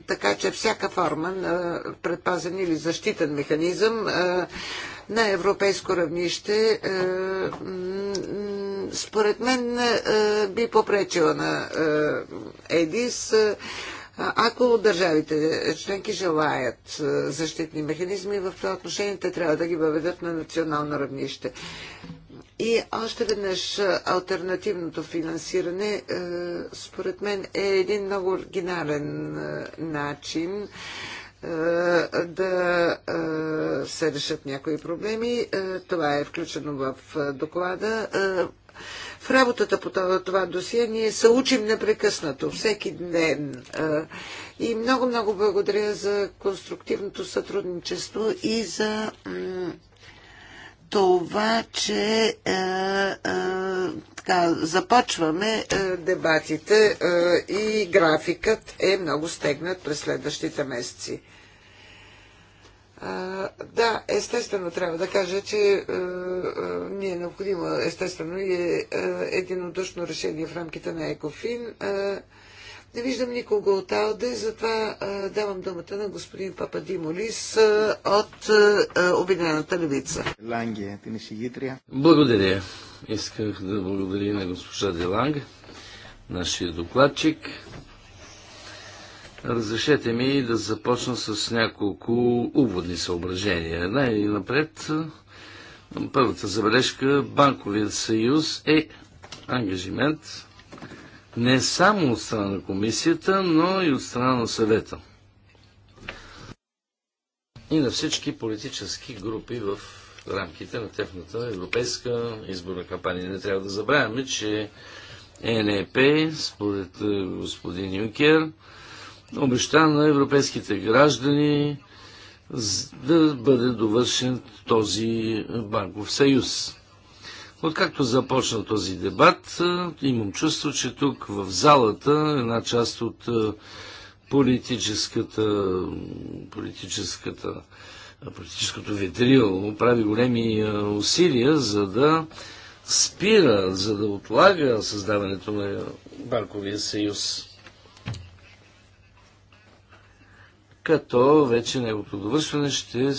така че всяка форма на предпазен или защитен механизъм на европейско равнище според мен би попречила на ЕДИС ако държавите членки желаят защитни механизми, в това отношение те трябва да ги въведат на национално равнище. И още веднъж е, альтернативното финансиране е, според мен е един много оригинален е, начин да се решат някои проблеми. Това е включено в доклада. В работата по това досие ние се учим непрекъснато, всеки ден. И много-много благодаря за конструктивното сътрудничество и за това, че е, е, така, започваме е, дебатите е, и графикът е много стегнат през следващите месеци. А, е, да, естествено трябва да кажа, че а, е, а, е, ни е необходимо естествено и е, единодушно решение в рамките на ЕКОФИН. А, не виждам никого от АЛДЕ, затова давам думата на господин Пападимолис от Обединената левица. Благодаря. Исках да благодаря на госпожа Деланг, нашия докладчик. Разрешете ми да започна с няколко уводни съображения. Най-напред, първата забележка, Банковият съюз е ангажимент не само от страна на комисията, но и от страна на съвета. И на всички политически групи в рамките на техната европейска изборна кампания. Не трябва да забравяме, че ЕНЕП, според е, господин Юнкер, обеща на европейските граждани да бъде довършен този банков съюз. Откакто започна този дебат, имам чувство, че тук в залата една част от политическата, политическата политическото ветрило прави големи усилия, за да спира, за да отлага създаването на Банковия съюз. Като вече неговото довършване ще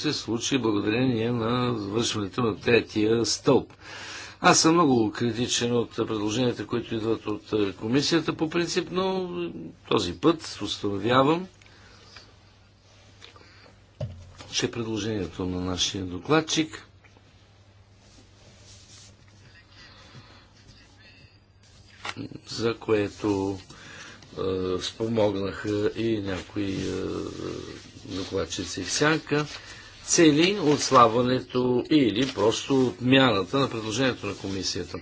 се случи благодарение на завършването на третия стълб. Аз съм много критичен от предложенията, които идват от е, комисията по принцип, но този път установявам, че предложението на нашия докладчик за което е, спомогнаха и някои е, докладчици в сянка, цели отслабването или просто отмяната на предложението на комисията.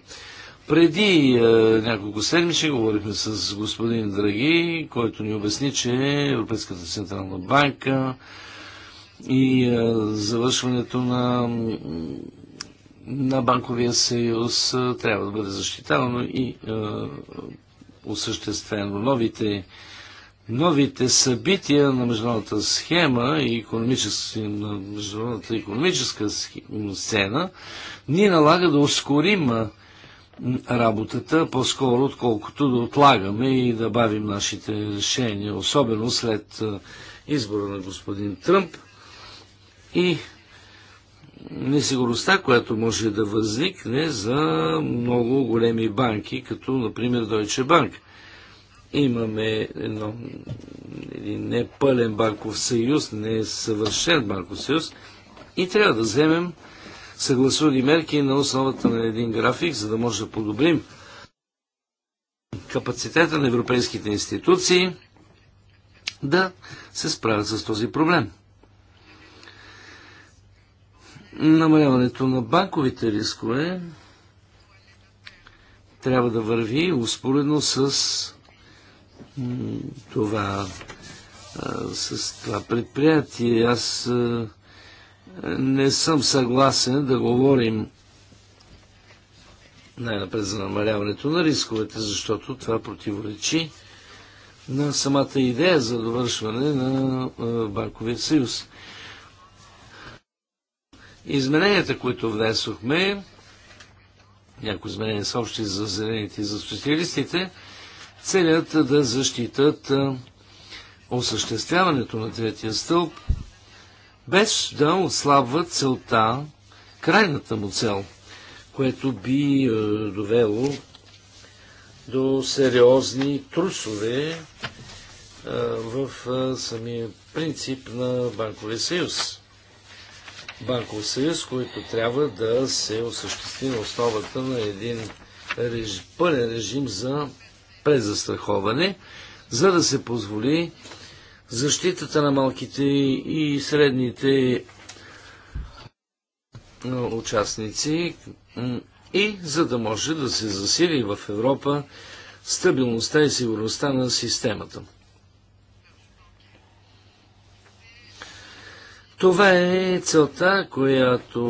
Преди е, няколко седмици говорихме с господин Драги, който ни обясни, че Европейската централна банка и е, завършването на, на банковия съюз е, трябва да бъде защитавано и е, осъществено. Новите новите събития на международната схема и на международната економическа сцена ни налага да ускорим работата по-скоро, отколкото да отлагаме и да бавим нашите решения, особено след избора на господин Тръмп и несигурността, която може да възникне за много големи банки, като например Deutsche Bank – имаме едно, един непълен банков съюз, не съвършен банков съюз и трябва да вземем съгласувани мерки на основата на един график, за да може да подобрим капацитета на европейските институции да се справят с този проблем. Намаляването на банковите рискове трябва да върви успоредно с това с това предприятие. Аз не съм съгласен да говорим най-напред за намаляването на рисковете, защото това противоречи на самата идея за довършване на Банковия съюз. Измененията, които внесохме, някои изменения са общи за зелените и за социалистите, целят да защитат осъществяването на третия стълб, без да отслабва целта, крайната му цел, което би довело до сериозни трусове в самия принцип на Банковия съюз. Банков съюз, който трябва да се осъществи на основата на един реж... пълен режим за презастраховане, за да се позволи защитата на малките и средните участници и за да може да се засили в Европа стабилността и сигурността на системата. Това е целта, която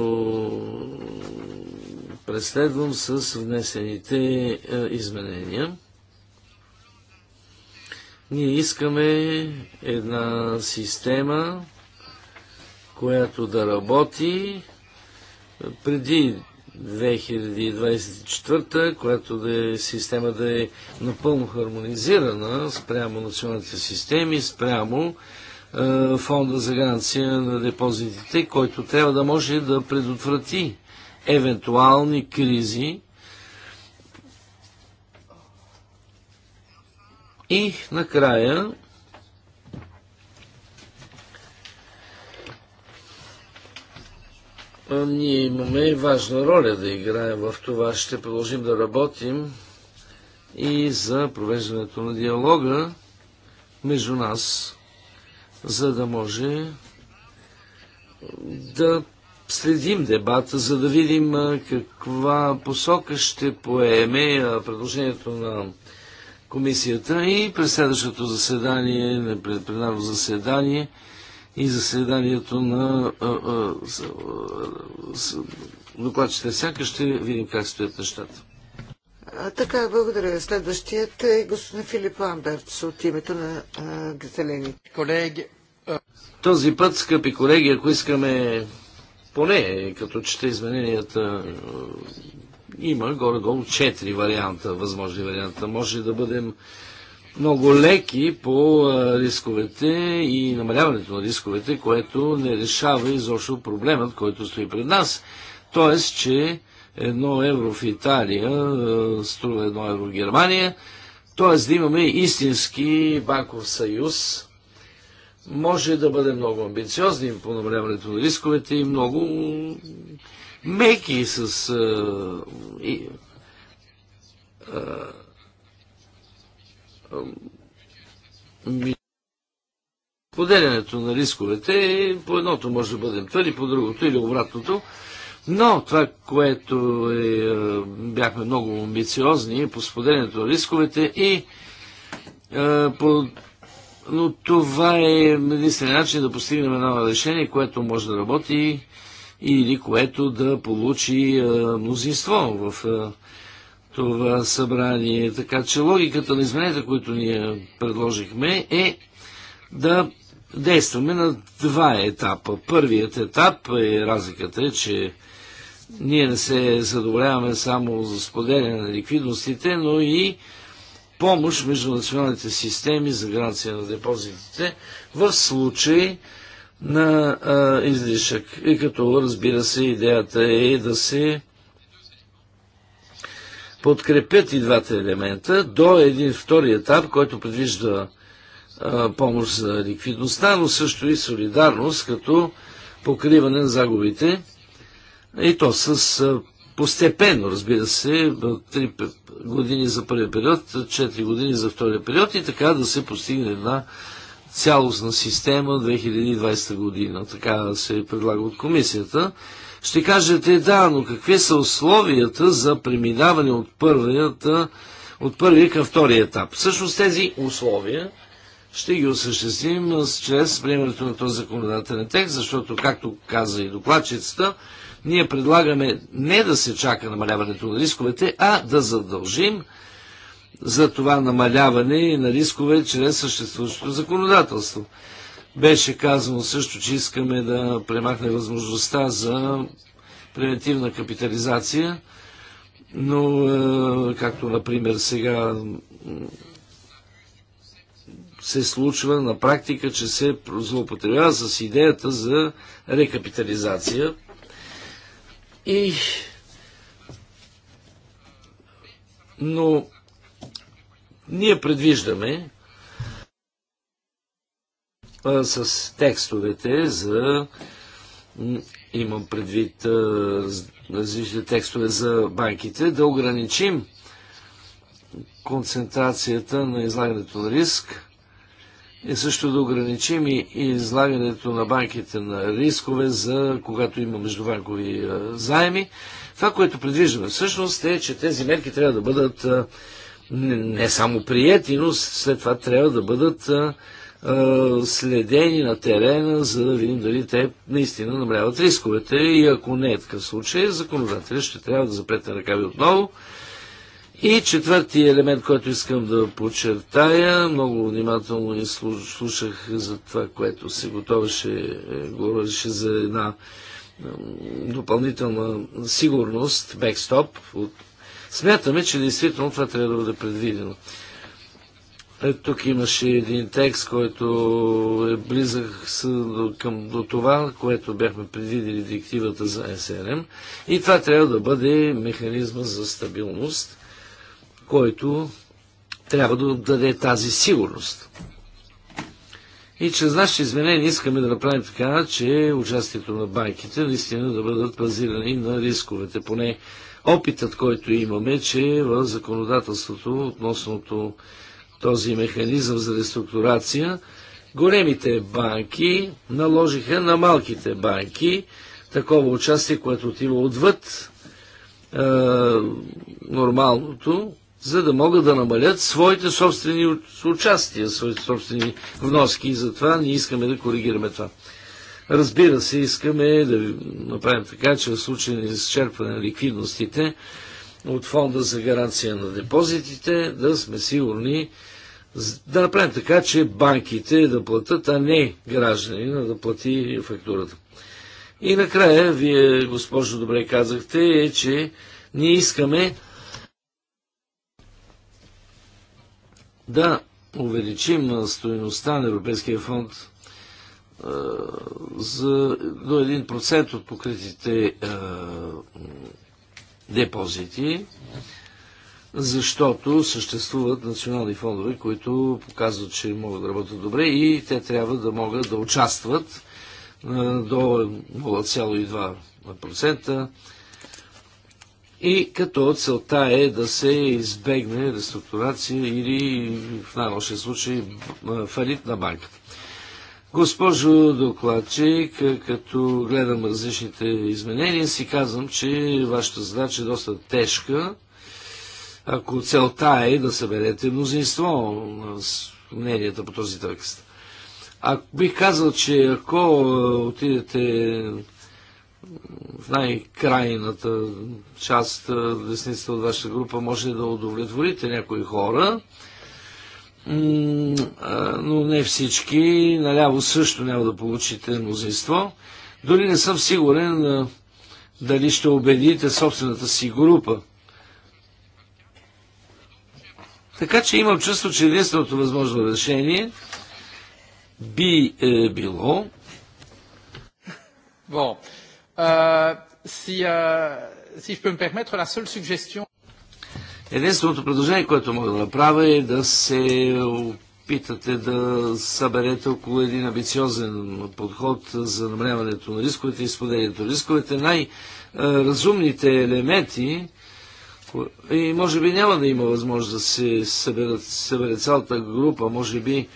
преследвам с внесените е, изменения. Ние искаме една система, която да работи преди 2024, която да е система да е напълно хармонизирана спрямо националните системи, спрямо е, фонда за гаранция на депозитите, който трябва да може да предотврати евентуални кризи, И накрая ние имаме важна роля да играем в това. Ще продължим да работим и за провеждането на диалога между нас, за да може да следим дебата, за да видим каква посока ще поеме предложението на комисията и през следващото заседание, пленарно заседание и заседанието на докладчите всяка ще видим как стоят нещата. А, така, благодаря. Следващият е господин Филип Ламберт от името на Зелени. Колеги, този път, скъпи колеги, ако искаме поне като чета измененията има горе-долу четири варианта, възможни варианта. Може да бъдем много леки по рисковете и намаляването на рисковете, което не решава изобщо проблемът, който стои пред нас. Тоест, че едно евро в Италия струва едно евро в Германия, Тоест да имаме истински банков съюз. Може да бъдем много амбициозни по намаляването на рисковете и много меки, с а, и, а, поделянето на рисковете по едното може да бъдем твърди, по другото или обратното. Но това, което е, бяхме много амбициозни по споделянето на рисковете и е, по... но това е единствения начин да постигнем едно решение, което може да работи или което да получи мнозинство в това събрание. Така че логиката на измененията, които ние предложихме, е да действаме на два етапа. Първият етап е разликата е, че ние не се задоволяваме само за споделяне на ликвидностите, но и помощ между националните системи за гаранция на депозитите в случай, на а, излишък. И като разбира се, идеята е да се подкрепят и двата елемента до един втори етап, който предвижда а, помощ за ликвидността, но също и солидарност като покриване на загубите. И то с а, постепенно, разбира се, 3 години за първия период, 4 години за втория период и така да се постигне една цялостна система 2020 година. Така се предлага от комисията. Ще кажете, да, но какви са условията за преминаване от, първията, от първия към втория етап? Всъщност тези условия ще ги осъществим чрез приемането на този законодателен текст, защото, както каза и докладчицата, ние предлагаме не да се чака намаляването на рисковете, а да задължим за това намаляване и на рискове чрез съществуващото законодателство. Беше казано също, че искаме да премахне възможността за превентивна капитализация, но е, както например сега се случва на практика, че се злоупотребява с идеята за рекапитализация. И... Но ние предвиждаме а, с текстовете за имам предвид различните текстове за банките, да ограничим концентрацията на излагането на риск и също да ограничим и излагането на банките на рискове, за когато има междубанкови заеми. Това, което предвиждаме всъщност е, че тези мерки трябва да бъдат не, само прияти, но след това трябва да бъдат а, а, следени на терена, за да видим дали те наистина намаляват рисковете и ако не е такъв случай, законодателят ще трябва да запрете ръкави отново. И четвърти елемент, който искам да подчертая, много внимателно и слушах за това, което се готовеше, е, говореше за една допълнителна сигурност, бекстоп от Смятаме, че действително това трябва да бъде предвидено. Ето тук имаше един текст, който е близък до, към, до това, което бяхме предвидели директивата за СРМ. И това трябва да бъде механизма за стабилност, който трябва да даде тази сигурност. И чрез нашите изменения искаме да направим така, че участието на банките наистина да бъдат базирани на рисковете, поне опитът, който имаме, че е в законодателството относно този механизъм за реструктурация, големите банки наложиха на малките банки такова участие, което отива отвъд е, нормалното, за да могат да намалят своите собствени участия, своите собствени вноски. И затова ние искаме да коригираме това. Разбира се, искаме да направим така, че в случай на изчерпване на ликвидностите от фонда за гаранция на депозитите, да сме сигурни да направим така, че банките да платят, а не гражданина да плати фактурата. И накрая, вие, госпожо, добре казахте, е, че ние искаме да увеличим стоеността на Европейския фонд за до 1% от покритите депозити, защото съществуват национални фондове, които показват, че могат да работят добре и те трябва да могат да участват до 0,2%. И като целта е да се избегне реструктурация или в най-лошия случай фалит на банката. Госпожо докладчик, като гледам различните изменения, си казвам, че вашата задача е доста тежка. Ако целта е да съберете мнозинство на мненията по този текст. А бих казал, че ако отидете в най-крайната част, десницата от вашата група, може да удовлетворите някои хора, но не всички. Наляво също няма да получите мнозинство. Дори не съм сигурен дали ще убедите собствената си група. Така че имам чувство, че единственото възможно решение би е било. Bon. Euh, si, euh, si je peux me permettre, la seule suggestion. Единственото предложение, което мога да направя е да се опитате да съберете около един амбициозен подход за намаляването на рисковете и споделянето на рисковете. Най-разумните елементи и може би няма да има възможност да се събере цялата група, може би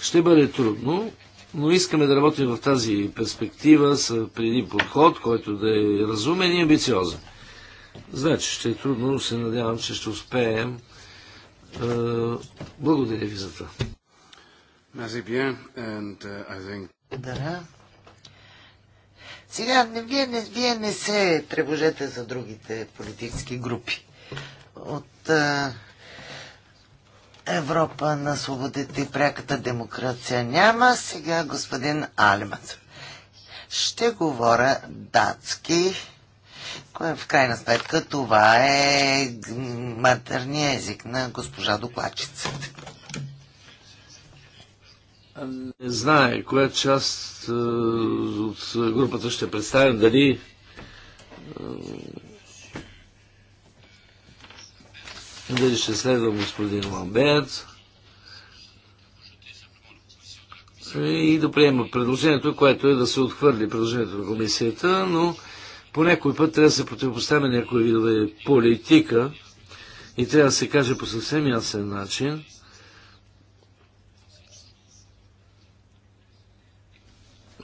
ще бъде трудно, но искаме да работим в тази перспектива с, преди подход, който да е разумен и амбициозен. Значи, ще е трудно, но се надявам, че ще успеем. Е, благодаря ви за това. Uh, да. Сега, не, вие, не, вие не се тревожете за другите политически групи. От а, Европа на свободите и пряката демокрация няма. Сега господин Алимат. Ще говоря датски. Кое в крайна сметка това е матерния език на госпожа докладчицата. Не знае коя част е, от групата ще представим, дали е, Дали ще следва господин Ламберт и да приема предложението, което е да се отхвърли предложението на комисията, но по някой път трябва да се противопоставя някои видове политика и трябва да се каже по съвсем ясен начин,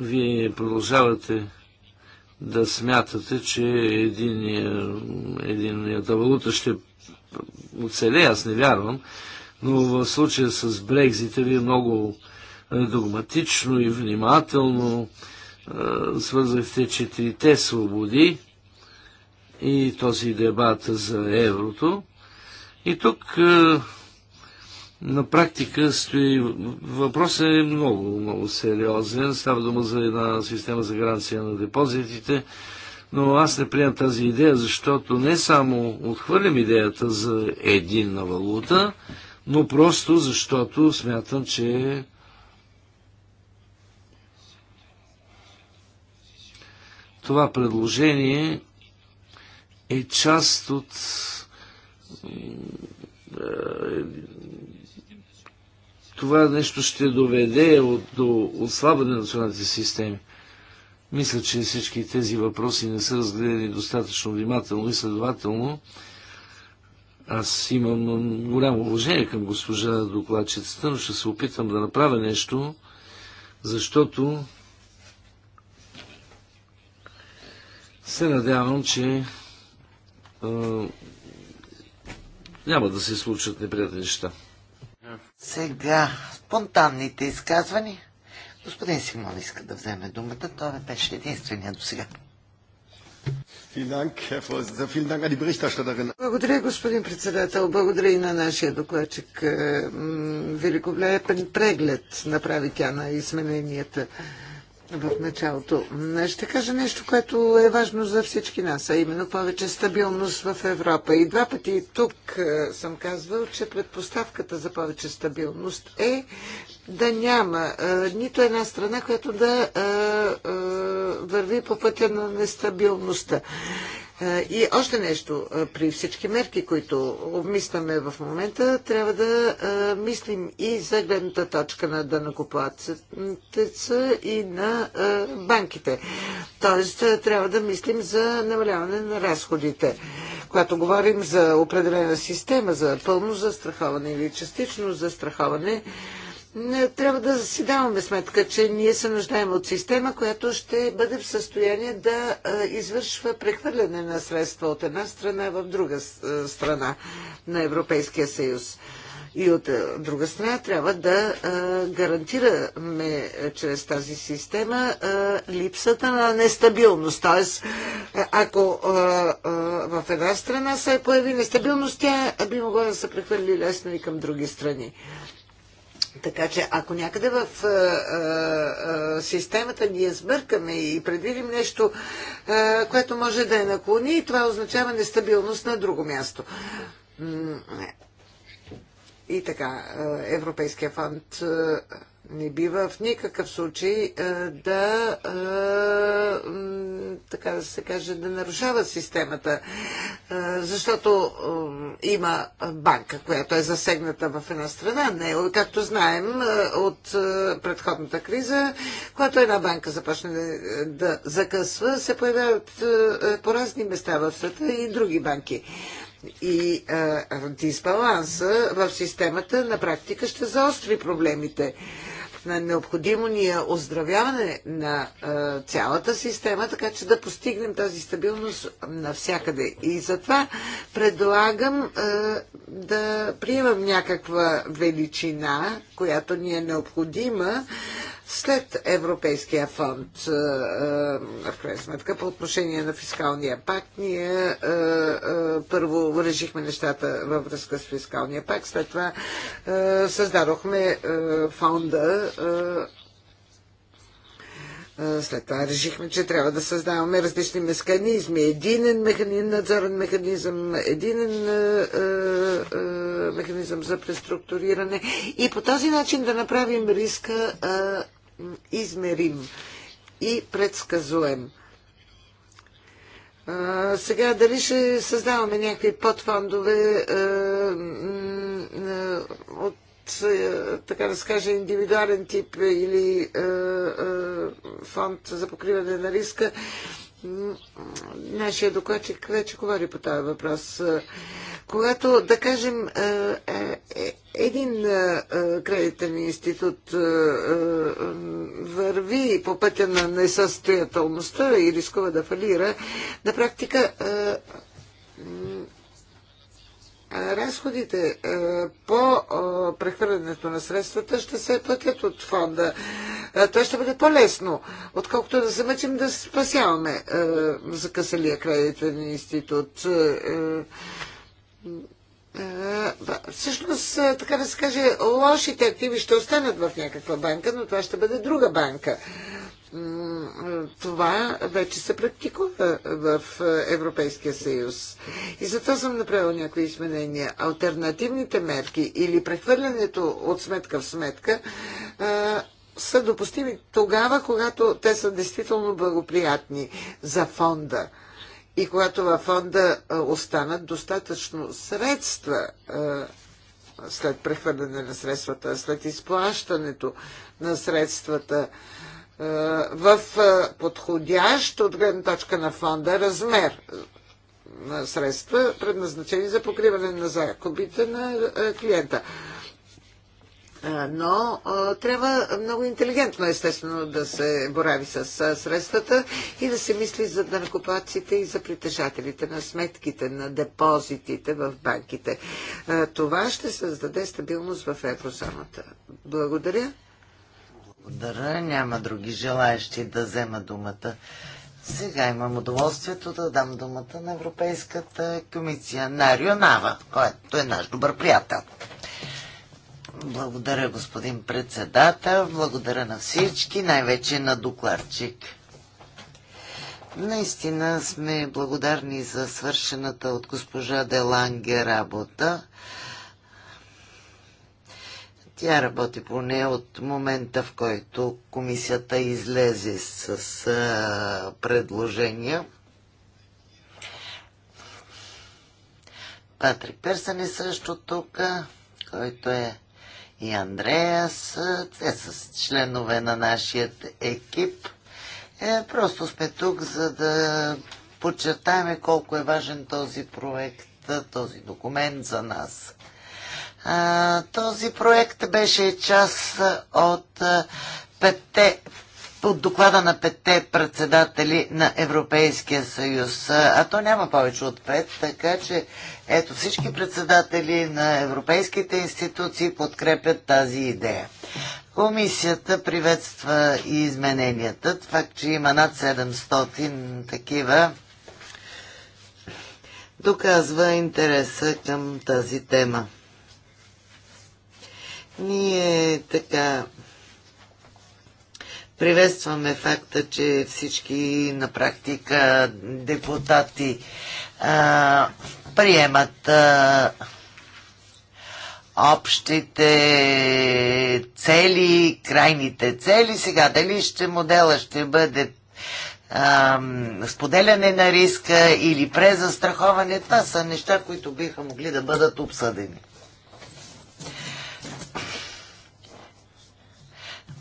вие продължавате да смятате, че единия, валута ще оцеле, аз не вярвам, но в случая с Брекзита е вие много е, догматично и внимателно е, свързахте четирите свободи и този дебат за еврото. И тук на практика стои... Въпросът е много, много сериозен. Става дума за една система за гаранция на депозитите, но аз не приемам тази идея, защото не само отхвърлям идеята за единна валута, но просто защото смятам, че това предложение е част от е, това нещо ще доведе от, до отслабване на националните системи. Мисля, че всички тези въпроси не са разгледани достатъчно внимателно и следователно. Аз имам голямо уважение към госпожа докладчицата, но ще се опитам да направя нещо, защото се надявам, че а, няма да се случат неприятни неща. Сега, спонтанните изказвания. Господин Симон иска да вземе думата. Той не беше единствения до сега. Благодаря, господин председател. Благодаря и на нашия докладчик. Великолепен преглед направи тя на измененията в началото. Е, ще кажа нещо, което е важно за всички нас, а именно повече стабилност в Европа. И два пъти тук е, съм казвал, че предпоставката за повече стабилност е да няма е, нито една страна, която да върви по пътя на нестабилността. И още нещо, при всички мерки, които обмисляме в момента, трябва да мислим и за гледната точка на данъкоплатеца и на банките. Тоест, трябва да мислим за намаляване на разходите. Когато говорим за определена система, за пълно застраховане или частично застраховане, не, трябва да си даваме сметка, че ние се нуждаем от система, която ще бъде в състояние да а, извършва прехвърляне на средства от една страна в друга а, страна на Европейския съюз. И от а, друга страна трябва да а, гарантираме а, чрез тази система а, липсата на нестабилност. Тоест, ако а, а, в една страна се появи нестабилност, тя би могла да се прехвърли лесно и към други страни. Така че ако някъде в а, е, а, е, е, системата ние сбъркаме и предвидим нещо, а, което може да е наклони, това означава нестабилност на друго място. И така, Европейския фонд не бива в никакъв случай е, да, е, така да се каже, да нарушава системата, е, защото има банка, която е засегната в една страна, не, както знаем от предходната криза, когато една банка започне да закъсва, се появяват по разни места в света и други банки и а, дисбаланса в системата на практика ще заостри проблемите. Необходимо ни е оздравяване на цялата система, така че да постигнем тази стабилност навсякъде. И затова предлагам да приемам някаква величина, която ни е необходима, след Европейския фонд. Е, е, в крайна сметка, по отношение на фискалния пакт, ние е, първо решихме нещата във връзка с фискалния пакт, след това създадохме фонда след това решихме, че трябва да създаваме различни механизми. Единен механизъм, надзорен механизъм, единен е, е, механизъм за преструктуриране и по този начин да направим риска измерим и предсказуем. А, сега дали ще създаваме някакви подфондове а, а, от така да скажа, индивидуален тип или е, е, фонд за покриване на риска. Нашия докладчик вече говори по този въпрос. Когато, да кажем, е, е, е, един кредитен институт върви по пътя на несъстоятелността и рискува да фалира, на практика Разходите по прехвърлянето на средствата ще се платят от фонда. Той ще бъде по-лесно, отколкото да се мъчим да спасяваме закъсалия кредитен институт. Всъщност, така да се каже, лошите активи ще останат в някаква банка, но това ще бъде друга банка това вече се практикува в е, Европейския съюз. И затова съм направил някои изменения. Альтернативните мерки или прехвърлянето от сметка в сметка е, са допустими тогава, когато те са действително благоприятни за фонда и когато във фонда е, останат достатъчно средства след прехвърляне на средствата, след изплащането на средствата е, в е, подходящ от гледна точка на фонда размер на средства, предназначени за покриване на закупите на е, клиента. Но трябва много интелигентно, естествено, да се борави с средствата и да се мисли за накопаците и за притежателите на сметките, на депозитите в банките. Това ще създаде стабилност в еврозоната. Благодаря. Благодаря. Няма други желаящи да взема думата. Сега имам удоволствието да дам думата на Европейската комисия Нарио Нава, който е наш добър приятел. Благодаря, господин председател. Благодаря на всички, най-вече на докладчик. Наистина сме благодарни за свършената от госпожа Деланге работа. Тя работи поне от момента, в който комисията излезе с а, предложения. Патрик Персън е също тук, който е и Андреас. Те са членове на нашия екип. Е, просто сме тук, за да подчертаем колко е важен този проект, този документ за нас този проект беше част от петте от доклада на петте председатели на Европейския съюз. А то няма повече от пет, така че ето всички председатели на европейските институции подкрепят тази идея. Комисията приветства и измененията. Факт, че има над 700 такива доказва интереса към тази тема. Ние така приветстваме факта, че всички на практика депутати а, приемат а, общите цели, крайните цели. Сега дали ще модела ще бъде споделяне на риска или презастраховане, това са неща, които биха могли да бъдат обсъдени.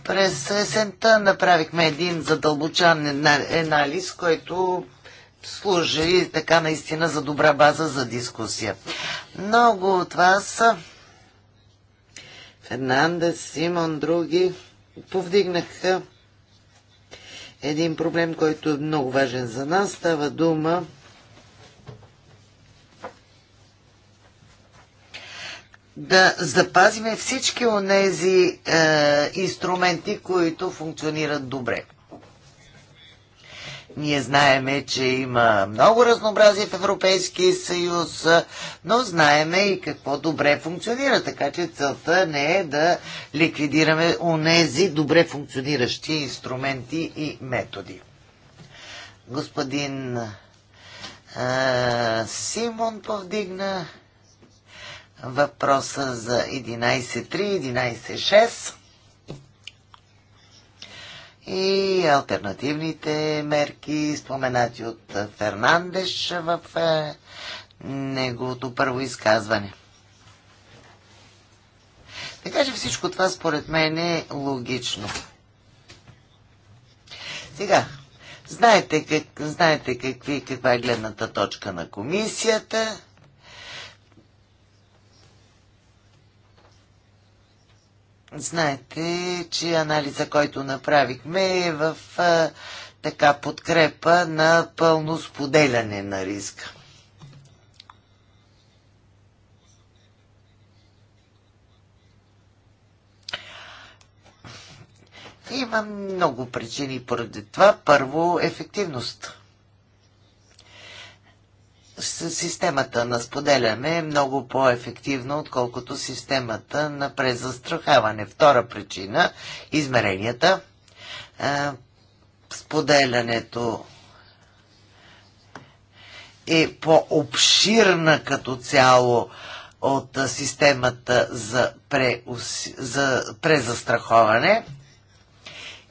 През есента направихме един задълбочан анализ, който служи така наистина за добра база за дискусия. Много от вас, Фернандес, Симон, други, повдигнаха един проблем, който е много важен за нас. Става дума да запазиме всички от тези е, инструменти, които функционират добре. Ние знаеме, че има много разнообразие в Европейския съюз, но знаеме и какво добре функционира, така че целта не е да ликвидираме онези добре функциониращи инструменти и методи. Господин а, е, Симон повдигна въпроса за 11.3, 11.6 и альтернативните мерки, споменати от Фернандеш в е, неговото първо изказване. Така че всичко това според мен е логично. Сега, знаете, как, знаете какви, каква е гледната точка на комисията. Знаете, че анализа, който направихме е в а, така подкрепа на пълно споделяне на риска. Има много причини поради това. Първо, ефективност системата на споделяне е много по-ефективна, отколкото системата на презастрахаване. Втора причина – измеренията. Е, споделянето е по-обширна като цяло от системата за, преус... за презастраховане.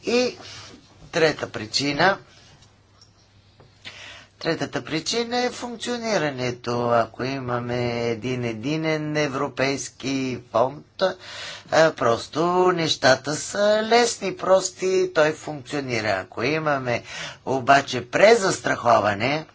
И трета причина – Третата причина е функционирането. Ако имаме един единен европейски фонд, просто нещата са лесни, прости, той функционира. Ако имаме обаче презастраховане,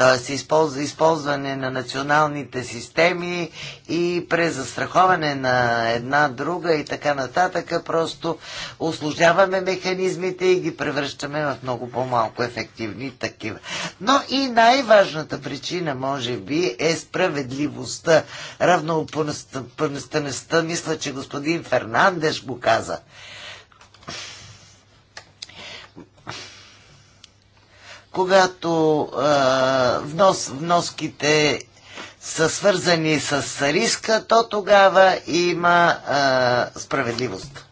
т.е. използване на националните системи и презастраховане на една друга и така нататък, просто осложняваме механизмите и ги превръщаме в много по-малко ефективни такива. Но и най-важната причина, може би, е справедливостта, равноопонестеността. Мисля, че господин Фернандеш го каза. когато а, внос, вноските са свързани с риска, то тогава има а, справедливост.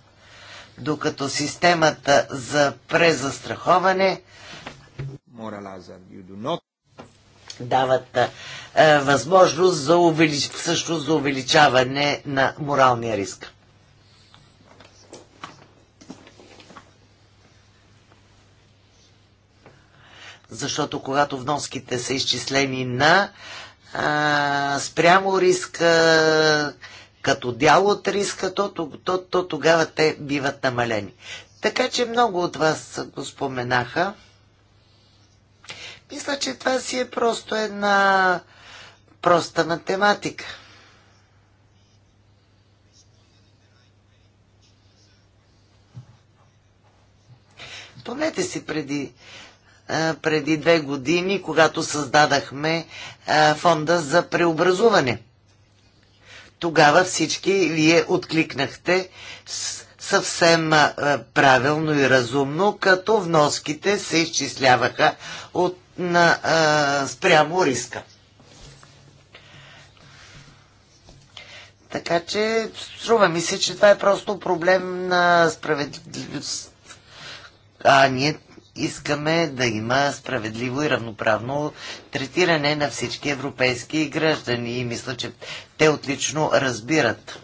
Докато системата за презастраховане дават а, възможност за, увелич... също за увеличаване на моралния риск. защото когато вноските са изчислени на а, спрямо риска, като дял от риска, то, то, то, то тогава те биват намалени. Така че много от вас го споменаха. Мисля, че това си е просто една проста математика. Помнете си преди преди две години, когато създадахме фонда за преобразуване. Тогава всички вие откликнахте съвсем правилно и разумно, като вноските се изчисляваха от, на, а, спрямо риска. Така че струва ми се, че това е просто проблем на справедливост. А ние искаме да има справедливо и равноправно третиране на всички европейски граждани и мисля, че те отлично разбират.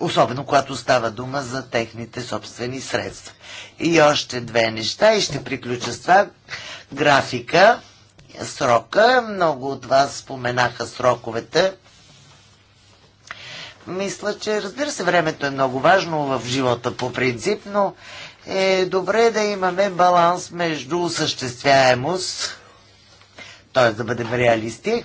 Особено когато става дума за техните собствени средства. И още две неща и ще приключа с това. Графика, срока. Много от вас споменаха сроковете. Мисля, че разбира се, времето е много важно в живота по принцип, но е добре да имаме баланс между съществяемост, т.е. да бъдем реалисти,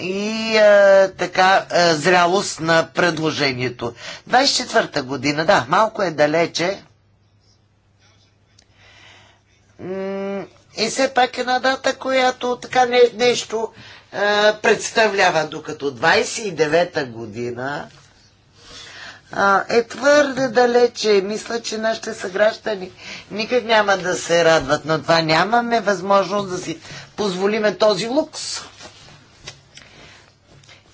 и а, е, така а, е, зрялост на предложението. 24-та година, да, малко е далече. и все пак една дата, която така не, нещо а, е, представлява, докато 29-та година е твърде далече. Мисля, че нашите съграждани никак няма да се радват на това. Нямаме възможност да си позволиме този лукс.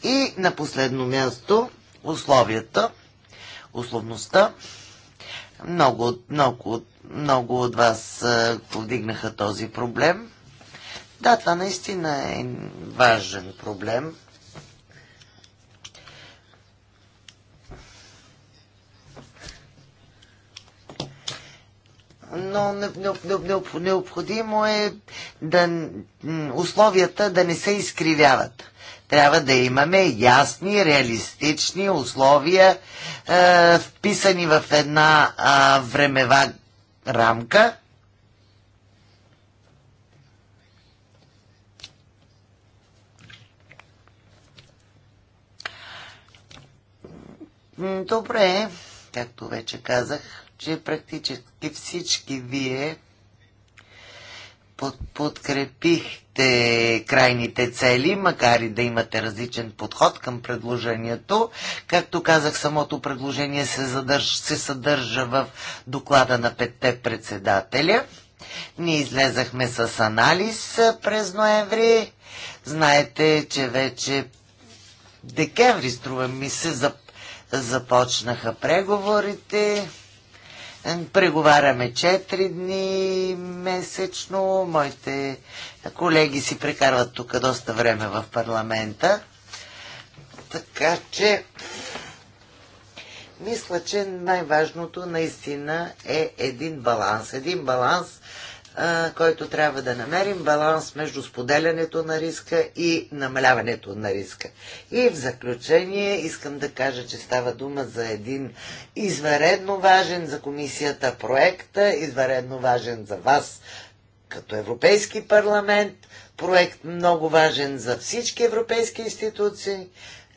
И на последно място условията, условността. Много, много, много от вас повдигнаха този проблем. Да, това наистина е важен проблем но необходимо е да условията да не се изкривяват. Трябва да имаме ясни, реалистични условия, е, вписани в една е, времева рамка. Добре, както вече казах че практически всички вие под, подкрепихте крайните цели, макар и да имате различен подход към предложението. Както казах, самото предложение се, задърж, се съдържа в доклада на петте председателя. Ние излезахме с анализ през ноември. Знаете, че вече декември, струва ми се, започнаха преговорите. Преговаряме 4 дни месечно. Моите колеги си прекарват тук доста време в парламента. Така че мисля, че най-важното наистина е един баланс. Един баланс който трябва да намерим баланс между споделянето на риска и намаляването на риска. И в заключение искам да кажа, че става дума за един изваредно важен за комисията проекта, изваредно важен за вас като Европейски парламент, проект много важен за всички европейски институции,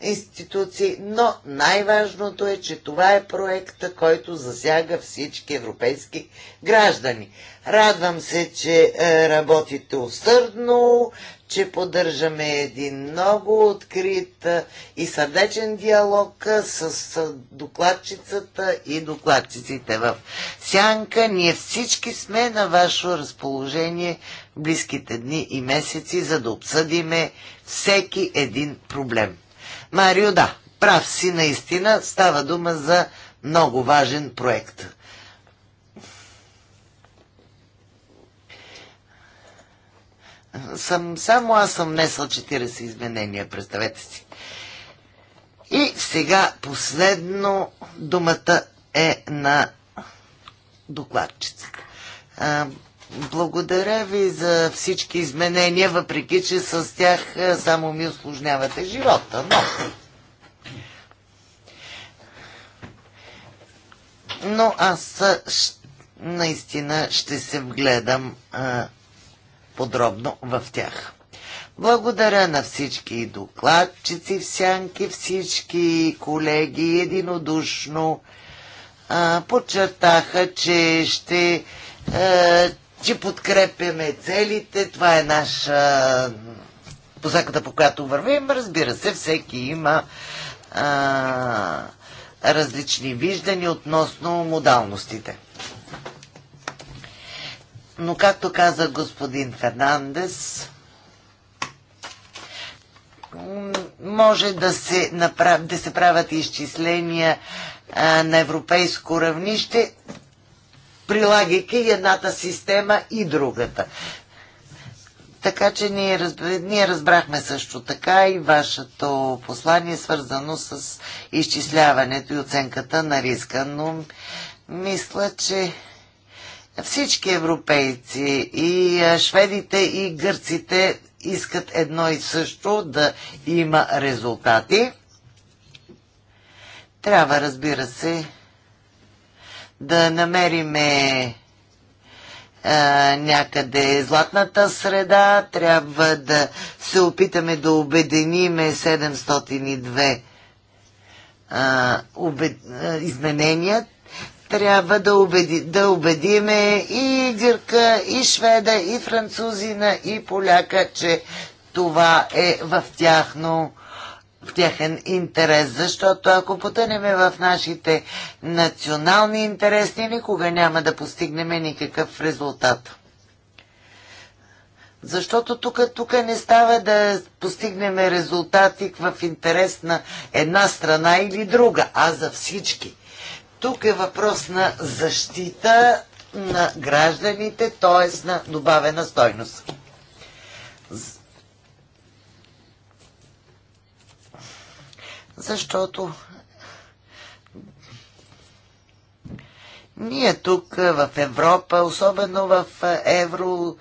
институции, но най-важното е, че това е проекта, който засяга всички европейски граждани. Радвам се, че е, работите усърдно, че поддържаме един много открит е, и сърдечен диалог е, с докладчицата и докладчиците в Сянка. Ние всички сме на ваше разположение в близките дни и месеци, за да обсъдиме всеки един проблем. Марио, да, прав си наистина, става дума за много важен проект. съм, само аз съм внесла 40 изменения, представете си. И сега последно думата е на докладчицата. Благодаря ви за всички изменения, въпреки че с тях само ми осложнявате живота. Но... но аз наистина ще се вгледам а, подробно в тях. Благодаря на всички докладчици всянки, сянки, всички колеги единодушно а, подчертаха, че ще а, че подкрепяме целите. Това е наша посаката, по която вървим. Разбира се, всеки има а, различни виждания относно модалностите. Но както каза господин Фернандес, може да се, направ... да се правят изчисления а, на европейско равнище, прилагайки едната система и другата. Така че ние, разб... ние разбрахме също така и вашето послание, свързано с изчисляването и оценката на риска. Но мисля, че всички европейци и шведите и гърците искат едно и също да има резултати. Трябва, разбира се, да намериме а, някъде златната среда, трябва да се опитаме да обединиме 702 а, обед, а, изменения, трябва да, убеди, да убедиме и гърка, и шведа, и французина, и поляка, че това е в тяхно в тяхен интерес, защото ако потънеме в нашите национални интереси, никога няма да постигнем никакъв резултат. Защото тук, тук не става да постигнем резултати в интерес на една страна или друга, а за всички. Тук е въпрос на защита на гражданите, т.е. на добавена стойност. Защото ние тук в Европа, особено в евро,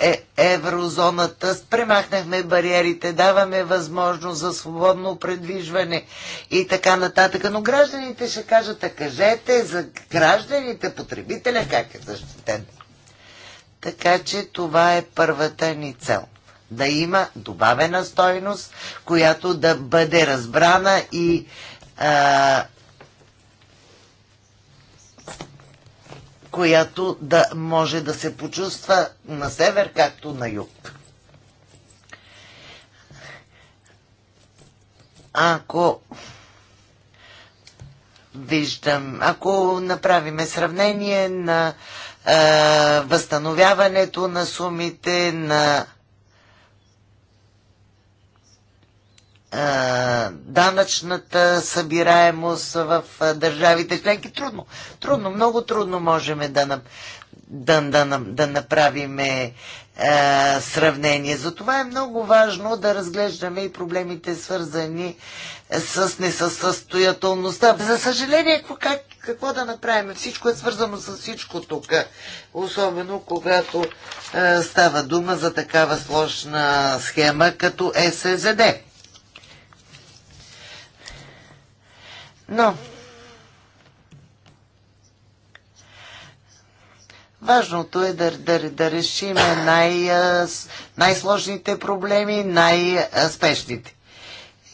е, еврозоната, спремахнахме бариерите, даваме възможност за свободно предвижване и така нататък. Но гражданите ще кажат, а кажете за гражданите, потребителя как е защитен. Така че това е първата ни цел. Да има добавена стойност, която да бъде разбрана и а, която да може да се почувства на север, както на юг. Ако виждам, ако направиме сравнение на е, възстановяването на сумите, на данъчната събираемост в държавите членки. Трудно, трудно, много трудно можем да, да, да, да направим е, сравнение. Затова е много важно да разглеждаме и проблемите свързани с несъстоятелността. За съжаление, какво, как, какво да направим? Всичко е свързано с всичко тук. Особено когато е, става дума за такава сложна схема като СЗД. Но Важното е да, да, да решим най, най-сложните проблеми, най-спешните.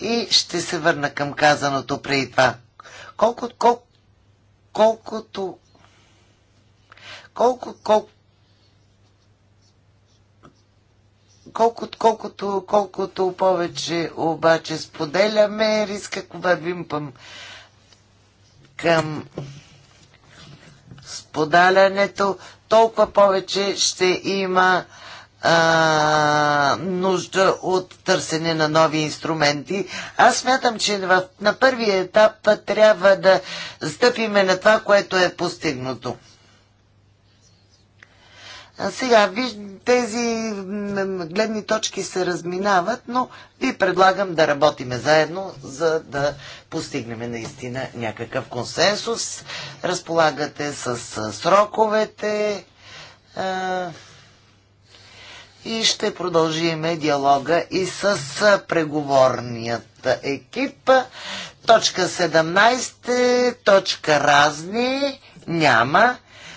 И ще се върна към казаното преди това. Колко, кол, колкото. Колко, колко, Колко, колкото, колкото повече обаче споделяме риска, когато вървим към към споделянето, толкова повече ще има а, нужда от търсене на нови инструменти. Аз смятам, че в, на първия етап трябва да стъпиме на това, което е постигнато. А сега, виж, тези гледни точки се разминават, но ви предлагам да работиме заедно, за да постигнем наистина някакъв консенсус. Разполагате с сроковете и ще продължим диалога и с преговорният екип. Точка 17, точка разни няма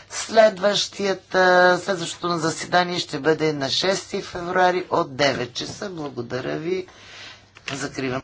следващото на заседание ще бъде на 6 февруари от 9 часа. Благодаря ви. Закривам.